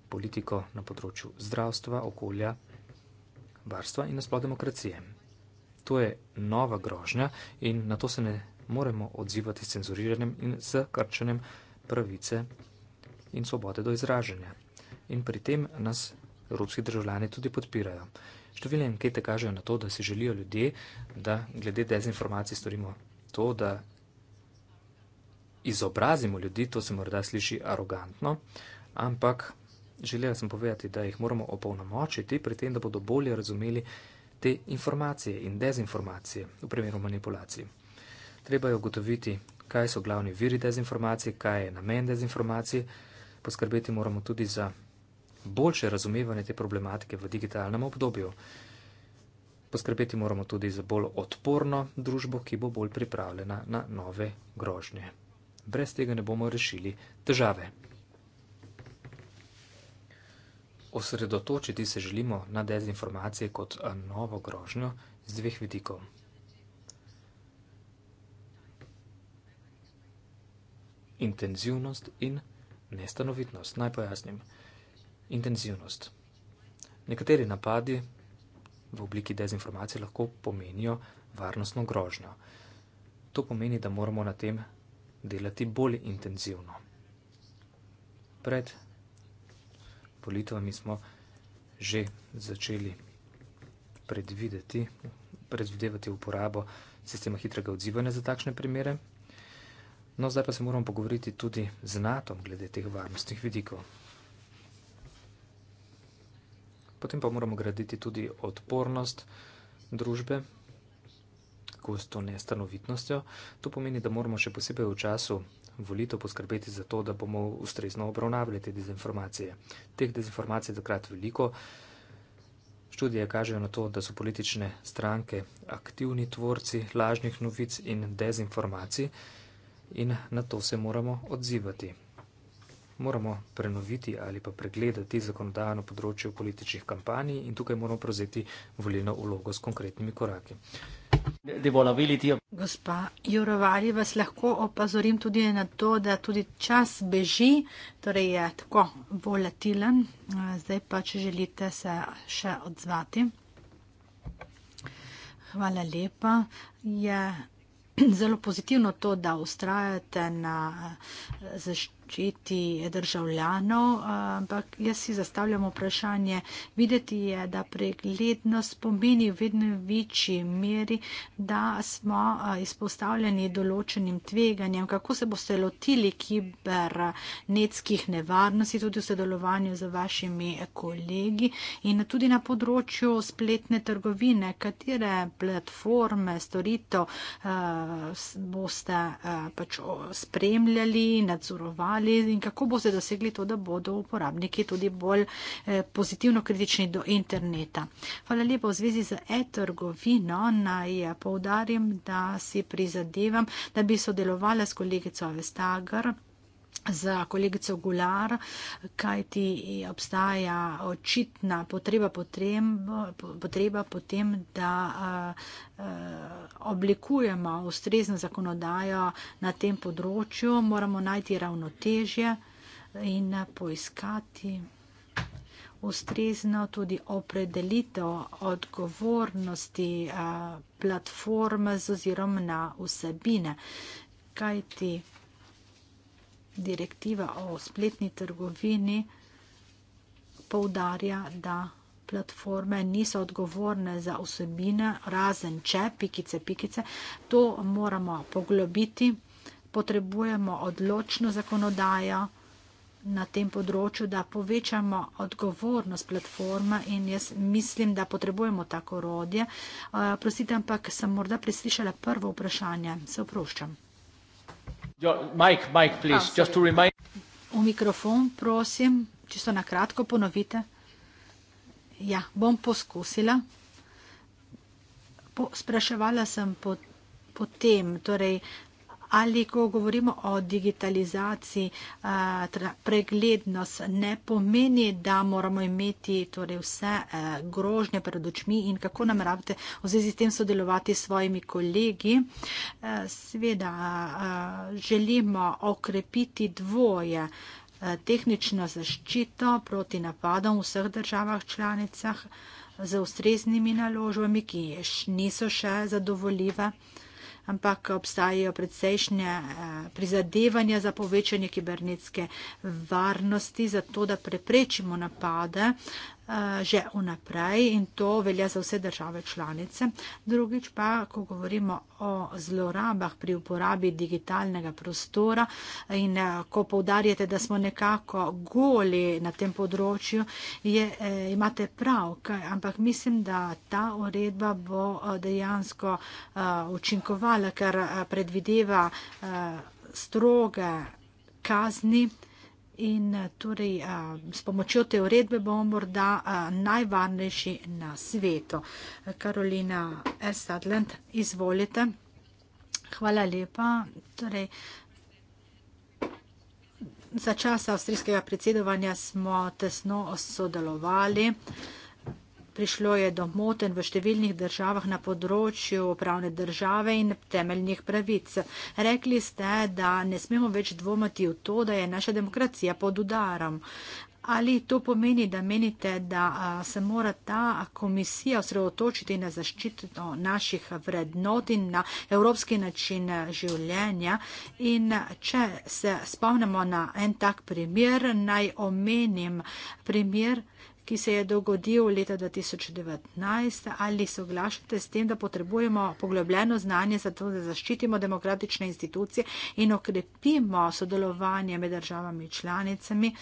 politiko na področju zdravstva, okolja, varstva in nasplošno demokracije. To je nova grožnja in na to se ne moremo odzivati s cenzuriranjem in z krčenjem pravice in svobode do izražanja. In pri tem nas evropski državljani tudi podpirajo. Številne ankete kažejo na to, da si želijo ljudje, da glede dezinformacij storimo to, da izobrazimo ljudi, to se morda sliši arogantno, ampak želela sem povedati, da jih moramo opolnomočiti pri tem, da bodo bolje razumeli te informacije in dezinformacije v primeru manipulacij. Treba je ugotoviti, kaj so glavni viri dezinformacije, kaj je namen dezinformacije, poskrbeti moramo tudi za boljše razumevanje te problematike v digitalnem obdobju. Poskrbeti moramo tudi za bolj odporno družbo, ki bo bolj pripravljena na nove grožnje. Brez tega ne bomo rešili težave. Osredotočiti se želimo na dezinformacije kot novo grožnjo z dveh vidikov. Intenzivnost in nestanovitnost. Naj pojasnim intenzivnost. Nekateri napadi v obliki dezinformacije lahko pomenijo varnostno grožnjo. To pomeni, da moramo na tem delati bolj intenzivno. Pred volitvami smo že začeli predvideti, predvidevati uporabo sistema hitrega odzivanja za takšne primere. No, zdaj pa se moramo pogovoriti tudi z NATO glede teh varnostnih vidikov. Potem pa moramo graditi tudi odpornost družbe, kako s to nestanovitnostjo. To pomeni, da moramo še posebej v času volitev poskrbeti za to, da bomo ustrezno obravnavali te dezinformacije. Teh dezinformacij je takrat veliko. Študije kažejo na to, da so politične stranke aktivni tvorci lažnih novic in dezinformacij in na to se moramo odzivati moramo prenoviti ali pa pregledati zakonodajno področje v političnih kampanji in tukaj moramo prevzeti volilno ulogo s konkretnimi koraki. Gospa Jurovali, vas lahko opazorim tudi na to, da tudi čas beži, torej je tako volatilen. Zdaj pa, če želite se še odzvati. Hvala lepa. Je <clears throat> zelo pozitivno to, da ustrajate na zaščiti zaščiti državljanov, ampak jaz si zastavljam vprašanje. Videti je, da preglednost pomeni v vedno večji meri, da smo izpostavljeni določenim tveganjem. Kako se boste lotili kibernetskih nevarnosti tudi v sodelovanju z vašimi kolegi in tudi na področju spletne trgovine, katere platforme, storitev boste pač spremljali, nadzorovali? ali in kako boste dosegli to, da bodo uporabniki tudi bolj eh, pozitivno kritični do interneta. Hvala lepa v zvezi z e-trgovino. Naj eh, poudarim, da si prizadevam, da bi sodelovala s kolegico Vestager za kolegico Gular, kaj ti obstaja očitna potreba potem, potreba potem da uh, oblikujemo ustrezno zakonodajo na tem področju, moramo najti ravnotežje in eh, poiskati ustrezno tudi opredelitev odgovornosti uh, platform z ozirom na vsebine. Kaj ti? direktiva o spletni trgovini poudarja, da platforme niso odgovorne za vsebine, razen če, pikice, pikice. To moramo poglobiti. Potrebujemo odločno zakonodajo na tem področju, da povečamo odgovornost platforma in jaz mislim, da potrebujemo tako rodje. Eh, prosite, ampak sem morda preslišala prvo vprašanje. Se oproščam. Mike, Mike, please, ah, just to remind. V mikrofon, prosim, čisto na kratko ponovite. Ja, bom poskusila. Po, spraševala sem po, po tem, torej ali ko govorimo o digitalizaciji, eh, preglednost ne pomeni, da moramo imeti torej vse eh, grožnje pred očmi in kako nameravate v zvezi s tem sodelovati s svojimi kolegi. Eh, Sveda želimo okrepiti dvoje tehnično zaščito proti napadom v vseh državah članicah z ustreznimi naložbami, ki niso še zadovoljive ampak obstajajo predsejšnje eh, prizadevanja za povečanje kibernetske varnosti, zato da preprečimo napade že vnaprej in to velja za vse države članice. Drugič pa, ko govorimo o zlorabah pri uporabi digitalnega prostora in ko povdarjate, da smo nekako goli na tem področju, je, e, imate prav, kaj, ampak mislim, da ta uredba bo dejansko učinkovala, ker predvideva stroge kazni in eh, torej eh, s pomočjo te uredbe bomo morda eh, najvarnejši na svetu. Karolina S. Adland, izvolite. Hvala lepa. Torej, za čas avstrijskega predsedovanja smo tesno sodelovali prišlo je do moten v številnih državah na področju pravne države in temeljnih pravic. Rekli ste, da ne smemo več dvomiti v to, da je naša demokracija pod udarom. Ali to pomeni, da menite, da se mora ta komisija osredotočiti na zaščito naših vrednot in na evropski način življenja? In če se spomnimo na en tak primer, naj omenim primer, ki se je dogodil leta 2019, ali soglašate s tem, da potrebujemo poglobljeno znanje za to, da zaščitimo demokratične institucije in okrepimo sodelovanje med državami članicami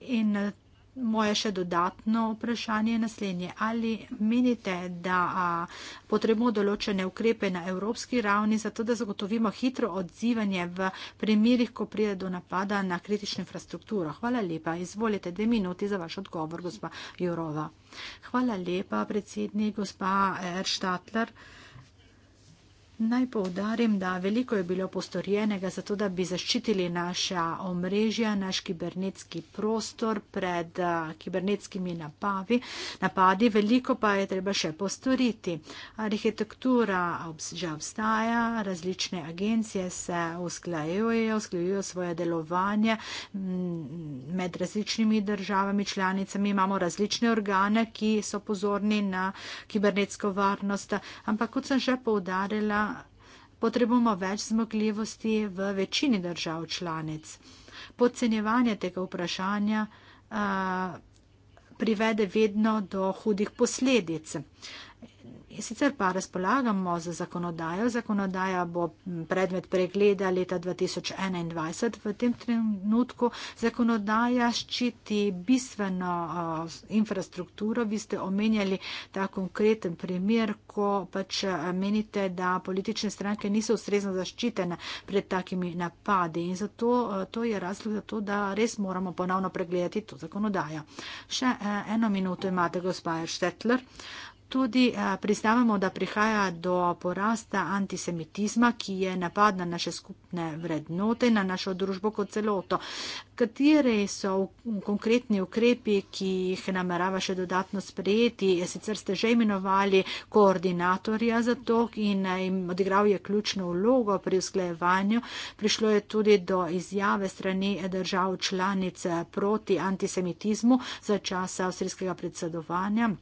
in Moje še dodatno vprašanje je naslednje. Ali menite, da potrebujemo določene ukrepe na evropski ravni, zato da zagotovimo hitro odzivanje v primerih, ko pride do napada na kritično infrastrukturo? Hvala lepa. Izvolite dve minuti za vaš odgovor, gospa Jurova. Hvala lepa, predsednik, gospa Erštatler. Eh, Naj povdarim, da veliko je bilo postorjenega zato, da bi zaščitili naša omrežja, naš kibernetski prostor pred eh, kibernetskimi napavi, napadi. Veliko pa je treba še postoriti. Arhitektura že obstaja, različne agencije se usklajujejo, usklajujejo svoje delovanje mm, med različnimi državami, članicami. Imamo različne organe, ki so pozorni na kibernetsko varnost, ampak kot sem že povdarila, potrebujemo več zmogljivosti v večini držav članic. Podcenjevanje tega vprašanja a, eh, privede vedno do hudih posledic sicer pa razpolagamo z zakonodajo. Zakonodaja bo predmet pregleda leta 2021. V tem trenutku zakonodaja ščiti bistveno infrastrukturo. Vi ste omenjali ta konkreten primer, ko pač menite, da politične stranke niso ustrezno zaščitene pred takimi napadi. In zato to je razlog za to, da res moramo ponovno pregledati to zakonodajo. Še eno minuto imate, gospod Štetler tudi eh, priznavamo, da prihaja do porasta antisemitizma, ki je napad na naše skupne vrednote, na našo družbo kot celoto. Kateri so konkretni ukrepi, ki jih namerava še dodatno sprejeti? Sicer ste že imenovali koordinatorja za to in eh, odigral je ključno vlogo pri usklejevanju. Prišlo je tudi do izjave strani držav članic eh, proti antisemitizmu za časa avstrijskega predsedovanja.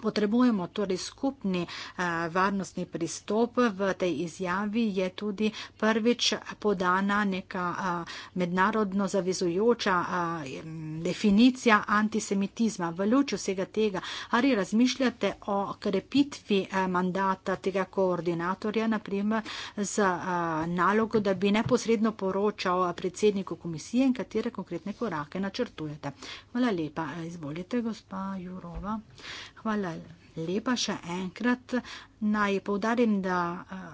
Potrebujemo torej skupni eh, varnostni pristop. V tej izjavi je tudi prvič podana neka eh, mednarodno zavezujoča eh, definicija antisemitizma. V luči vsega tega, ali razmišljate o krepitvi mandata tega koordinatorja, naprimer z nalogo, da bi neposredno poročal predsedniku komisije in katere konkretne korake načrtujete? Hvala lepa. Izvolite, gospa Jurova. Hvala Hvala lepa še enkrat. Naj povdarim, da eh,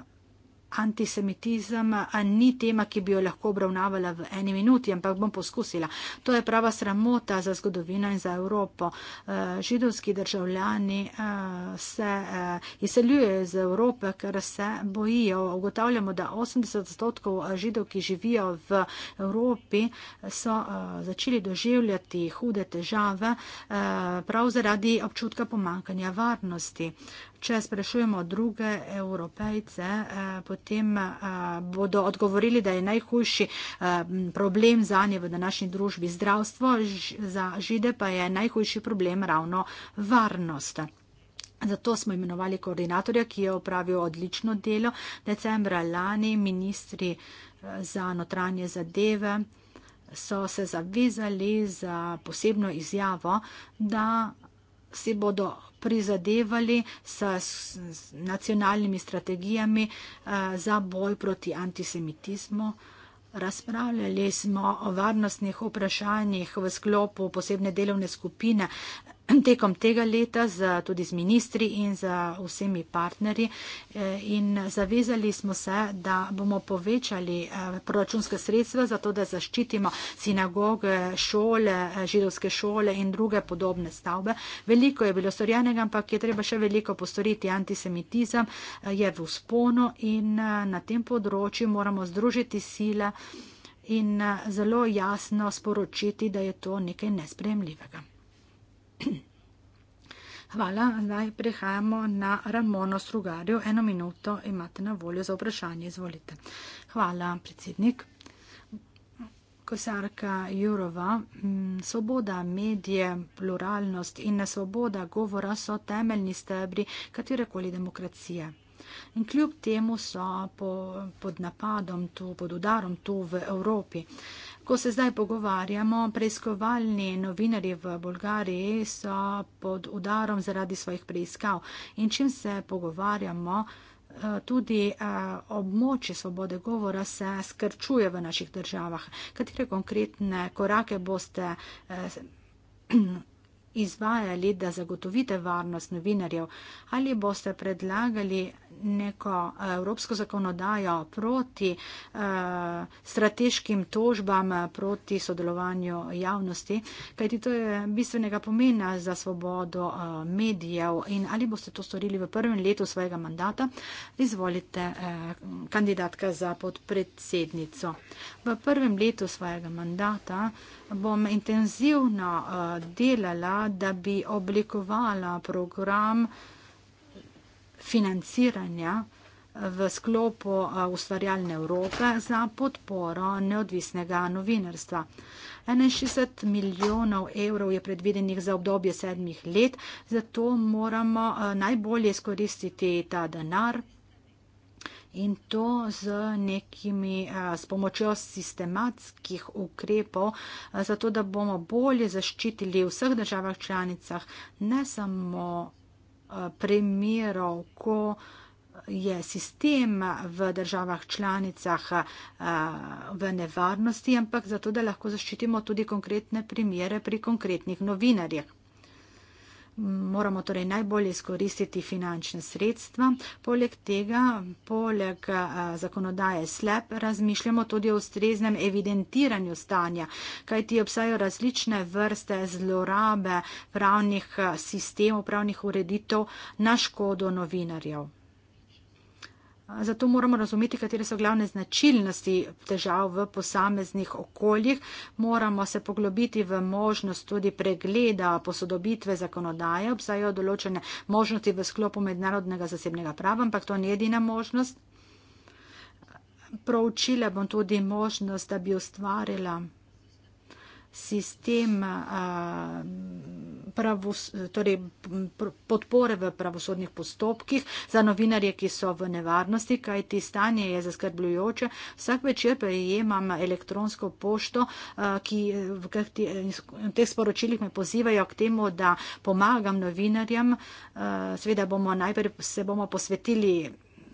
antisemitizem ni tema, ki bi jo lahko obravnavala v eni minuti, ampak bom poskusila. To je prava sramota za zgodovino in za Evropo. Eh, židovski državljani eh, se eh, izseljujejo iz Evrope, ker se bojijo. Ugotavljamo, da 80 odstotkov židov, ki živijo v Evropi, so začeli doživljati hude težave prav zaradi občutka pomankanja varnosti. Če sprašujemo druge evropejce, eh, potem eh, bodo odgovorili, da je najhujši eh, problem za nje v današnji družbi zdravstvo, za žide pa je najhujši problem ravno varnost. Zato smo imenovali koordinatorja, ki je opravil odlično delo. Decembra lani ministri za notranje zadeve so se zavizali za posebno izjavo, da si bodo prizadevali s nacionalnimi strategijami eh, za boj proti antisemitizmu. Razpravljali smo o varnostnih vprašanjih v sklopu posebne delovne skupine <clears throat> tekom tega leta z, tudi z ministri in z vsemi partnerji eh, in zavezali smo se, da bomo povečali eh, proračunske sredstva za to, da zaščitimo sinagoge, šole, eh, židovske šole in druge podobne stavbe. Veliko je bilo storjenega, ampak je treba še veliko postoriti. Antisemitizem je v usponu in na tem področju moramo združiti sile in zelo jasno sporočiti, da je to nekaj nespremljivega. Hvala, zdaj prehajamo na Ramono Strugarjo. Eno minuto imate na voljo za vprašanje, izvolite. Hvala, predsednik. Kosarka Jurova, mm, svoboda medije, pluralnost in nesvoboda govora so temeljni stebri katerekoli demokracije. In kljub temu so po, pod napadom, tu, pod udarom tu v Evropi. Uh, Ko se zdaj pogovarjamo, preiskovalni novinari v Bolgariji so pod udarom zaradi svojih preiskav in čim se pogovarjamo, eh, tudi eh, območje svobode govora se skrčuje v naših državah. Katere konkretne korake boste eh, <clears throat> izvajali, da zagotovite varnost novinarjev ali boste predlagali neko eh, evropsko zakonodajo proti eh, strateškim tožbam, eh, proti sodelovanju javnosti, kajti to je bistvenega pomena za svobodo medijev. In ali boste to storili v prvem letu svojega mandata, izvolite kandidatka za podpredsednico. V prvem letu svojega mandata bom intenzivno delala, da bi oblikovala program, financiranja eh, v sklopu eh, Ustvarjalne Evrope za podporo neodvisnega novinarstva. 61 milijonov evrov je predvidenih za obdobje sedmih let, zato moramo eh, najbolje izkoristiti ta denar in to z nekimi, s pomočjo sistematskih ukrepov, zato da bomo bolje zaščitili v vseh državah članicah, ne samo Eh, primerov, ko je sistem v državah članicah eh, v nevarnosti, ampak zato, da lahko zaščitimo tudi konkretne primere pri konkretnih novinarjih moramo torej najbolje izkoristiti finančne sredstva. Poleg tega, poleg zakonodaje SLEP, razmišljamo tudi o ustreznem evidentiranju stanja, kajti obstajajo različne vrste zlorabe pravnih sistemov, pravnih ureditev na škodo novinarjev. Zato moramo razumeti, katere so glavne značilnosti težav v posameznih okoljih. Moramo se poglobiti v možnost tudi pregleda posodobitve zakonodaje. Obstajajo določene možnosti v sklopu mednarodnega zasebnega prava, ampak to ni edina možnost. Proučila bom tudi možnost, da bi ustvarila sistem. Uh, torej podpore v pravosodnih postopkih za novinarje, ki so v nevarnosti, kajti stanje je zaskrbljujoče. Vsak večer prejemam elektronsko pošto, ki v teh sporočilih me pozivajo k temu, da pomagam novinarjem. Seveda bomo najprej se bomo posvetili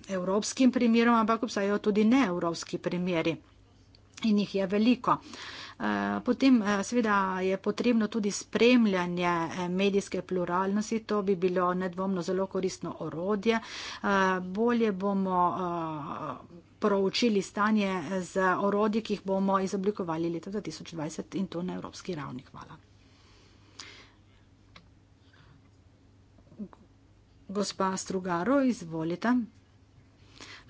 evropskim primerom, ampak obstajajo tudi neevropski primeri in jih je veliko. Eh, potem eh, seveda je potrebno tudi spremljanje eh, medijske pluralnosti, to bi bilo nedvomno zelo koristno orodje. Bolje bomo proučili stanje z orodji, ki jih bomo izoblikovali leta 2020 in to na evropski ravni. Hvala. Gospa Strugaro, izvolite.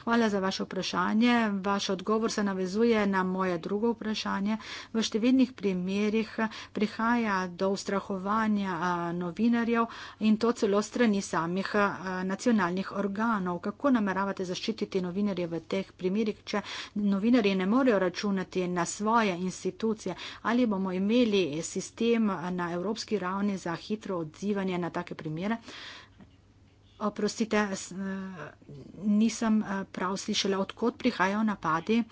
Hvala za vaše vprašanje. Vaš odgovor se navezuje na moje drugo vprašanje. V številnih primerjih prihaja do ustrahovanja novinarjev in to celo strani samih nacionalnih organov. Kako nameravate zaščititi novinarje v teh primerjih, če novinarji ne morejo računati na svoje institucije? Ali bomo imeli sistem na evropski ravni za hitro odzivanje na take primere? Oprostite, eh, nisem eh, prav slišala, odkot prihajajo napadi.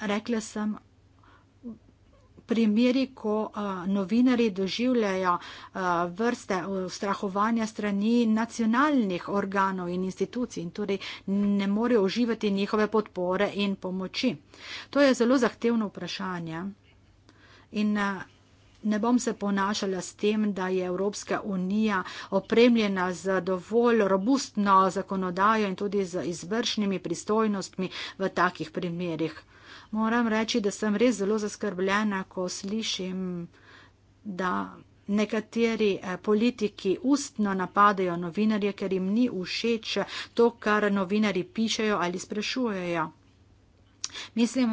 Rekla sem, primeri, ko eh, novinari doživljajo vrste strahovanja strani nacionalnih organov in institucij in torej ne morejo uživati njihove podpore in pomoči. To je zelo zahtevno vprašanje. In ne bom se ponašala s tem, da je Evropska unija opremljena z dovolj robustno zakonodajo in tudi z izvršnimi pristojnostmi v takih primerih. Moram reči, da sem res zelo zaskrbljena, ko slišim, da nekateri eh, politiki ustno napadajo novinarje, ker jim ni všeč to, kar novinari pišejo ali sprašujejo. Mislim,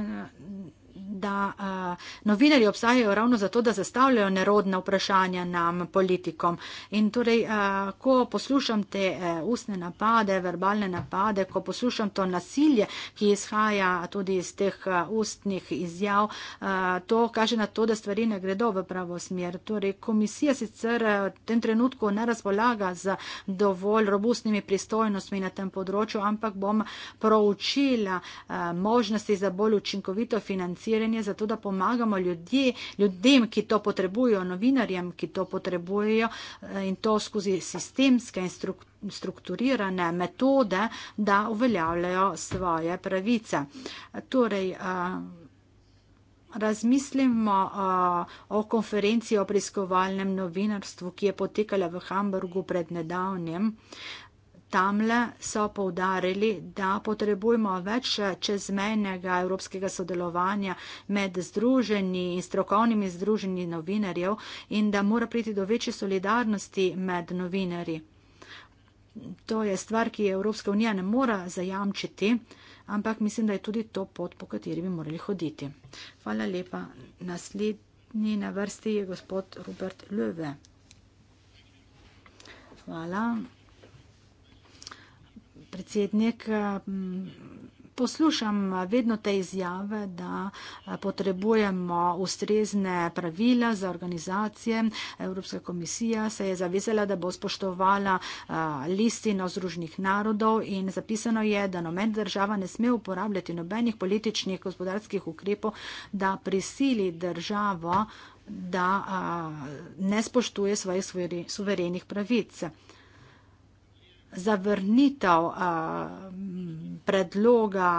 da uh, novinarji obstajajo ravno zato, da zastavljajo nerodna vprašanja nam, politikom. In torej, uh, ko poslušam te uh, ustne napade, verbalne napade, ko poslušam to nasilje, ki izhaja tudi iz teh uh, ustnih izjav, uh, to kaže na to, da stvari ne gredo v pravo smer. Torej, komisija sicer v tem trenutku ne razpolaga z dovolj robustnimi pristojnostmi na tem področju, ampak bom proučila uh, možnosti za bolj učinkovito financiranje volontiranje, zato da pomagamo ljudje, ljudem, ki to potrebujejo, novinarjem, ki to potrebujejo eh, in to skozi sistemske in strukturirane metode, da uveljavljajo svoje pravice. Torej, eh, Razmislimo o, eh, o konferenci o preiskovalnem novinarstvu, ki je potekala v Hamburgu pred nedavnim tamle so povdarili, da potrebujemo več čezmejnega evropskega sodelovanja med združenji in strokovnimi združenji novinarjev in da mora priti do večje solidarnosti med novinarji. To je stvar, ki je Evropska unija ne mora zajamčiti, ampak mislim, da je tudi to pot, po kateri bi morali hoditi. Hvala lepa. Naslednji na vrsti je gospod Robert Löwe. Hvala predsednik. Mm, poslušam vedno te izjave, da eh, potrebujemo ustrezne pravila za organizacije. Evropska komisija se je zavezala, da bo spoštovala eh, listino Združenih narodov in zapisano je, da noben država ne sme uporabljati nobenih političnih gospodarskih ukrepov, da prisili državo, da eh, ne spoštuje svojih suverenih pravic zavrnitev uh, predloga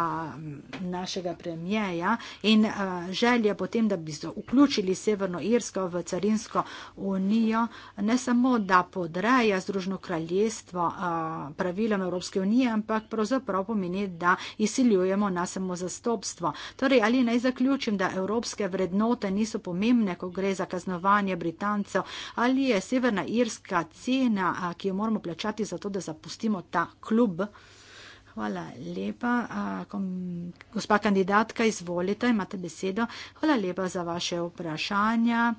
našega premijeja in eh, želje potem, da bi se vključili Severno Irsko v carinsko unijo, ne samo, da podreja Združno kraljestvo eh, pravilom Evropske unije, ampak pravzaprav pomeni, da izsiljujemo na samozastopstvo. Torej, ali naj zaključim, da evropske vrednote niso pomembne, ko gre za kaznovanje Britancev, ali je Severna Irska cena, eh, ki jo moramo plačati za to, da zapustimo ta klub. Hvala lepa. Gospa kandidatka, izvolite, imate besedo. Hvala lepa za vaše vprašanja.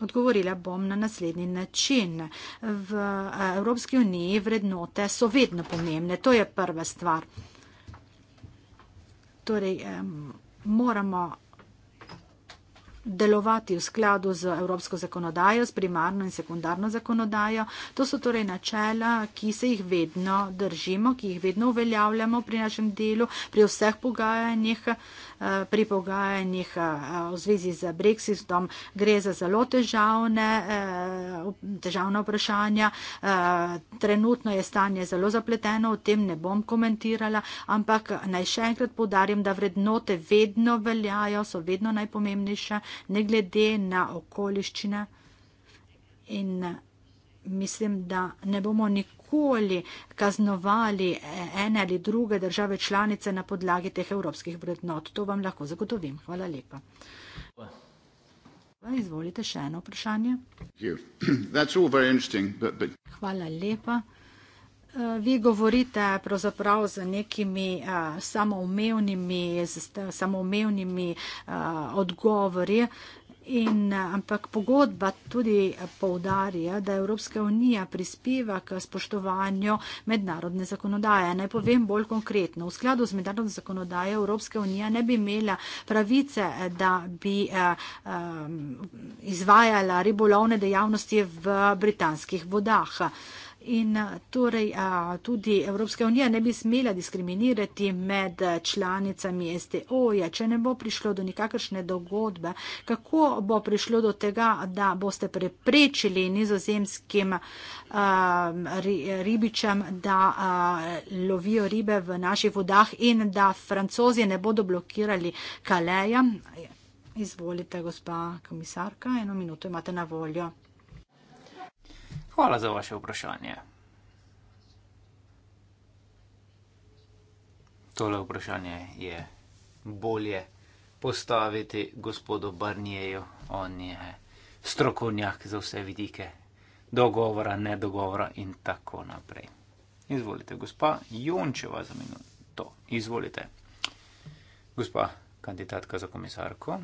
Odgovorila bom na naslednji način. V Evropski uniji vrednote so vedno pomembne. To je prva stvar. Torej, moramo delovati v skladu z evropsko zakonodajo, s primarno in sekundarno zakonodajo. To so torej načela, ki se jih vedno držimo, ki jih vedno uveljavljamo pri našem delu, pri vseh pogajanjih Eh, pri pogajanjih eh, v zvezi z Brexitom gre za zelo težavne, eh, težavna vprašanja. Trenutno je stanje zelo zapleteno, o tem ne bom komentirala, ampak naj še enkrat podarim, da vrednote vedno veljajo, so vedno najpomembnejše, ne glede na okoliščine. In mislim, da ne bomo nikoli kakorkoli kaznovali eh, ene ali druge države članice na podlagi teh evropskih vrednot. To vam lahko zagotovim. Hvala lepa. Izvolite še eno vprašanje. <clears throat> Hvala lepa. Eh, vi govorite pravzaprav z nekimi uh, samoumevnimi, z, samoumevnimi uh, odgovori. Uh, In, eh, ampak pogodba tudi poudarja, da Evropska unija prispeva k spoštovanju mednarodne zakonodaje. Naj povem bolj konkretno. V skladu z mednarodno zakonodajo Evropska unija ne bi imela pravice, eh, da bi eh, izvajala ribolovne dejavnosti v britanskih vodah. In torej tudi Evropska unija ne bi smela diskriminirati med članicami STO-ja, če ne bo prišlo do nekakršne dogodbe, kako bo prišlo do tega, da boste preprečili nizozemskim ribičem, da lovijo ribe v naših vodah in da francozi ne bodo blokirali kaleja. Izvolite, gospa komisarka, eno minuto imate na voljo. Hvala za vaše vprašanje. Tole vprašanje je bolje postaviti gospodu Barnijeju. On je strokovnjak za vse vidike dogovora, nedogovora in tako naprej. Izvolite, gospa Jončeva, za minuto. Izvolite, gospa kandidatka za komisarko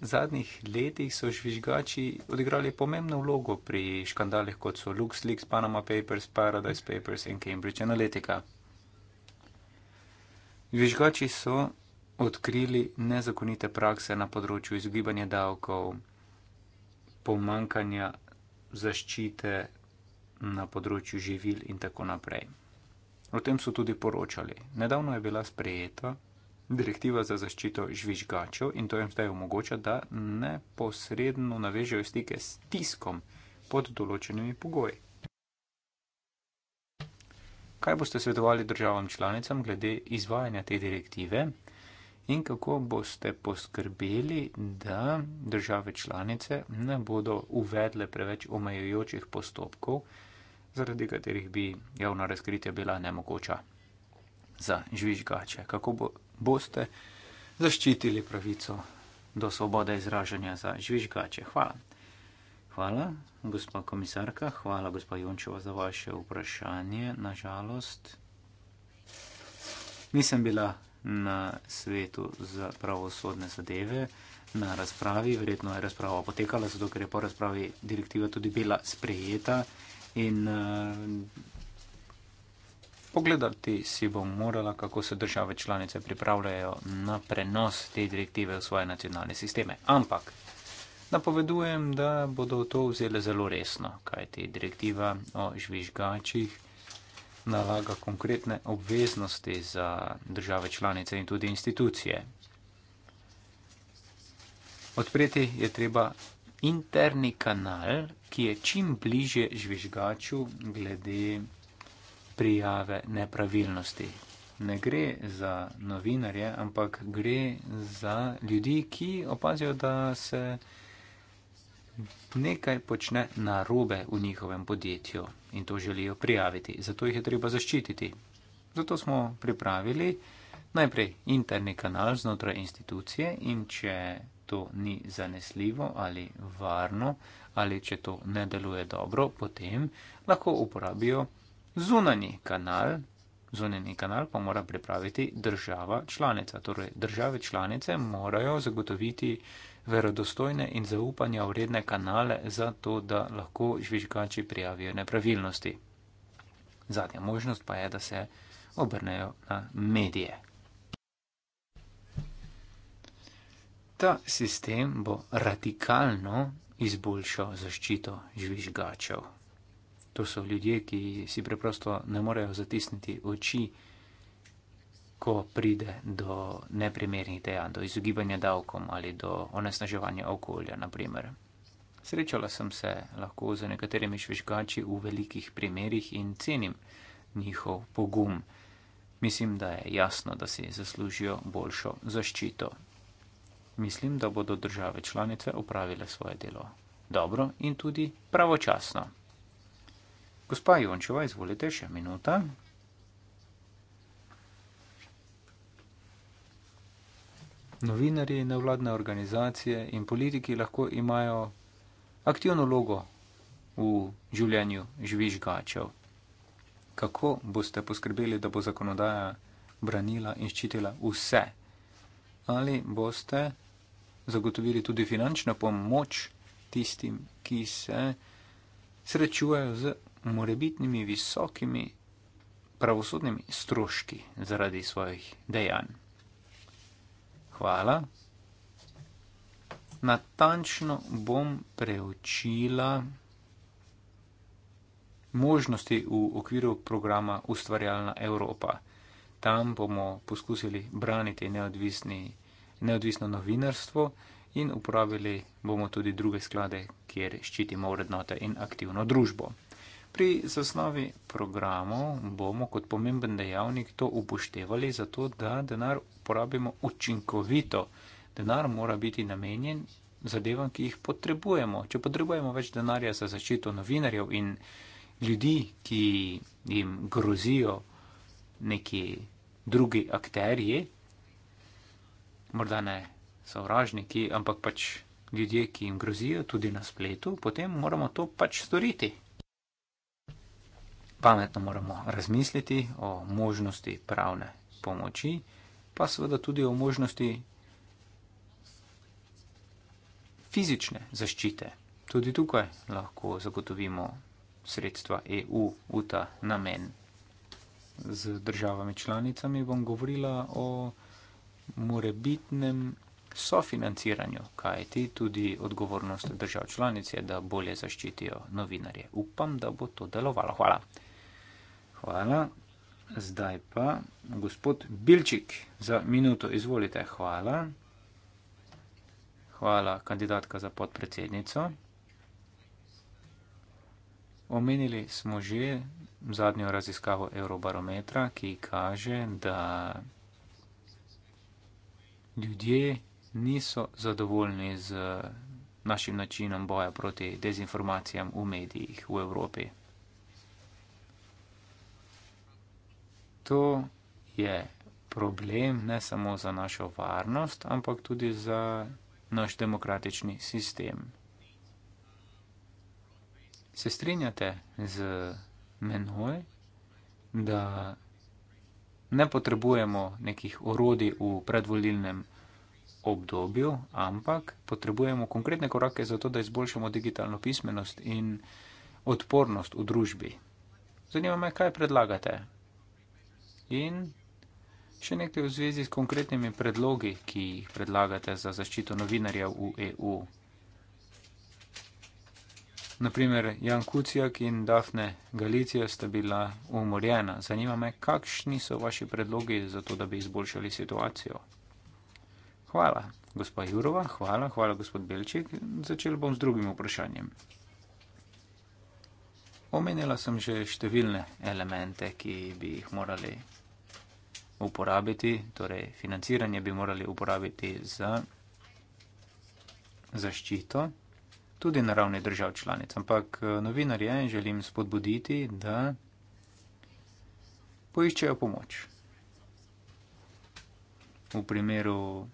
zadnjih letih so žvižgači odigrali pomembno vlogo pri škandalih, kot so LuxLeaks, Panama Papers, Paradise Papers in Cambridge Analytica. Žvižgači so odkrili nezakonite prakse na področju izogibanja davkov, pomankanja zaščite na področju živil in tako naprej. O tem so tudi poročali. Nedavno je bila sprejeta direktiva za zaščito žvižgačev in to jim zdaj omogoča, da neposredno navežejo stike s tiskom pod določenimi pogoji. Kaj boste svetovali državam članicam glede izvajanja te direktive in kako boste poskrbeli, da države članice ne bodo uvedle preveč omejujočih postopkov, zaradi katerih bi javna razkritja bila nemogoča? Za žvižgače, kako, bo, boste zaščitili pravico do svobode izražanja za žvižgače. Hvala. Hvala, gospa komisarka, hvala, gospa Jončeva, za vaše vprašanje. Nažalost, nisem bila na svetu za pravosodne zadeve na razpravi, verjetno je razprava potekala, zato ker je po razpravi direktiva tudi bila sprejeta in uh, Pogledati si bom morala, kako se države članice pripravljajo na prenos te direktive v svoje nacionalne sisteme. Ampak napovedujem, da bodo to vzele zelo resno, kaj ti direktiva o žvižgačih nalaga konkretne obveznosti za države članice in tudi institucije. Odpreti je treba interni kanal, ki je čim bliže žvižgaču glede prijave nepravilnosti. Ne gre za novinarje, ampak gre za ljudi, ki opazijo, da se nekaj počne narobe v njihovem podjetju in to želijo prijaviti. Zato jih je treba zaščititi. Zato smo pripravili najprej interni kanal znotraj institucije in če to ni zanesljivo ali varno ali če to ne deluje dobro, potem lahko uporabijo zunani kanal, zunani kanal pa mora pripraviti država članica. Torej, države članice morajo zagotoviti verodostojne in zaupanja vredne kanale za to, da lahko žvižgači prijavijo nepravilnosti. Zadnja možnost pa je, da se obrnejo na medije. Ta sistem bo radikalno izboljšal zaščito žvižgačev. To so ljudje, ki si preprosto ne morejo zatisniti oči, ko pride do neprimernih dejanj, do izogibanja davkom ali do onesnaževanja okolja, naprimer. Srečala sem se lahko z nekaterimi švižgači v velikih primerih in cenim njihov pogum. Mislim, da je jasno, da si zaslužijo boljšo zaščito. Mislim, da bodo države članice upravile svoje delo dobro in tudi pravočasno. Gospa Jončeva, izvolite še minuta. Novinari, nevladne organizacije in politiki lahko imajo aktivno logo v življenju žvižgačev. Kako boste poskrbeli, da bo zakonodaja branila in ščitila vse? Ali boste zagotovili tudi finančno pomoč tistim, ki se srečujejo z morebitnimi visokimi pravosodnimi stroški zaradi svojih dejanj. Hvala. Natančno bom preučila možnosti v okviru programa Ustvarjalna Evropa. Tam bomo poskusili braniti neodvisno novinarstvo in uporabili bomo tudi druge sklade, kjer ščitimo vrednote in aktivno družbo pri zasnovi programov bomo kot pomemben dejavnik to upoštevali, zato da denar porabimo učinkovito. Denar mora biti namenjen zadevam, ki jih potrebujemo. Če potrebujemo več denarja za zaščito novinarjev in ljudi, ki jim grozijo neki drugi akterji, morda ne sovražniki, ampak pač ljudje, ki jim grozijo tudi na spletu, potem moramo to pač storiti pametno moramo razmisliti o možnosti pravne pomoči, pa seveda tudi o možnosti fizične zaščite. Tudi tukaj lahko zagotovimo sredstva EU v ta namen. Z državami članicami bom govorila o morebitnem sofinanciranju, kajti tudi odgovornost držav članic je, da bolje zaščitijo novinarje. Upam, da bo to delovalo. Hvala. Hvala. Zdaj pa gospod Bilčik za minuto. Izvolite. Hvala. Hvala kandidatka za podpredsednico. Omenili smo že zadnjo raziskavo Eurobarometra, ki kaže, da ljudje niso zadovoljni z našim načinom boja proti dezinformacijam v medijih v Evropi. to je problem ne samo za našo varnost, ampak tudi za naš demokratični sistem. Se strinjate z menoj, da ne potrebujemo nekih orodij v predvolilnem obdobju, ampak potrebujemo konkretne korake za to, da izboljšamo digitalno pismenost in odpornost v družbi. Zanima me, kaj predlagate In še nekaj v zvezi s konkretnimi predlogi, ki jih predlagate za zaščito novinarjev v EU. Naprimer, Jan Kucijak in Dafne Galicija sta bila umorjena. Zanima me, kakšni so vaši predlogi za to, da bi izboljšali situacijo. Hvala, gospa Jurova, hvala, hvala, gospod Belček. Začel bom z drugim vprašanjem. Omenila sem že številne elemente, ki bi jih morali uporabiti, torej financiranje bi morali uporabiti za zaščito tudi na ravni držav članic. Ampak eh, novinarje želim spodbuditi, da poiščejo pomoč. V primeru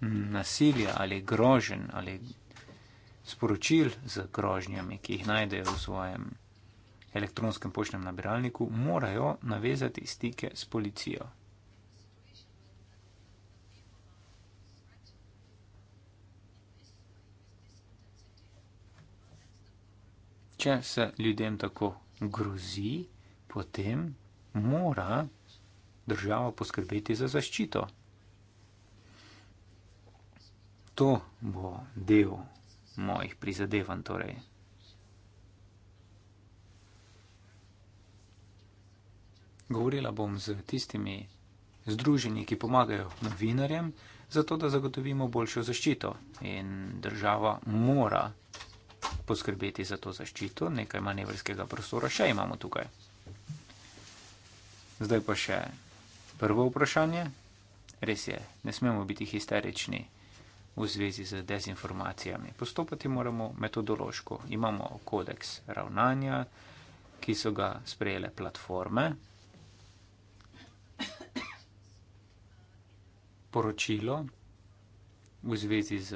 nasilja ali grožen ali sporočil z grožnjami, ki jih najdejo v svojem elektronskem poštnem nabiralniku, morajo navezati stike s policijo. Če se ljudem tako grozi, potem mora država poskrbeti za zaščito. To bo del mojih prizadevanj, torej. Govorila bom z tistimi združenji, ki pomagajo novinarjem, zato da zagotovimo boljšo zaščito. In država mora poskrbeti za to zaščito, nekaj manevrskega prostora še imamo tukaj. Zdaj pa še prvo vprašanje. Res je, ne smemo biti histerični v zvezi z dezinformacijami. Postopati moramo metodološko. Imamo kodeks ravnanja, ki so ga sprejele platforme. poročilo v zvezi z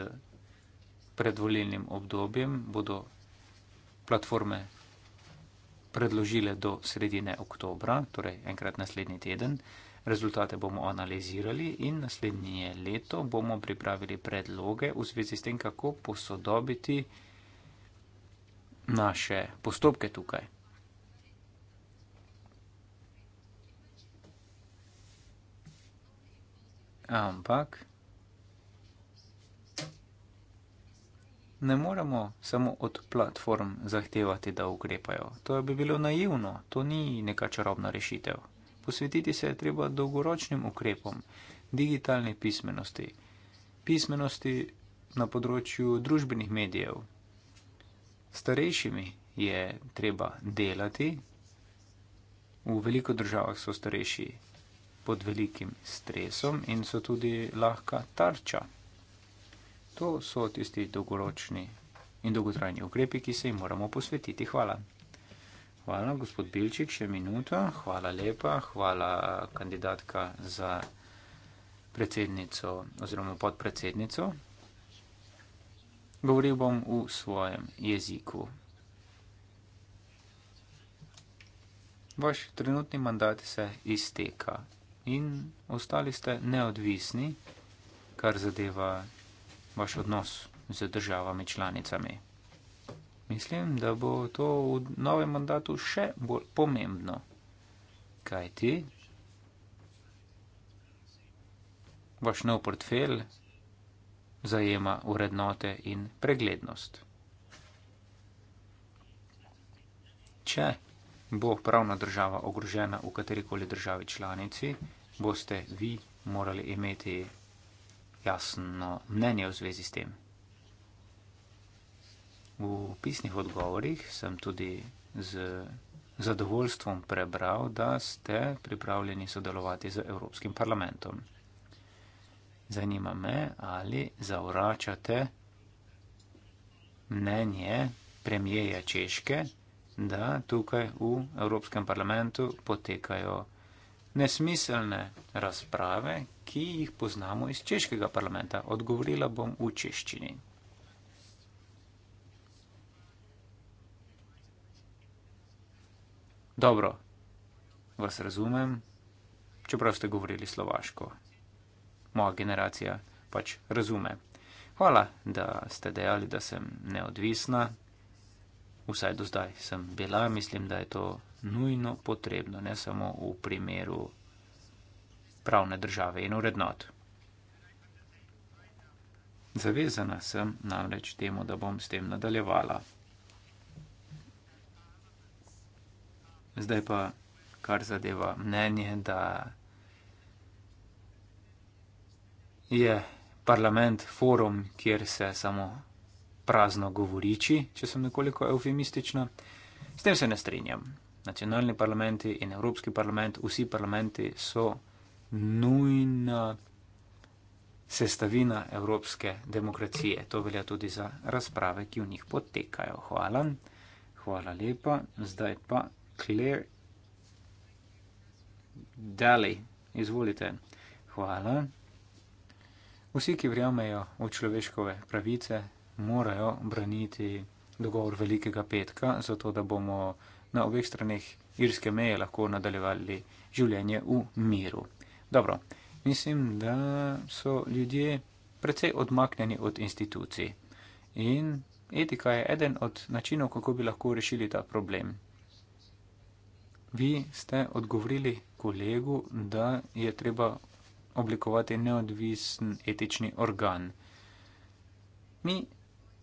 predvoljenim obdobjem bodo platforme predložile do sredine oktobra, torej enkrat naslednji teden. Rezultate bomo analizirali in naslednje leto bomo pripravili predloge v zvezi s tem, kako posodobiti naše postopke tukaj. Ampak ne moremo samo od platform zahtevati, da ukrepajo. To bi bilo naivno, to ni neka čarobna rešitev. Posvetiti se je treba dolgoročnim ukrepom digitalne pismenosti, pismenosti na področju družbenih medijev. Starejšimi je treba delati, v veliko državah so starejši pod velikim stresom in so tudi lahka tarča. To so tisti dolgoročni in dolgotrajni ukrepi, ki se jim moramo posvetiti. Hvala. Hvala, gospod Bilčik, še minuto. Hvala lepa. Hvala kandidatka za predsednico oziroma podpredsednico. Govoril bom v svojem jeziku. Vaš trenutni mandat se izteka in ostali ste neodvisni, kar zadeva vaš odnos z državami članicami. Mislim, da bo to v novem mandatu še bolj pomembno, kaj ti? Vaš nov portfelj zajema urednote in preglednost. Če bo pravna država ogrožena v katerikoli državi članici, boste vi morali imeti jasno mnenje v zvezi s tem. V pisnih odgovorih sem tudi z zadovoljstvom prebral, da ste pripravljeni sodelovati z Evropskim parlamentom. Zanima me, ali zavračate mnenje premijeja Češke, da tukaj v Evropskem parlamentu potekajo nesmiselne razprave, ki jih poznamo iz češkega parlamenta. Odgovorila bom v češčini. Dobro, vas razumem, čeprav ste govorili slovaško. Moja generacija pač razume. Hvala, da ste dejali, da sem neodvisna. Vsaj do zdaj sem bila, mislim, da je to nujno potrebno, ne samo v primeru pravne države in urednot. Zavezana sem namreč temu, da bom s tem nadaljevala. Zdaj pa, kar zadeva mnenje, da je parlament forum, kjer se samo prazno govoriči, če sem nekoliko eufemistična, s tem se ne strinjam nacionalni parlamenti in Evropski parlament, vsi parlamenti so nujna sestavina evropske demokracije. To velja tudi za razprave, ki v njih potekajo. Hvala. Hvala lepa. Zdaj pa Claire Daly. Izvolite. Hvala. Vsi, ki verjamejo v človeškove pravice, morajo braniti dogovor velikega petka, zato da bomo na obeh straneh irske meje lahko nadaljevali življenje v miru. Dobro, mislim, da so ljudje precej odmaknjeni od institucij in etika je eden od načinov, kako bi lahko rešili ta problem. Vi ste odgovorili kolegu, da je treba oblikovati neodvisen etični organ. Mi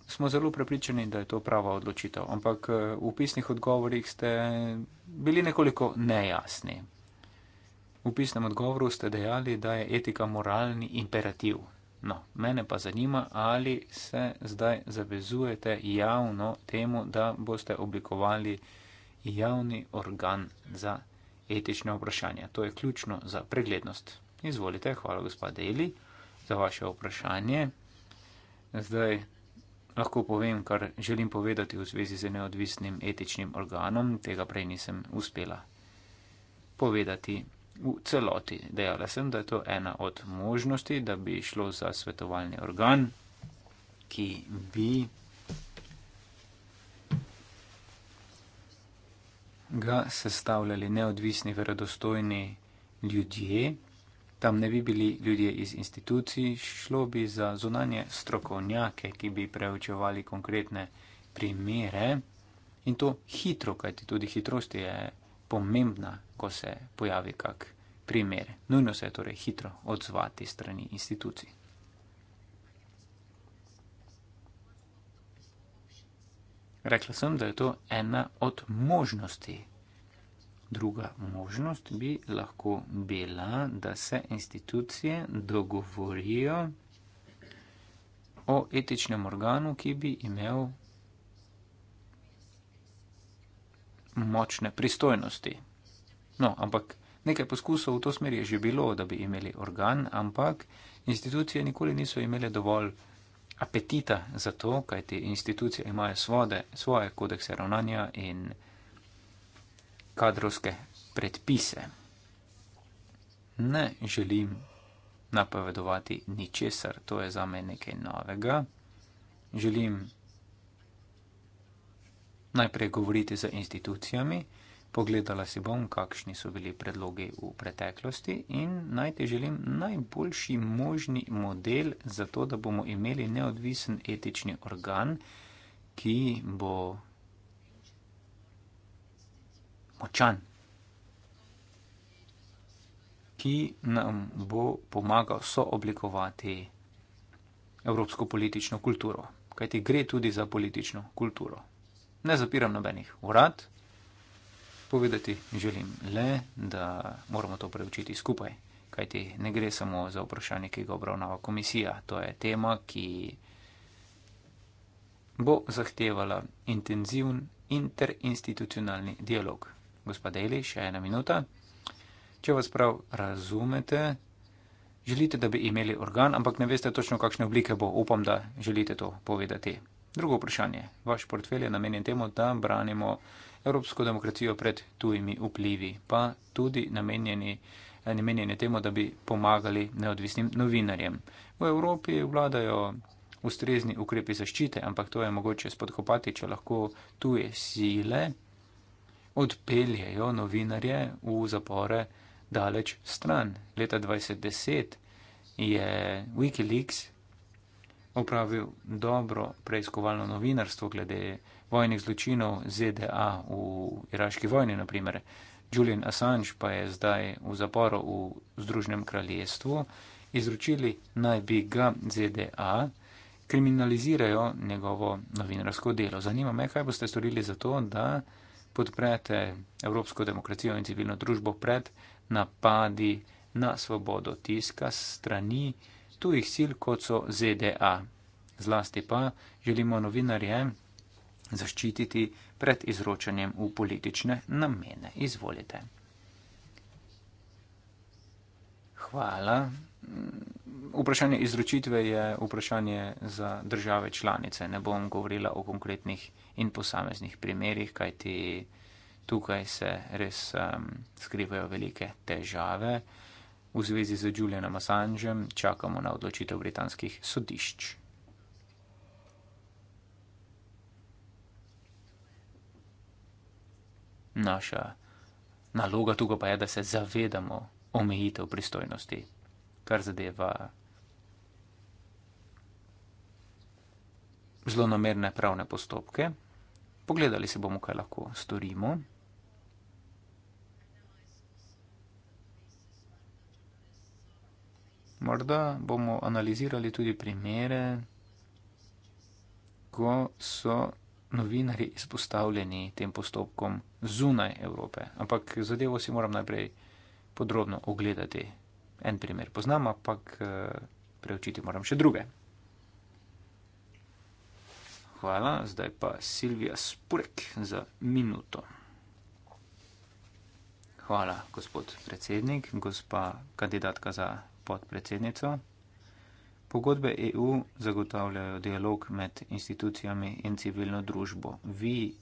smo zelo prepričani, da je to prava odločitev, ampak eh, v pisnih odgovorih ste bili nekoliko nejasni. V pisnem odgovoru ste dejali, da je etika moralni imperativ. No, mene pa zanima, ali se zdaj zavezujete javno temu, da boste oblikovali javni organ za etične vprašanja. To je ključno za preglednost. Izvolite, hvala gospod Deli za vaše vprašanje. Zdaj, lahko povem, kar želim povedati v zvezi z neodvisnim etičnim organom, tega prej nisem uspela povedati v celoti. Dejala sem, da je to ena od možnosti, da bi šlo za svetovalni organ, ki bi ga sestavljali neodvisni, verodostojni ljudje tam ne bi bili ljudje iz institucij, šlo bi za zunanje strokovnjake, ki bi preučevali konkretne primere in to hitro, kajti tudi hitrost je pomembna, ko se pojavi kak primer. Nujno se je torej hitro odzvati strani institucij. Rekla sem, da je to ena od možnosti, Druga možnost bi lahko bila, da se institucije dogovorijo o etičnem organu, ki bi imel močne pristojnosti. No, ampak nekaj poskusov v to smer je že bilo, da bi imeli organ, ampak institucije nikoli niso imele dovolj apetita za to, kajti institucije imajo svode, svoje kodekse ravnanja in kadrovske predpise. Ne želim napovedovati ničesar, to je za me nekaj novega. Želim najprej govoriti z institucijami, pogledala si bom, kakšni so bili predlogi v preteklosti in najte želim najboljši možni model za to, da bomo imeli neodvisen etični organ, ki bo močan, ki nam bo pomagal sooblikovati evropsko politično kulturo. Kajti gre tudi za politično kulturo. Ne zapiram nobenih urad, povedati želim le, da moramo to preučiti skupaj. Kajti ne gre samo za vprašanje, ki ga obravnava komisija, to je tema, ki bo zahtevala intenzivn interinstitucionalni dialog gospod Deli, še ena minuta. Če vas prav razumete, želite, da bi imeli organ, ampak ne veste točno, kakšne oblike bo, upam, da želite to povedati. Drugo vprašanje. Vaš portfelj je namenjen temu, da branimo evropsko demokracijo pred tujimi vplivi, pa tudi namenjeni, namenjeni temu, da bi pomagali neodvisnim novinarjem. V Evropi vladajo ustrezni ukrepi zaščite, ampak to je mogoče spodkopati, če lahko tuje sile odpeljejo novinarje v zapore daleč stran. Leta 2010 je Wikileaks opravil dobro preiskovalno novinarstvo glede vojnih zločinov ZDA v iraški vojni, naprimer. Julian Assange pa je zdaj v zaporu v Združenem kraljestvu. Izročili naj bi ga ZDA, kriminalizirajo njegovo novinarsko delo. Zanima me, kaj boste storili za to, da podprete evropsko demokracijo in civilno družbo pred napadi na svobodo tiska strani tujih sil, kot so ZDA. Zlasti pa želimo novinarje zaščititi pred izročanjem v politične namene. Izvolite. Hvala. Vprašanje izročitve je vprašanje za države članice. Ne bom govorila o konkretnih in posameznih primerjih, kajti tukaj se res um, skrivajo velike težave. V zvezi z Julianom Assangem čakamo na odločitev britanskih sodišč. Naša naloga tukaj pa je, da se zavedamo, omejitev pristojnosti, kar zadeva zelo namerne pravne postopke. Pogledali si bomo, kaj lahko storimo. Morda bomo analizirali tudi primere, ko so novinari izpostavljeni tem postopkom zunaj Evrope. Ampak zadevo si moram najprej podrobno ogledati. En primer poznam, ampak eh, preučiti moram še druge. Hvala, zdaj pa Silvija Spurek za minuto. Hvala, gospod predsednik, gospa kandidatka za podpredsednico. Pogodbe EU zagotavljajo dialog med institucijami in civilno družbo. Vi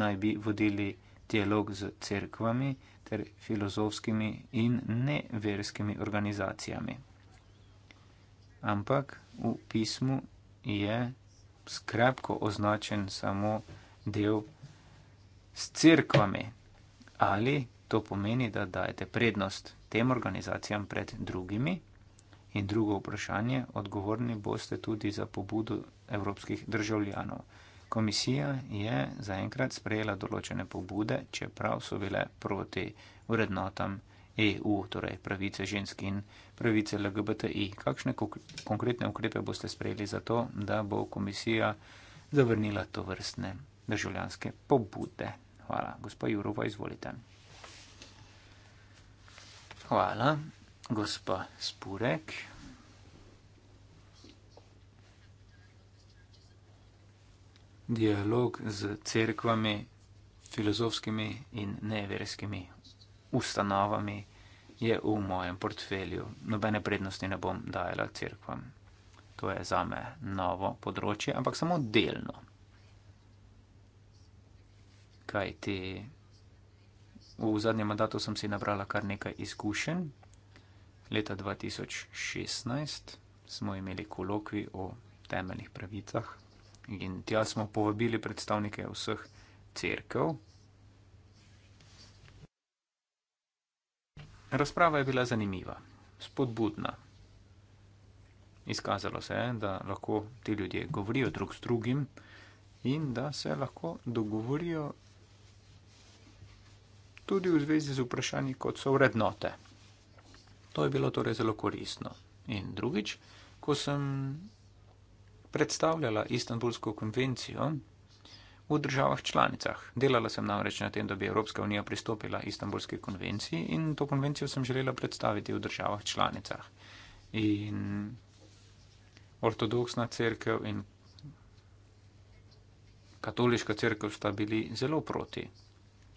naj bi vodili dialog z cerkvami ter filozofskimi in neverskimi organizacijami. Ampak v pismu je skrapko označen samo del s cerkvami. Ali to pomeni, da dajete prednost tem organizacijam pred drugimi? In drugo vprašanje, odgovorni boste tudi za pobudo evropskih državljanov. Komisija je zaenkrat sprejela določene pobude, čeprav so bile proti vrednotam EU, torej pravice žensk in pravice LGBTI. Kakšne konkretne ukrepe boste sprejeli za to, da bo komisija zavrnila to vrstne državljanske pobude? Hvala. Gospa Jurova, izvolite. Hvala. Gospa Spurek, dialog z crkvami, filozofskimi in neverskimi ustanovami je v mojem portfelju. Nobene prednosti ne bom dajala crkvam. To je za me novo področje, ampak samo delno. Kaj ti? V zadnjem mandatu sem si nabrala kar nekaj izkušenj. Leta 2016 smo imeli kolokvi o temeljnih pravicah. In tja smo povabili predstavnike vseh crkv. Razprava je bila zanimiva, spodbudna. Izkazalo se je, da lahko ti ljudje govorijo drug s drugim in da se lahko dogovorijo tudi v zvezi z vprašanji, kot so vrednote. To je bilo torej zelo koristno. In drugič, ko sem predstavljala Istanbulsko konvencijo v državah članicah. Delala sem namreč na tem, da bi Evropska unija pristopila Istanbulski konvenciji in to konvencijo sem želela predstaviti v državah članicah. In ortodoksna crkv in katoliška crkv sta bili zelo proti.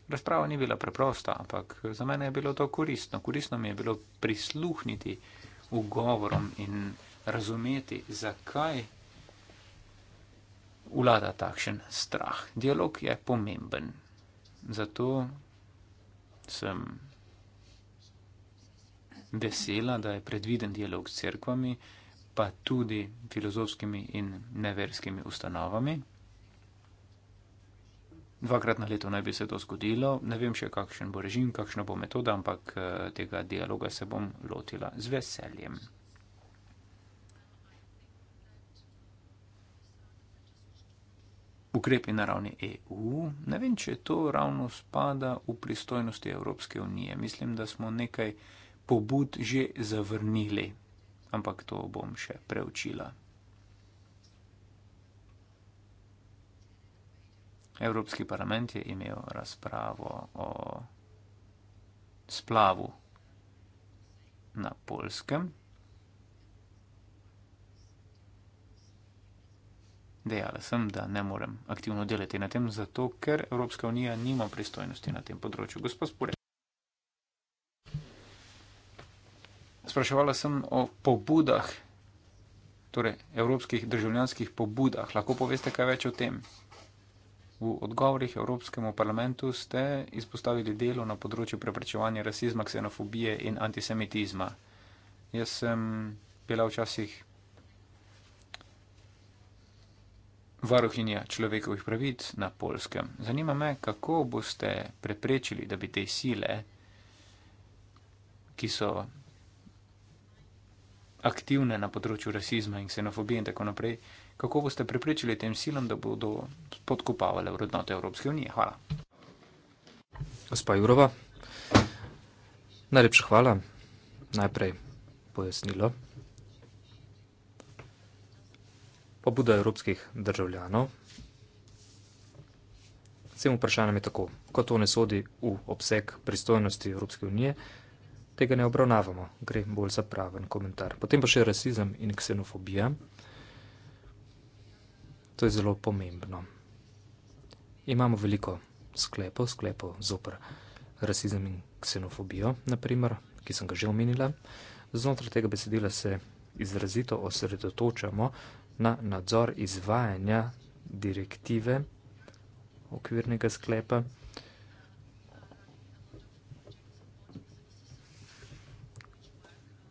Razprava ni bila preprosta, ampak za mene je bilo to koristno. Koristno mi je bilo prisluhniti ugovorom in razumeti, zakaj vlada takšen strah. Dialog je pomemben. Zato sem vesela, da je predviden dialog s crkvami, pa tudi filozofskimi in neverskimi ustanovami. Dvakrat na leto naj bi se to zgodilo, ne vem še kakšen bo režim, kakšna bo metoda, ampak eh, tega dialoga se bom lotila z veseljem. ukrepi na ravni EU. Ne vem, če to ravno spada v pristojnosti Evropske unije. Mislim, da smo nekaj pobud že zavrnili, ampak to bom še preučila. Evropski parlament je imel razpravo o splavu na polskem. Dejala sem, da ne morem aktivno delati na tem, zato ker Evropska unija nima pristojnosti na tem področju. Gospod Spure. Spraševala sem o pobudah, torej evropskih državljanskih pobudah. Lahko poveste kaj več o tem? V odgovorih Evropskemu parlamentu ste izpostavili delo na področju preprečevanja rasizma, ksenofobije in antisemitizma. Jaz sem bila včasih varuhinja človekovih pravic na polskem. Zanima me, kako boste preprečili, da bi te sile, ki so aktivne na področju rasizma in ksenofobije in tako naprej, kako boste preprečili tem silam, da bodo podkopavale vrednote Evropske unije. Hvala. Gospa Jurova, najlepša hvala. Najprej pojasnilo. pobuda evropskih državljanov. Vsem vprašanjem je tako, ko to ne sodi v obseg pristojnosti Evropske unije, tega ne obravnavamo, gre bolj za praven komentar. Potem pa še rasizem in ksenofobija. To je zelo pomembno. Imamo veliko sklepov, sklepov zopr rasizem in ksenofobijo, naprimer, ki sem ga že omenila. Znotraj tega besedila se izrazito osredotočamo na nadzor izvajanja direktive okvirnega sklepa.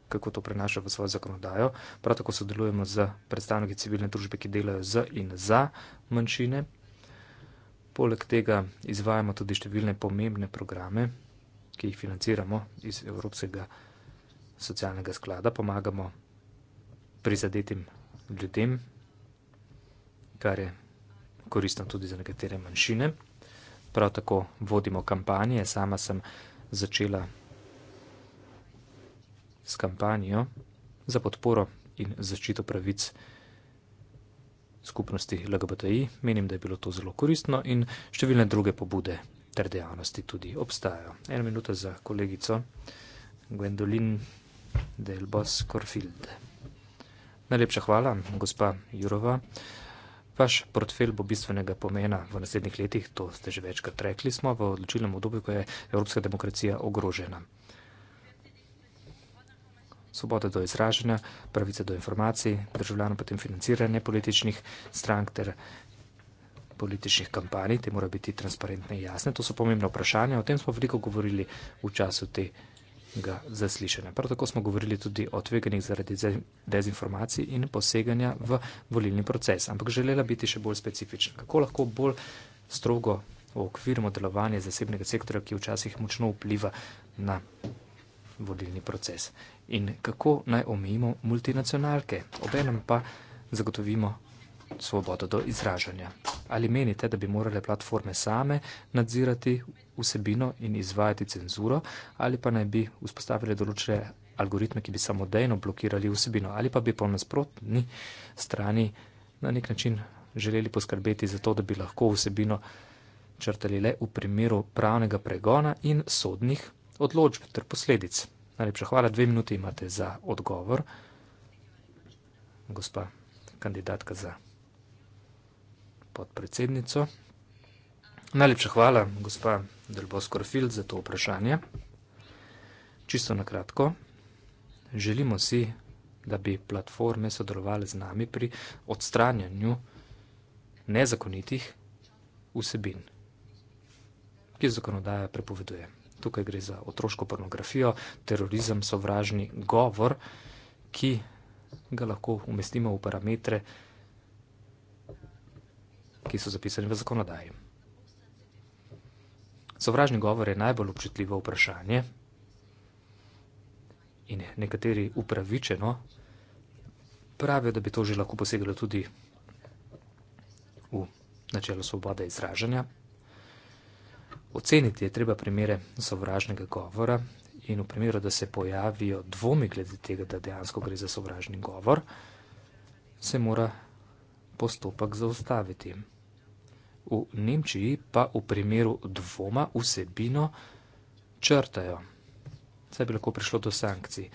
kako to prenaša v svojo zakonodajo. Prav tako sodelujemo z predstavniki civilne družbe, ki delajo z in za manjšine. Poleg tega izvajamo tudi številne pomembne programe, ki jih financiramo iz Evropskega socialnega sklada. Pomagamo prizadetim ljudem, kar je koristno tudi za nekatere manjšine. Prav tako vodimo kampanje. Sama sem začela s kampanjo za podporo in zaščito pravic skupnosti LGBTI. Menim, da je bilo to zelo koristno in številne druge pobude ter dejavnosti tudi obstajajo. Eno minuto za kolegico Gwendolyn Delbos Corfield. Najlepša hvala, gospa Jurova. Vaš portfelj bo bistvenega pomena v naslednjih letih, to ste že večkrat rekli, smo v odločilnem obdobju, ko je evropska demokracija ogrožena. Svoboda do izražanja, pravice do informacij, državljano potem financiranje političnih strank ter političnih kampanj, te mora biti transparentne in jasne. To so pomembne vprašanja, o tem smo veliko govorili v času te ga zaslišanja. Prav tako smo govorili tudi o tveganjih zaradi dezinformacij in poseganja v volilni proces. Ampak želela biti še bolj specifična. Kako lahko bolj strogo okvirimo delovanje zasebnega sektorja, ki včasih močno vpliva na volilni proces. In kako naj omejimo multinacionalke, obenem pa zagotovimo svobodo do izražanja. Ali menite, da bi morale platforme same nadzirati vsebino in izvajati cenzuro, ali pa naj bi vzpostavili določene algoritme, ki bi samodejno blokirali vsebino, ali pa bi po nasprotni strani na nek način želeli poskrbeti za to, da bi lahko vsebino črtali le v primeru pravnega pregona in sodnih odločb ter posledic. Najlepša hvala, dve minute imate za odgovor, gospa kandidatka za podpredsednico. Najlepša hvala, gospa Delbosko Rfil za to vprašanje. Čisto na kratko, želimo si, da bi platforme sodelovali z nami pri odstranjanju nezakonitih vsebin, ki zakonodaja prepoveduje. Tukaj gre za otroško pornografijo, terorizem, sovražni govor, ki ga lahko umestimo v parametre, ki so zapisani v zakonodaji. Sovražni govor je najbolj občutljivo vprašanje in nekateri upravičeno pravijo, da bi to že lahko posegalo tudi v načelo svobode izražanja. Oceniti je treba primere sovražnega govora in v primeru, da se pojavijo dvomi glede tega, da dejansko gre za sovražni govor, se mora postopek zaustaviti v Nemčiji pa v primeru dvoma vsebino črtajo. Saj bi lahko prišlo do sankcij.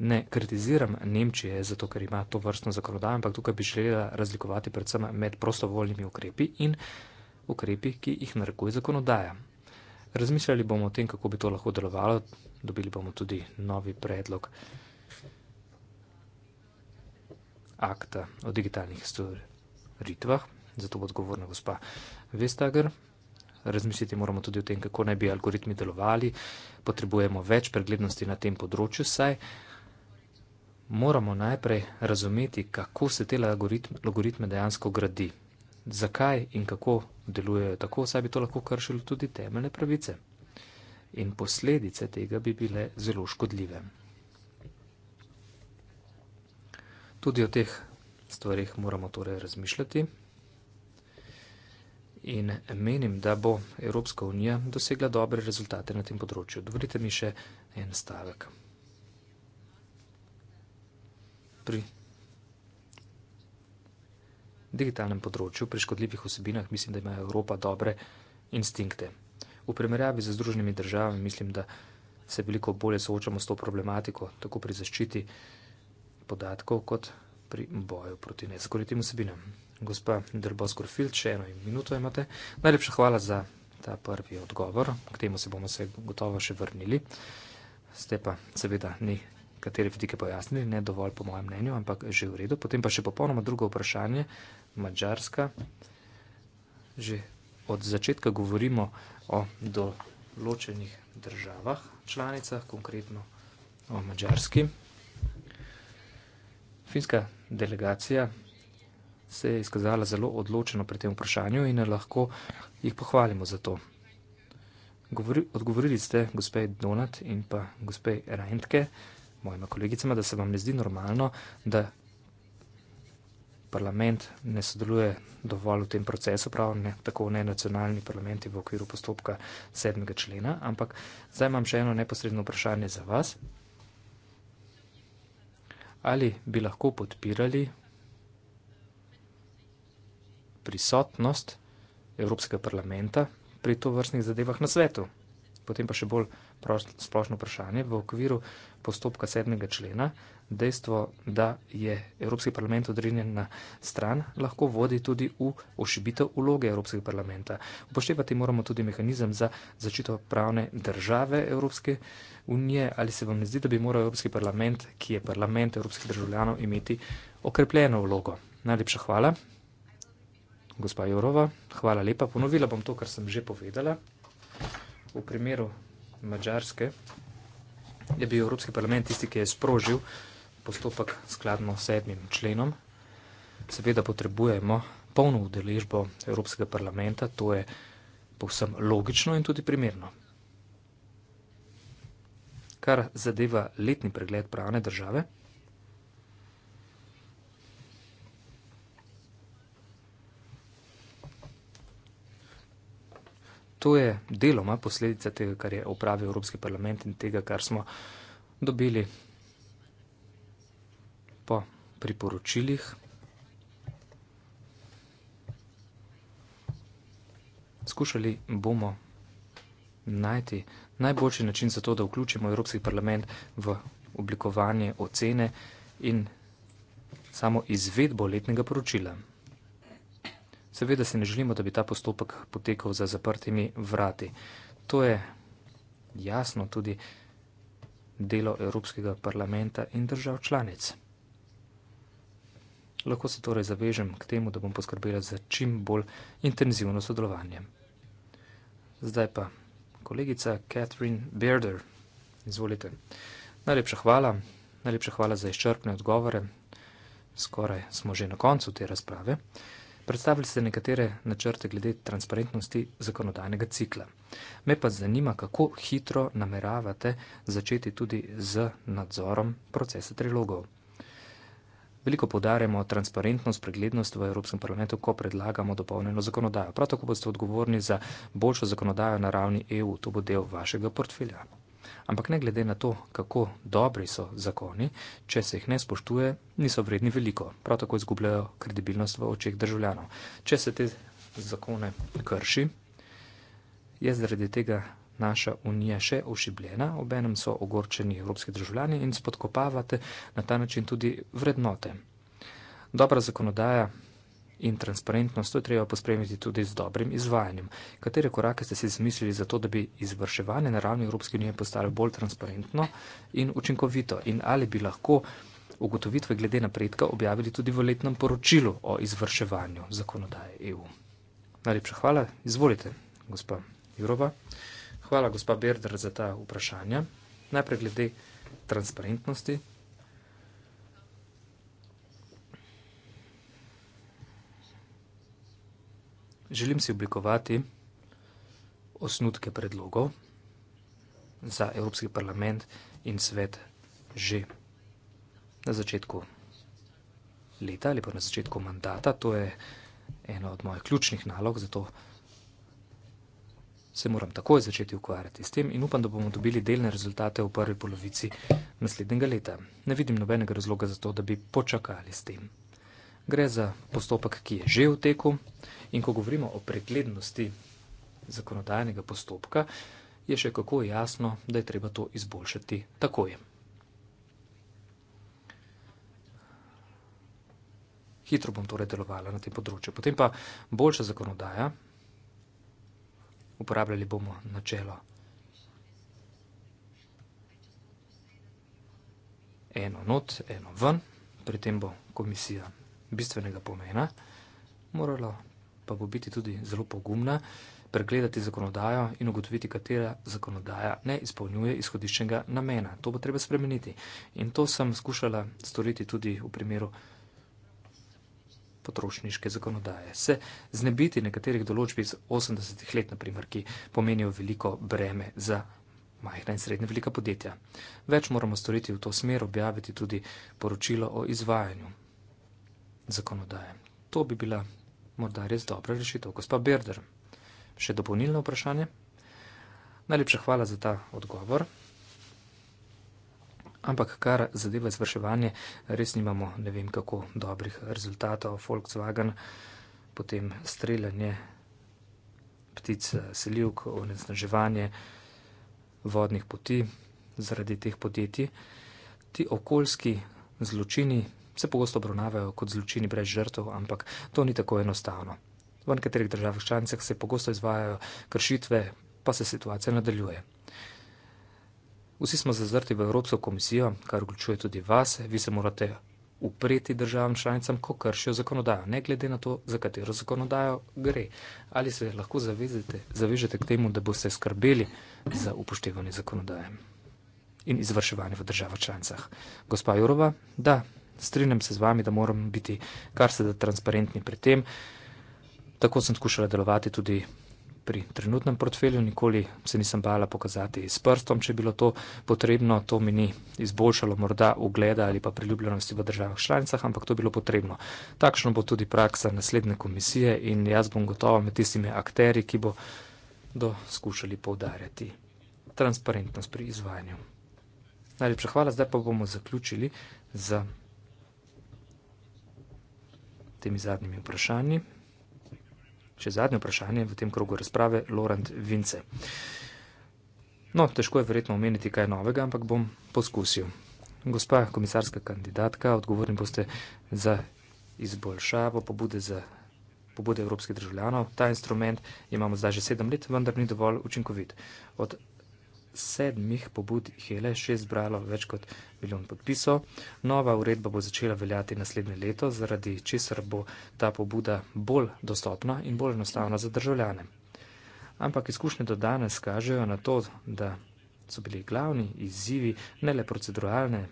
Ne kritiziram Nemčije, zato ker ima to vrstno zakonodajo, ampak tukaj bi želela razlikovati predvsem med prostovoljnimi ukrepi in ukrepi, ki jih narekuje zakonodaja. Razmišljali bomo o tem, kako bi to lahko delovalo, dobili bomo tudi novi predlog akta o digitalnih storitvah za to bo odgovorna gospa Vestager. Razmisliti moramo tudi o tem, kako naj bi algoritmi delovali, potrebujemo več preglednosti na tem področju, saj moramo najprej razumeti, kako se te algoritme dejansko gradi, zakaj in kako delujejo tako, saj bi to lahko kršilo tudi temeljne pravice. In posledice tega bi bile zelo škodljive. Tudi o teh stvarih moramo torej razmišljati in menim, da bo Evropska unija dosegla dobre rezultate na tem področju. Dovolite mi še en stavek. Pri digitalnem področju, pri škodljivih osebinah, mislim, da ima Evropa dobre instinkte. V primerjavi z Združenimi državami mislim, da se veliko bolje soočamo s to problematiko, tako pri zaščiti podatkov kot pri boju proti nezakonitim osebinam gospa Drbosko Filč, še eno minuto imate. Najlepša hvala za ta prvi odgovor, k temu se bomo se gotovo še vrnili. Ste pa seveda ni katere vidike pojasnili, ne dovolj po mojem mnenju, ampak že v redu. Potem pa še popolnoma drugo vprašanje. Mačarska. Že od začetka govorimo o določenih državah, članicah, konkretno o Mačarski. Finska delegacija se je izkazala zelo odločeno pri tem vprašanju in lahko jih pohvalimo za to. Govori, odgovorili ste gospej Donat in pa gospej Reintke, mojima kolegicama, da se vam ne zdi normalno, da parlament ne sodeluje dovolj v tem procesu, prav ne, tako ne nacionalni parlamenti v okviru postopka sedmega člena, ampak zdaj imam še eno neposredno vprašanje za vas. Ali bi lahko podpirali prisotnost Evropskega parlamenta pri to vrstnih zadevah na svetu. Potem pa še bolj splošno vprašanje v okviru postopka sedmega člena. Dejstvo, da je Evropski parlament odrinjen na stran, lahko vodi tudi v ošibitev uloge Evropskega parlamenta. Upoštevati moramo tudi mehanizem za začito pravne države Evropske unije. Ali se vam ne zdi, da bi moral Evropski parlament, ki je parlament evropskih državljanov, imeti okrepljeno vlogo? Najlepša hvala gospa Jurova, hvala lepa. Ponovila bom to, kar sem že povedala. V primeru Mačarske je bil Evropski parlament tisti, ki je sprožil postopek skladno sedmim členom. Seveda potrebujemo polno udeležbo Evropskega parlamenta, to je povsem logično in tudi primerno. Kar zadeva letni pregled pravne države. to je deloma posledica tega, kar je opravil Evropski parlament in tega, kar smo dobili po priporočilih. Skušali bomo najti najboljši način za to, da vključimo Evropski parlament v oblikovanje ocene in samo izvedbo letnega poročila. Seveda si ne želimo, da bi ta postopek potekal za zaprtimi vrati. To je jasno tudi delo Evropskega parlamenta in držav članic. Lahko se torej zavežem k temu, da bom poskrbela za čim bolj intenzivno sodelovanje. Zdaj pa kolegica Catherine Bearder. Izvolite. Najlepša hvala. Najlepša hvala za izčrpne odgovore. Skoraj smo že na koncu te razprave. Predstavili ste nekatere načrte glede transparentnosti zakonodajnega cikla. Me pa zanima, kako hitro nameravate začeti tudi z nadzorom procesa trilogov. Veliko podarjamo transparentnost, preglednost v Evropskem parlamentu, ko predlagamo dopolnjeno zakonodajo. Prav tako boste odgovorni za boljšo zakonodajo na ravni EU. To bo del vašega portfelja. Ampak ne glede na to, kako dobri so zakoni, če se jih ne spoštuje, niso vredni veliko, prav tako izgubljajo kredibilnost v očeh državljanov. Če se te zakone krši, je zaradi tega naša unija še ošibljena, obenem so ogorčeni evropski državljani in spodkopavate na ta način tudi vrednote. Dobra zakonodaja in transparentnost, to je treba pospremiti tudi z dobrim izvajanjem. Katere korake ste si zmislili za to, da bi izvrševanje na ravni Evropske unije postalo bolj transparentno in učinkovito? In ali bi lahko ugotovitve glede napredka objavili tudi v letnem poročilu o izvrševanju zakonodaje EU? Najlepša hvala. Izvolite, gospa Jurova. Hvala, gospa Berder, za ta vprašanja. Najprej glede transparentnosti. Želim si oblikovati osnutke predlogov za Evropski parlament in svet že na začetku leta ali pa na začetku mandata. To je ena od mojih ključnih nalog, zato se moram takoj začeti ukvarjati s tem in upam, da bomo dobili delne rezultate v prvi polovici naslednjega leta. Ne vidim nobenega razloga za to, da bi počakali s tem gre za postopek, ki je že v teku. In ko govorimo o preglednosti zakonodajnega postopka, je še kako jasno, da je treba to izboljšati takoj. Hitro bom torej delovala na tem področju. Potem pa boljša zakonodaja, uporabljali bomo načelo eno not, eno ven, pri tem bo komisija bistvenega pomena, morala pa bo biti tudi zelo pogumna, pregledati zakonodajo in ugotoviti, katera zakonodaja ne izpolnjuje izhodiščnega namena. To bo treba spremeniti. In to sem skušala storiti tudi v primeru potrošniške zakonodaje. Se znebiti nekaterih določb iz 80-ih let, naprimer, ki pomenijo veliko breme za majhna in srednja velika podjetja. Več moramo storiti v to smer, objaviti tudi poročilo o izvajanju zakonodaje. To bi bila morda res dobra rešitev. Gospa Berder, še dopolnilno vprašanje. Najlepša hvala za ta odgovor. Ampak kar zadeva izvrševanje, res nimamo ne vem kako dobrih rezultatov. Volkswagen, potem streljanje ptic, selivk, onesnaževanje vodnih poti zaradi teh podjetij. Ti okoljski zločini se pogosto obravnavajo kot zločini brez žrtev, ampak to ni tako enostavno. V nekaterih državah članicah se pogosto izvajajo kršitve, pa se situacija nadaljuje. Vsi smo zazrti v Evropsko komisijo, kar vključuje tudi vas, vi se morate upreti državam članicam, ko kršijo zakonodajo, ne glede na to, za katero zakonodajo gre. Ali se lahko zavežete, zavežete k temu, da boste skrbeli za upoštevanje zakonodaje in izvrševanje v državah članicah. Gospa Jurova, da strinjam se z vami, da moram biti kar se da transparentni pri tem. Tako sem skušala delovati tudi pri trenutnem portfelju, nikoli se nisem bala pokazati s prstom, če je bilo to potrebno, to mi ni izboljšalo morda ugleda ali pa priljubljenosti v državah članicah, ampak to je bilo potrebno. Takšno bo tudi praksa naslednje komisije in jaz bom gotovo med tistimi akteri, ki bo do skušali poudarjati transparentnost pri izvajanju. Najlepša hvala, zdaj pa bomo zaključili za temi zadnjimi vprašanji. Še zadnje vprašanje v tem krogu razprave, Lorent Vince. No, težko je verjetno omeniti kaj novega, ampak bom poskusil. Gospa komisarska kandidatka, odgovorni boste za izboljšavo pobude, za, pobude evropskih državljanov. Ta instrument imamo zdaj že sedem let, vendar ni dovolj učinkovit. Od sedmih pobud jih je le še zbralo več kot milijon podpisov. Nova uredba bo začela veljati naslednje leto, zaradi česar bo ta pobuda bolj dostopna in bolj enostavna za državljane. Ampak izkušnje do danes kažejo na to, da so bili glavni izzivi ne le proceduralne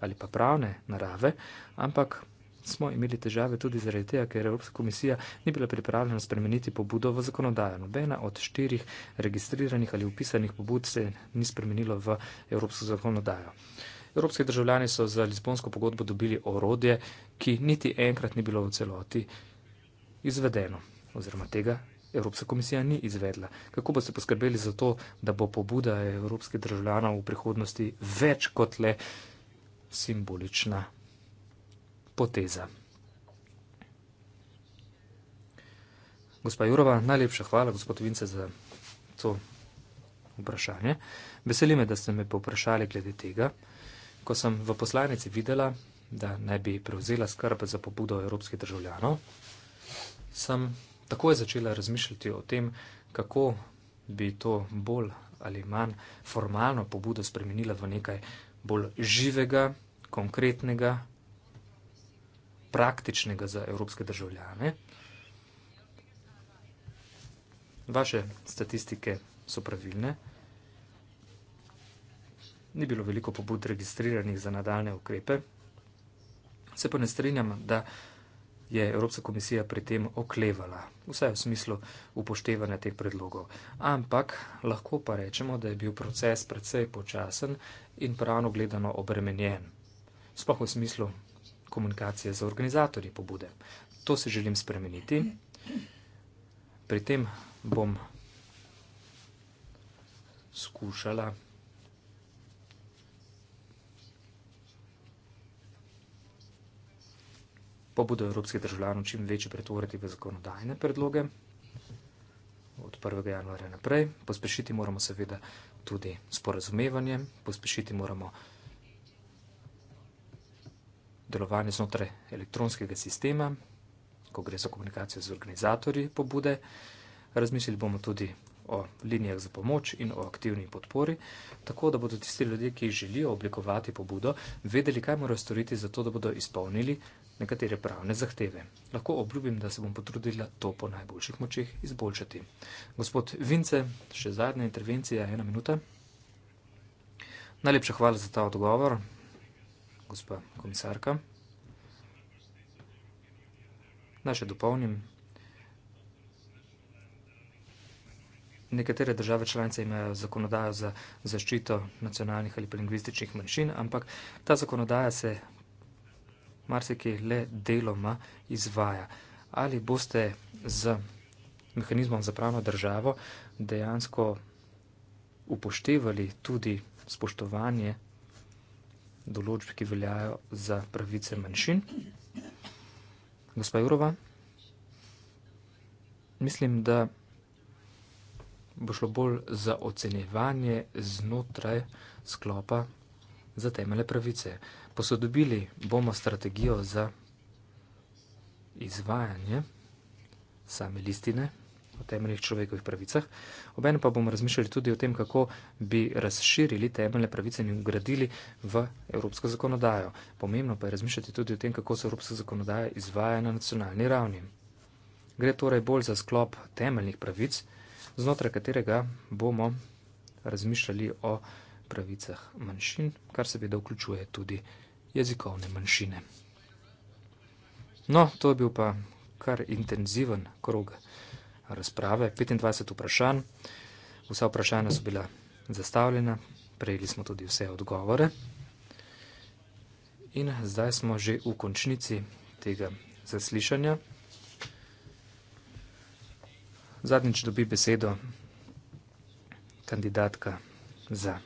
ali pa pravne narave, ampak smo imeli težave tudi zaradi tega, ker Evropska komisija ni bila pripravljena spremeniti pobudo v zakonodajo. Nobena od štirih registriranih ali upisanih pobud se ni spremenilo v Evropsko zakonodajo. Evropski državljani so za Lizbonsko pogodbo dobili orodje, ki niti enkrat ni bilo v celoti izvedeno oziroma tega. Evropska komisija ni izvedla. Kako boste poskrbeli za to, da bo pobuda evropskih državljanov v prihodnosti več kot le simbolična poteza. Gospa Jurova, najlepša hvala, gospod Vince, za to vprašanje. Veseli me, da ste me povprašali glede tega. Ko sem v poslanici videla, da ne bi prevzela skrb za pobudo evropskih državljanov, sem takoj začela razmišljati o tem, kako bi to bolj ali manj formalno pobudo spremenila v nekaj bolj živega, konkretnega, praktičnega za evropske državljane. Vaše statistike so pravilne. Ni bilo veliko pobud registriranih za nadaljne ukrepe. Se pa ne strinjam, da je Evropska komisija pri tem oklevala, vsaj v smislu upoštevanja teh predlogov. Ampak lahko pa rečemo, da je bil proces predvsej počasen in pravno gledano obremenjen. Sploh v smislu komunikacije z organizatorji pobude. To se želim spremeniti. Pri tem bom skušala pobudo evropskih državljanov čim večje pretvoriti v zakonodajne predloge od 1. januarja naprej. Pospešiti moramo seveda tudi sporazumevanje, pospešiti moramo tudi delovanje znotraj elektronskega sistema, ko gre za komunikacijo z organizatorji pobude. Razmislili bomo tudi o linijah za pomoč in o aktivni podpori, tako da bodo tisti ljudje, ki želijo oblikovati pobudo, vedeli, kaj morajo storiti, zato da bodo izpolnili nekatere pravne zahteve. Lahko obljubim, da se bom potrudila to po najboljših močeh izboljšati. Gospod Vince, še zadnja intervencija, ena minuta. Najlepša hvala za ta odgovor gospa komisarka. Naj še dopolnim. Nekatere države članice imajo zakonodajo za zaščito nacionalnih ali lingvističnih manjšin, ampak ta zakonodaja se marsikaj le deloma izvaja. Ali boste z mehanizmom za pravno državo dejansko upoštevali tudi spoštovanje določb, ki veljajo za pravice manjšin. Gospa Jurova, mislim, da bo šlo bolj za ocenevanje znotraj sklopa za temele pravice. Posodobili bomo strategijo za izvajanje same listine o temeljnih človekovih pravicah. Obenem pa bomo razmišljali tudi o tem, kako bi razširili temeljne pravice in ugradili v evropsko zakonodajo. Pomembno pa je razmišljati tudi o tem, kako se evropska zakonodaja izvaja na nacionalni ravni. Gre torej bolj za sklop temeljnih pravic, znotraj katerega bomo razmišljali o pravicah manjšin, kar seveda vključuje tudi jezikovne manjšine. No, to je bil pa kar intenziven krog razprave, 25 vprašanj. Vsa vprašanja so bila zastavljena, prejeli smo tudi vse odgovore. In zdaj smo že v končnici tega zaslišanja. Zadnjič dobi besedo kandidatka za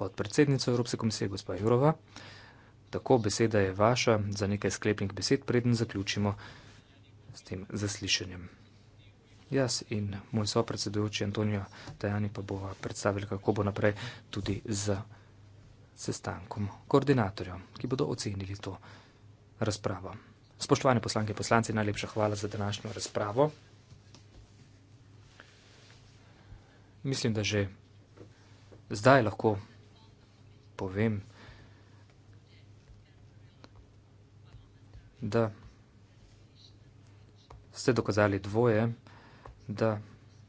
podpredsednico Evropske komisije, gospa Jurova. Tako beseda je vaša za nekaj sklepnih besed, preden zaključimo s tem zaslišanjem. Jaz in moj sopredsedujoči Antonijo Tajani pa bova predstavili, kako bo naprej tudi z sestankom koordinatorjev, ki bodo ocenili to razpravo. Spoštovane poslanke in poslanci, najlepša hvala za današnjo razpravo. Mislim, da že zdaj lahko povem, da ste dokazali dvoje, da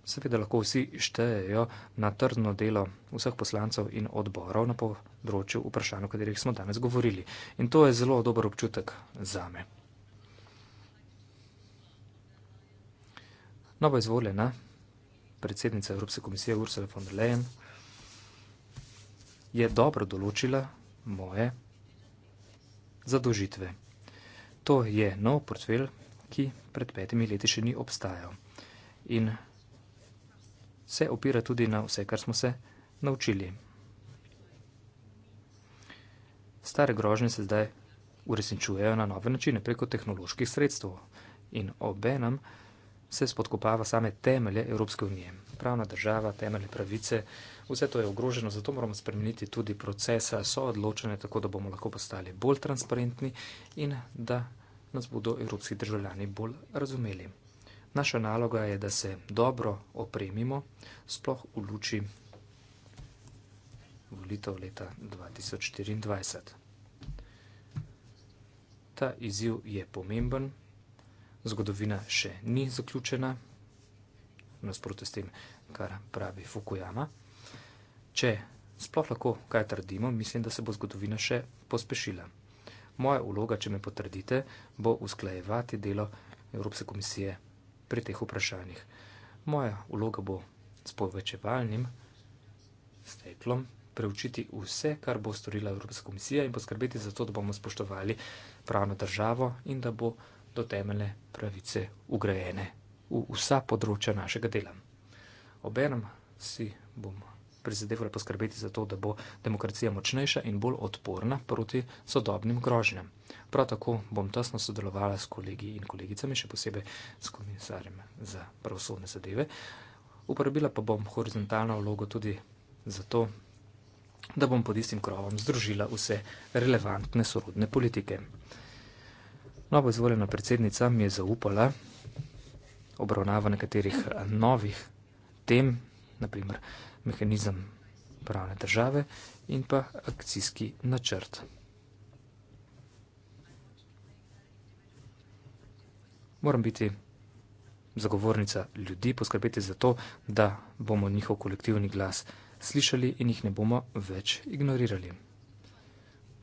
seveda lahko vsi štejejo na trdno delo vseh poslancev in odborov na področju vprašanj, o katerih smo danes govorili. In to je zelo dober občutek zame. Nova izvoljena predsednica Evropske komisije Ursula von der Leyen je dobro določila moje zadožitve. To je nov portfelj, ki pred petimi leti še ni obstajal in se opira tudi na vse, kar smo se naučili. Stare grožnje se zdaj uresničujejo na nove načine preko tehnoloških sredstev in obenem se spodkopava same temelje Evropske unije. Pravna država, temelje pravice, vse to je ogroženo, zato moramo spremeniti tudi procesa, so odločene tako, da bomo lahko postali bolj transparentni in da nas bodo evropski državljani bolj razumeli. Naša naloga je, da se dobro opremimo, sploh v luči volitev leta 2024. Ta izziv je pomemben, zgodovina še ni zaključena, nasprotno s tem, kar pravi Fukuyama. Če sploh lahko kaj trdimo, mislim, da se bo zgodovina še pospešila. Moja uloga, če me potrdite, bo usklajevati delo Evropske komisije pri teh vprašanjih. Moja vloga bo s povečevalnim steklom preučiti vse, kar bo storila Evropska komisija in poskrbeti za to, da bomo spoštovali pravno državo in da bo do temeljne pravice ugrajene v vsa področja našega dela. Obenem si bomo prizadevale poskrbeti za to, da bo demokracija močnejša in bolj odporna proti sodobnim grožnjam. Prav tako bom tesno sodelovala s kolegi in kolegicami, še posebej s komisarjem za pravosodne zadeve. Uporabila pa bom horizontalno vlogo tudi zato, da bom pod istim krovom združila vse relevantne sorodne politike. Novo izvoljena predsednica mi je zaupala obravnava nekaterih novih tem, naprimer mehanizem pravne države in pa akcijski načrt. Moram biti zagovornica ljudi, poskrbeti za to, da bomo njihov kolektivni glas slišali in jih ne bomo več ignorirali.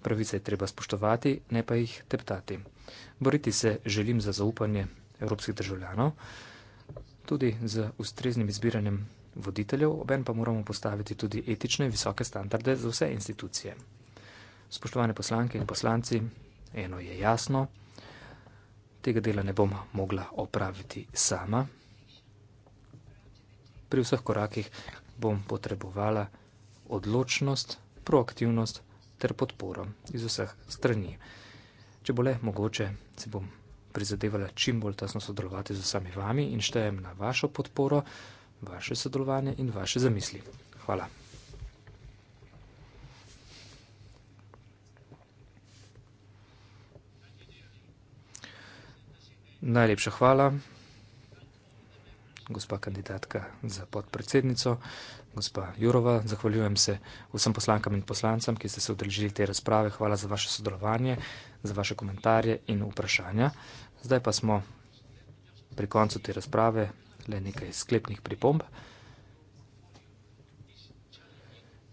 Pravice je treba spoštovati, ne pa jih teptati. Boriti se želim za zaupanje evropskih državljanov, tudi z ustreznim izbiranjem voditeljev, obenem pa moramo postaviti tudi etične in visoke standarde za vse institucije. Spoštovane poslanke in poslanci, eno je jasno, tega dela ne bom mogla opraviti sama. Pri vseh korakih bom potrebovala odločnost, proaktivnost ter podporo iz vseh strani. Če bo le mogoče, se bom prizadevala čim bolj tesno sodelovati z vsemi vami in štejem na vašo podporo vaše sodelovanje in vaše zamisli. Hvala. Najlepša hvala, gospa kandidatka za podpredsednico, gospa Jurova. Zahvaljujem se vsem poslankam in poslancem, ki ste se odrežili te razprave. Hvala za vaše sodelovanje, za vaše komentarje in vprašanja. Zdaj pa smo pri koncu te razprave le nekaj sklepnih pripomb.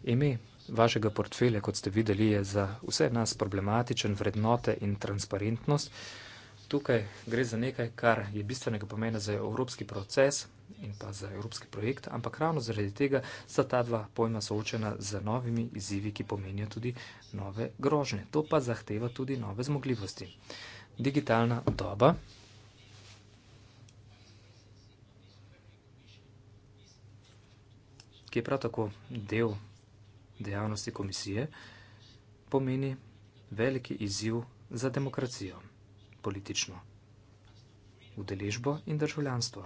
Ime vašega portfelja, kot ste videli, je za vse nas problematičen, vrednote in transparentnost. Tukaj gre za nekaj, kar je bistvenega pomena za evropski proces in pa za evropski projekt, ampak ravno zaradi tega sta ta dva pojma soočena z novimi izzivi, ki pomenijo tudi nove grožnje. To pa zahteva tudi nove zmogljivosti. Digitalna doba. ki je prav tako del dejavnosti komisije, pomeni veliki izziv za demokracijo, politično, udeležbo in državljanstvo.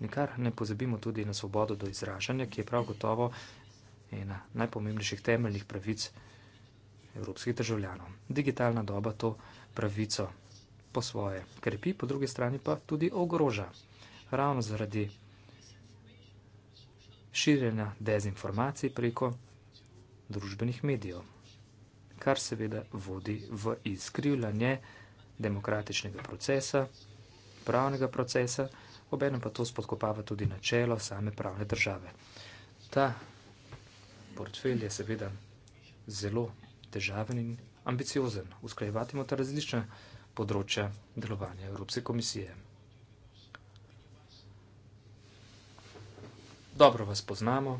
Nikar ne pozabimo tudi na svobodo do izražanja, ki je prav gotovo ena najpomembnejših temeljnih pravic evropskih državljanov. Digitalna doba to pravico po svoje krepi, po drugi strani pa tudi ogroža. Ravno zaradi širjenja dezinformacij preko družbenih medijev, kar seveda vodi v izkrivljanje demokratičnega procesa, pravnega procesa, obenem pa to spodkopava tudi načelo same pravne države. Ta portfelj je seveda zelo težaven in ambiciozen. Usklajevati moramo ta različna področja delovanja Evropske komisije. dobro vas poznamo.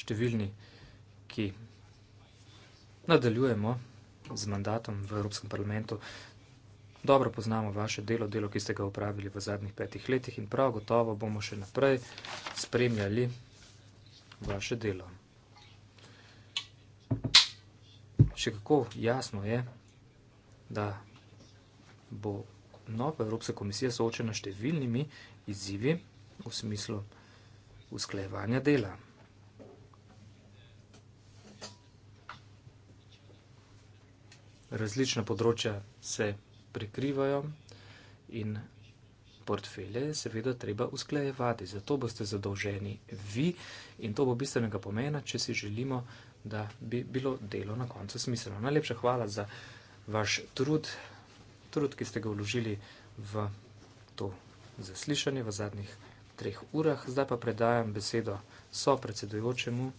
Številni, ki nadaljujemo z mandatom v Evropskem parlamentu, dobro poznamo vaše delo, delo, ki ste ga upravili v zadnjih petih letih in prav gotovo bomo še naprej spremljali vaše delo. Še kako jasno je, da bo nova Evropska komisija soočena številnimi izzivi v smislu usklejevanja dela. Različna področja se prekrivajo in portfelje je seveda treba usklejevati. Zato boste zadolženi vi in to bo bistvenega pomena, če si želimo, da bi bilo delo na koncu smiselno. Najlepša hvala za vaš trud, trud, ki ste ga vložili v portfelje zaslišanje v zadnjih treh urah. Zdaj pa predajam besedo so predsedujočemu,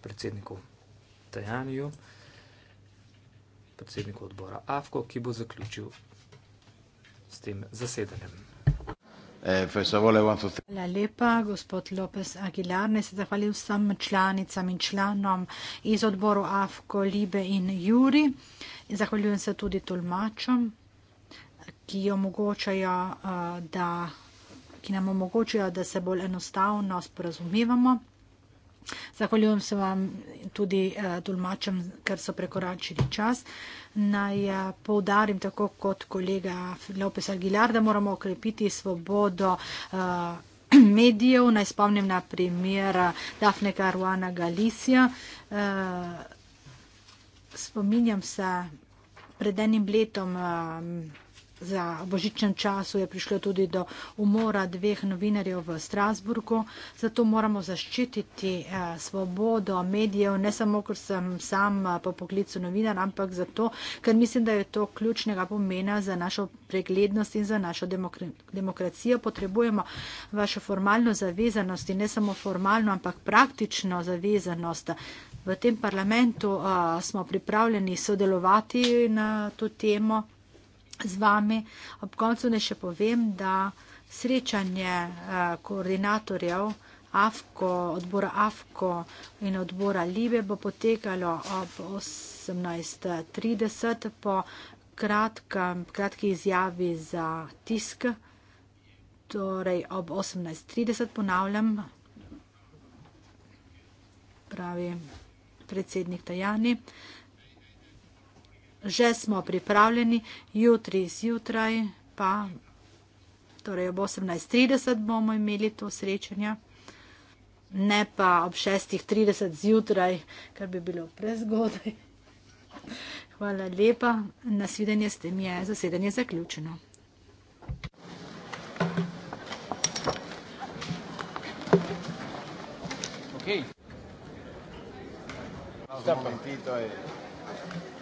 predsedniku Tajaniju, predsedniku odbora AFKO, ki bo zaključil s tem zasedanjem. Eh, Hvala lepa, gospod Lopes Aguilar. Ne se zahvalim vsem članicam in članom iz odboru AFKO, Libe in Juri. Zahvaljujem se tudi tolmačom ki, omogočajo, eh, da, ki nam omogočajo, da se bolj enostavno sporazumevamo. Zahvaljujem se vam tudi eh, tolmačem, ker so prekoračili čas. Naj eh, poudarim, tako kot kolega Lopes Aguilar, da moramo okrepiti svobodo <clears throat> medijev. Naj spomnim na primer Dafne Caruana Galicija. Spominjam se pred enim letom. Uh, Za božičen času je prišlo tudi do umora dveh novinarjev v Strasburgu, zato moramo zaščititi eh, svobodo medijev, ne samo, ker sem sam eh, po poklicu novinar, ampak zato, ker mislim, da je to ključnega pomena za našo preglednost in za našo demokracijo. Potrebujemo vašo formalno zavezanost in ne samo formalno, ampak praktično zavezanost. V tem parlamentu eh, smo pripravljeni sodelovati na to temo z vami. Ob koncu ne še povem, da srečanje eh, koordinatorjev AFKO, odbora AFKO in odbora Libe bo potekalo ob 18.30 po kratkem, kratki izjavi za tisk, torej ob 18.30 ponavljam, pravi predsednik Tajani že smo pripravljeni, jutri zjutraj pa, torej ob 18.30 bomo imeli to srečanje, ne pa ob 6.30 zjutraj, kar bi bilo prezgodaj. Hvala lepa, nasvidenje s tem je zasedanje zaključeno. Okay. Stop. Stop.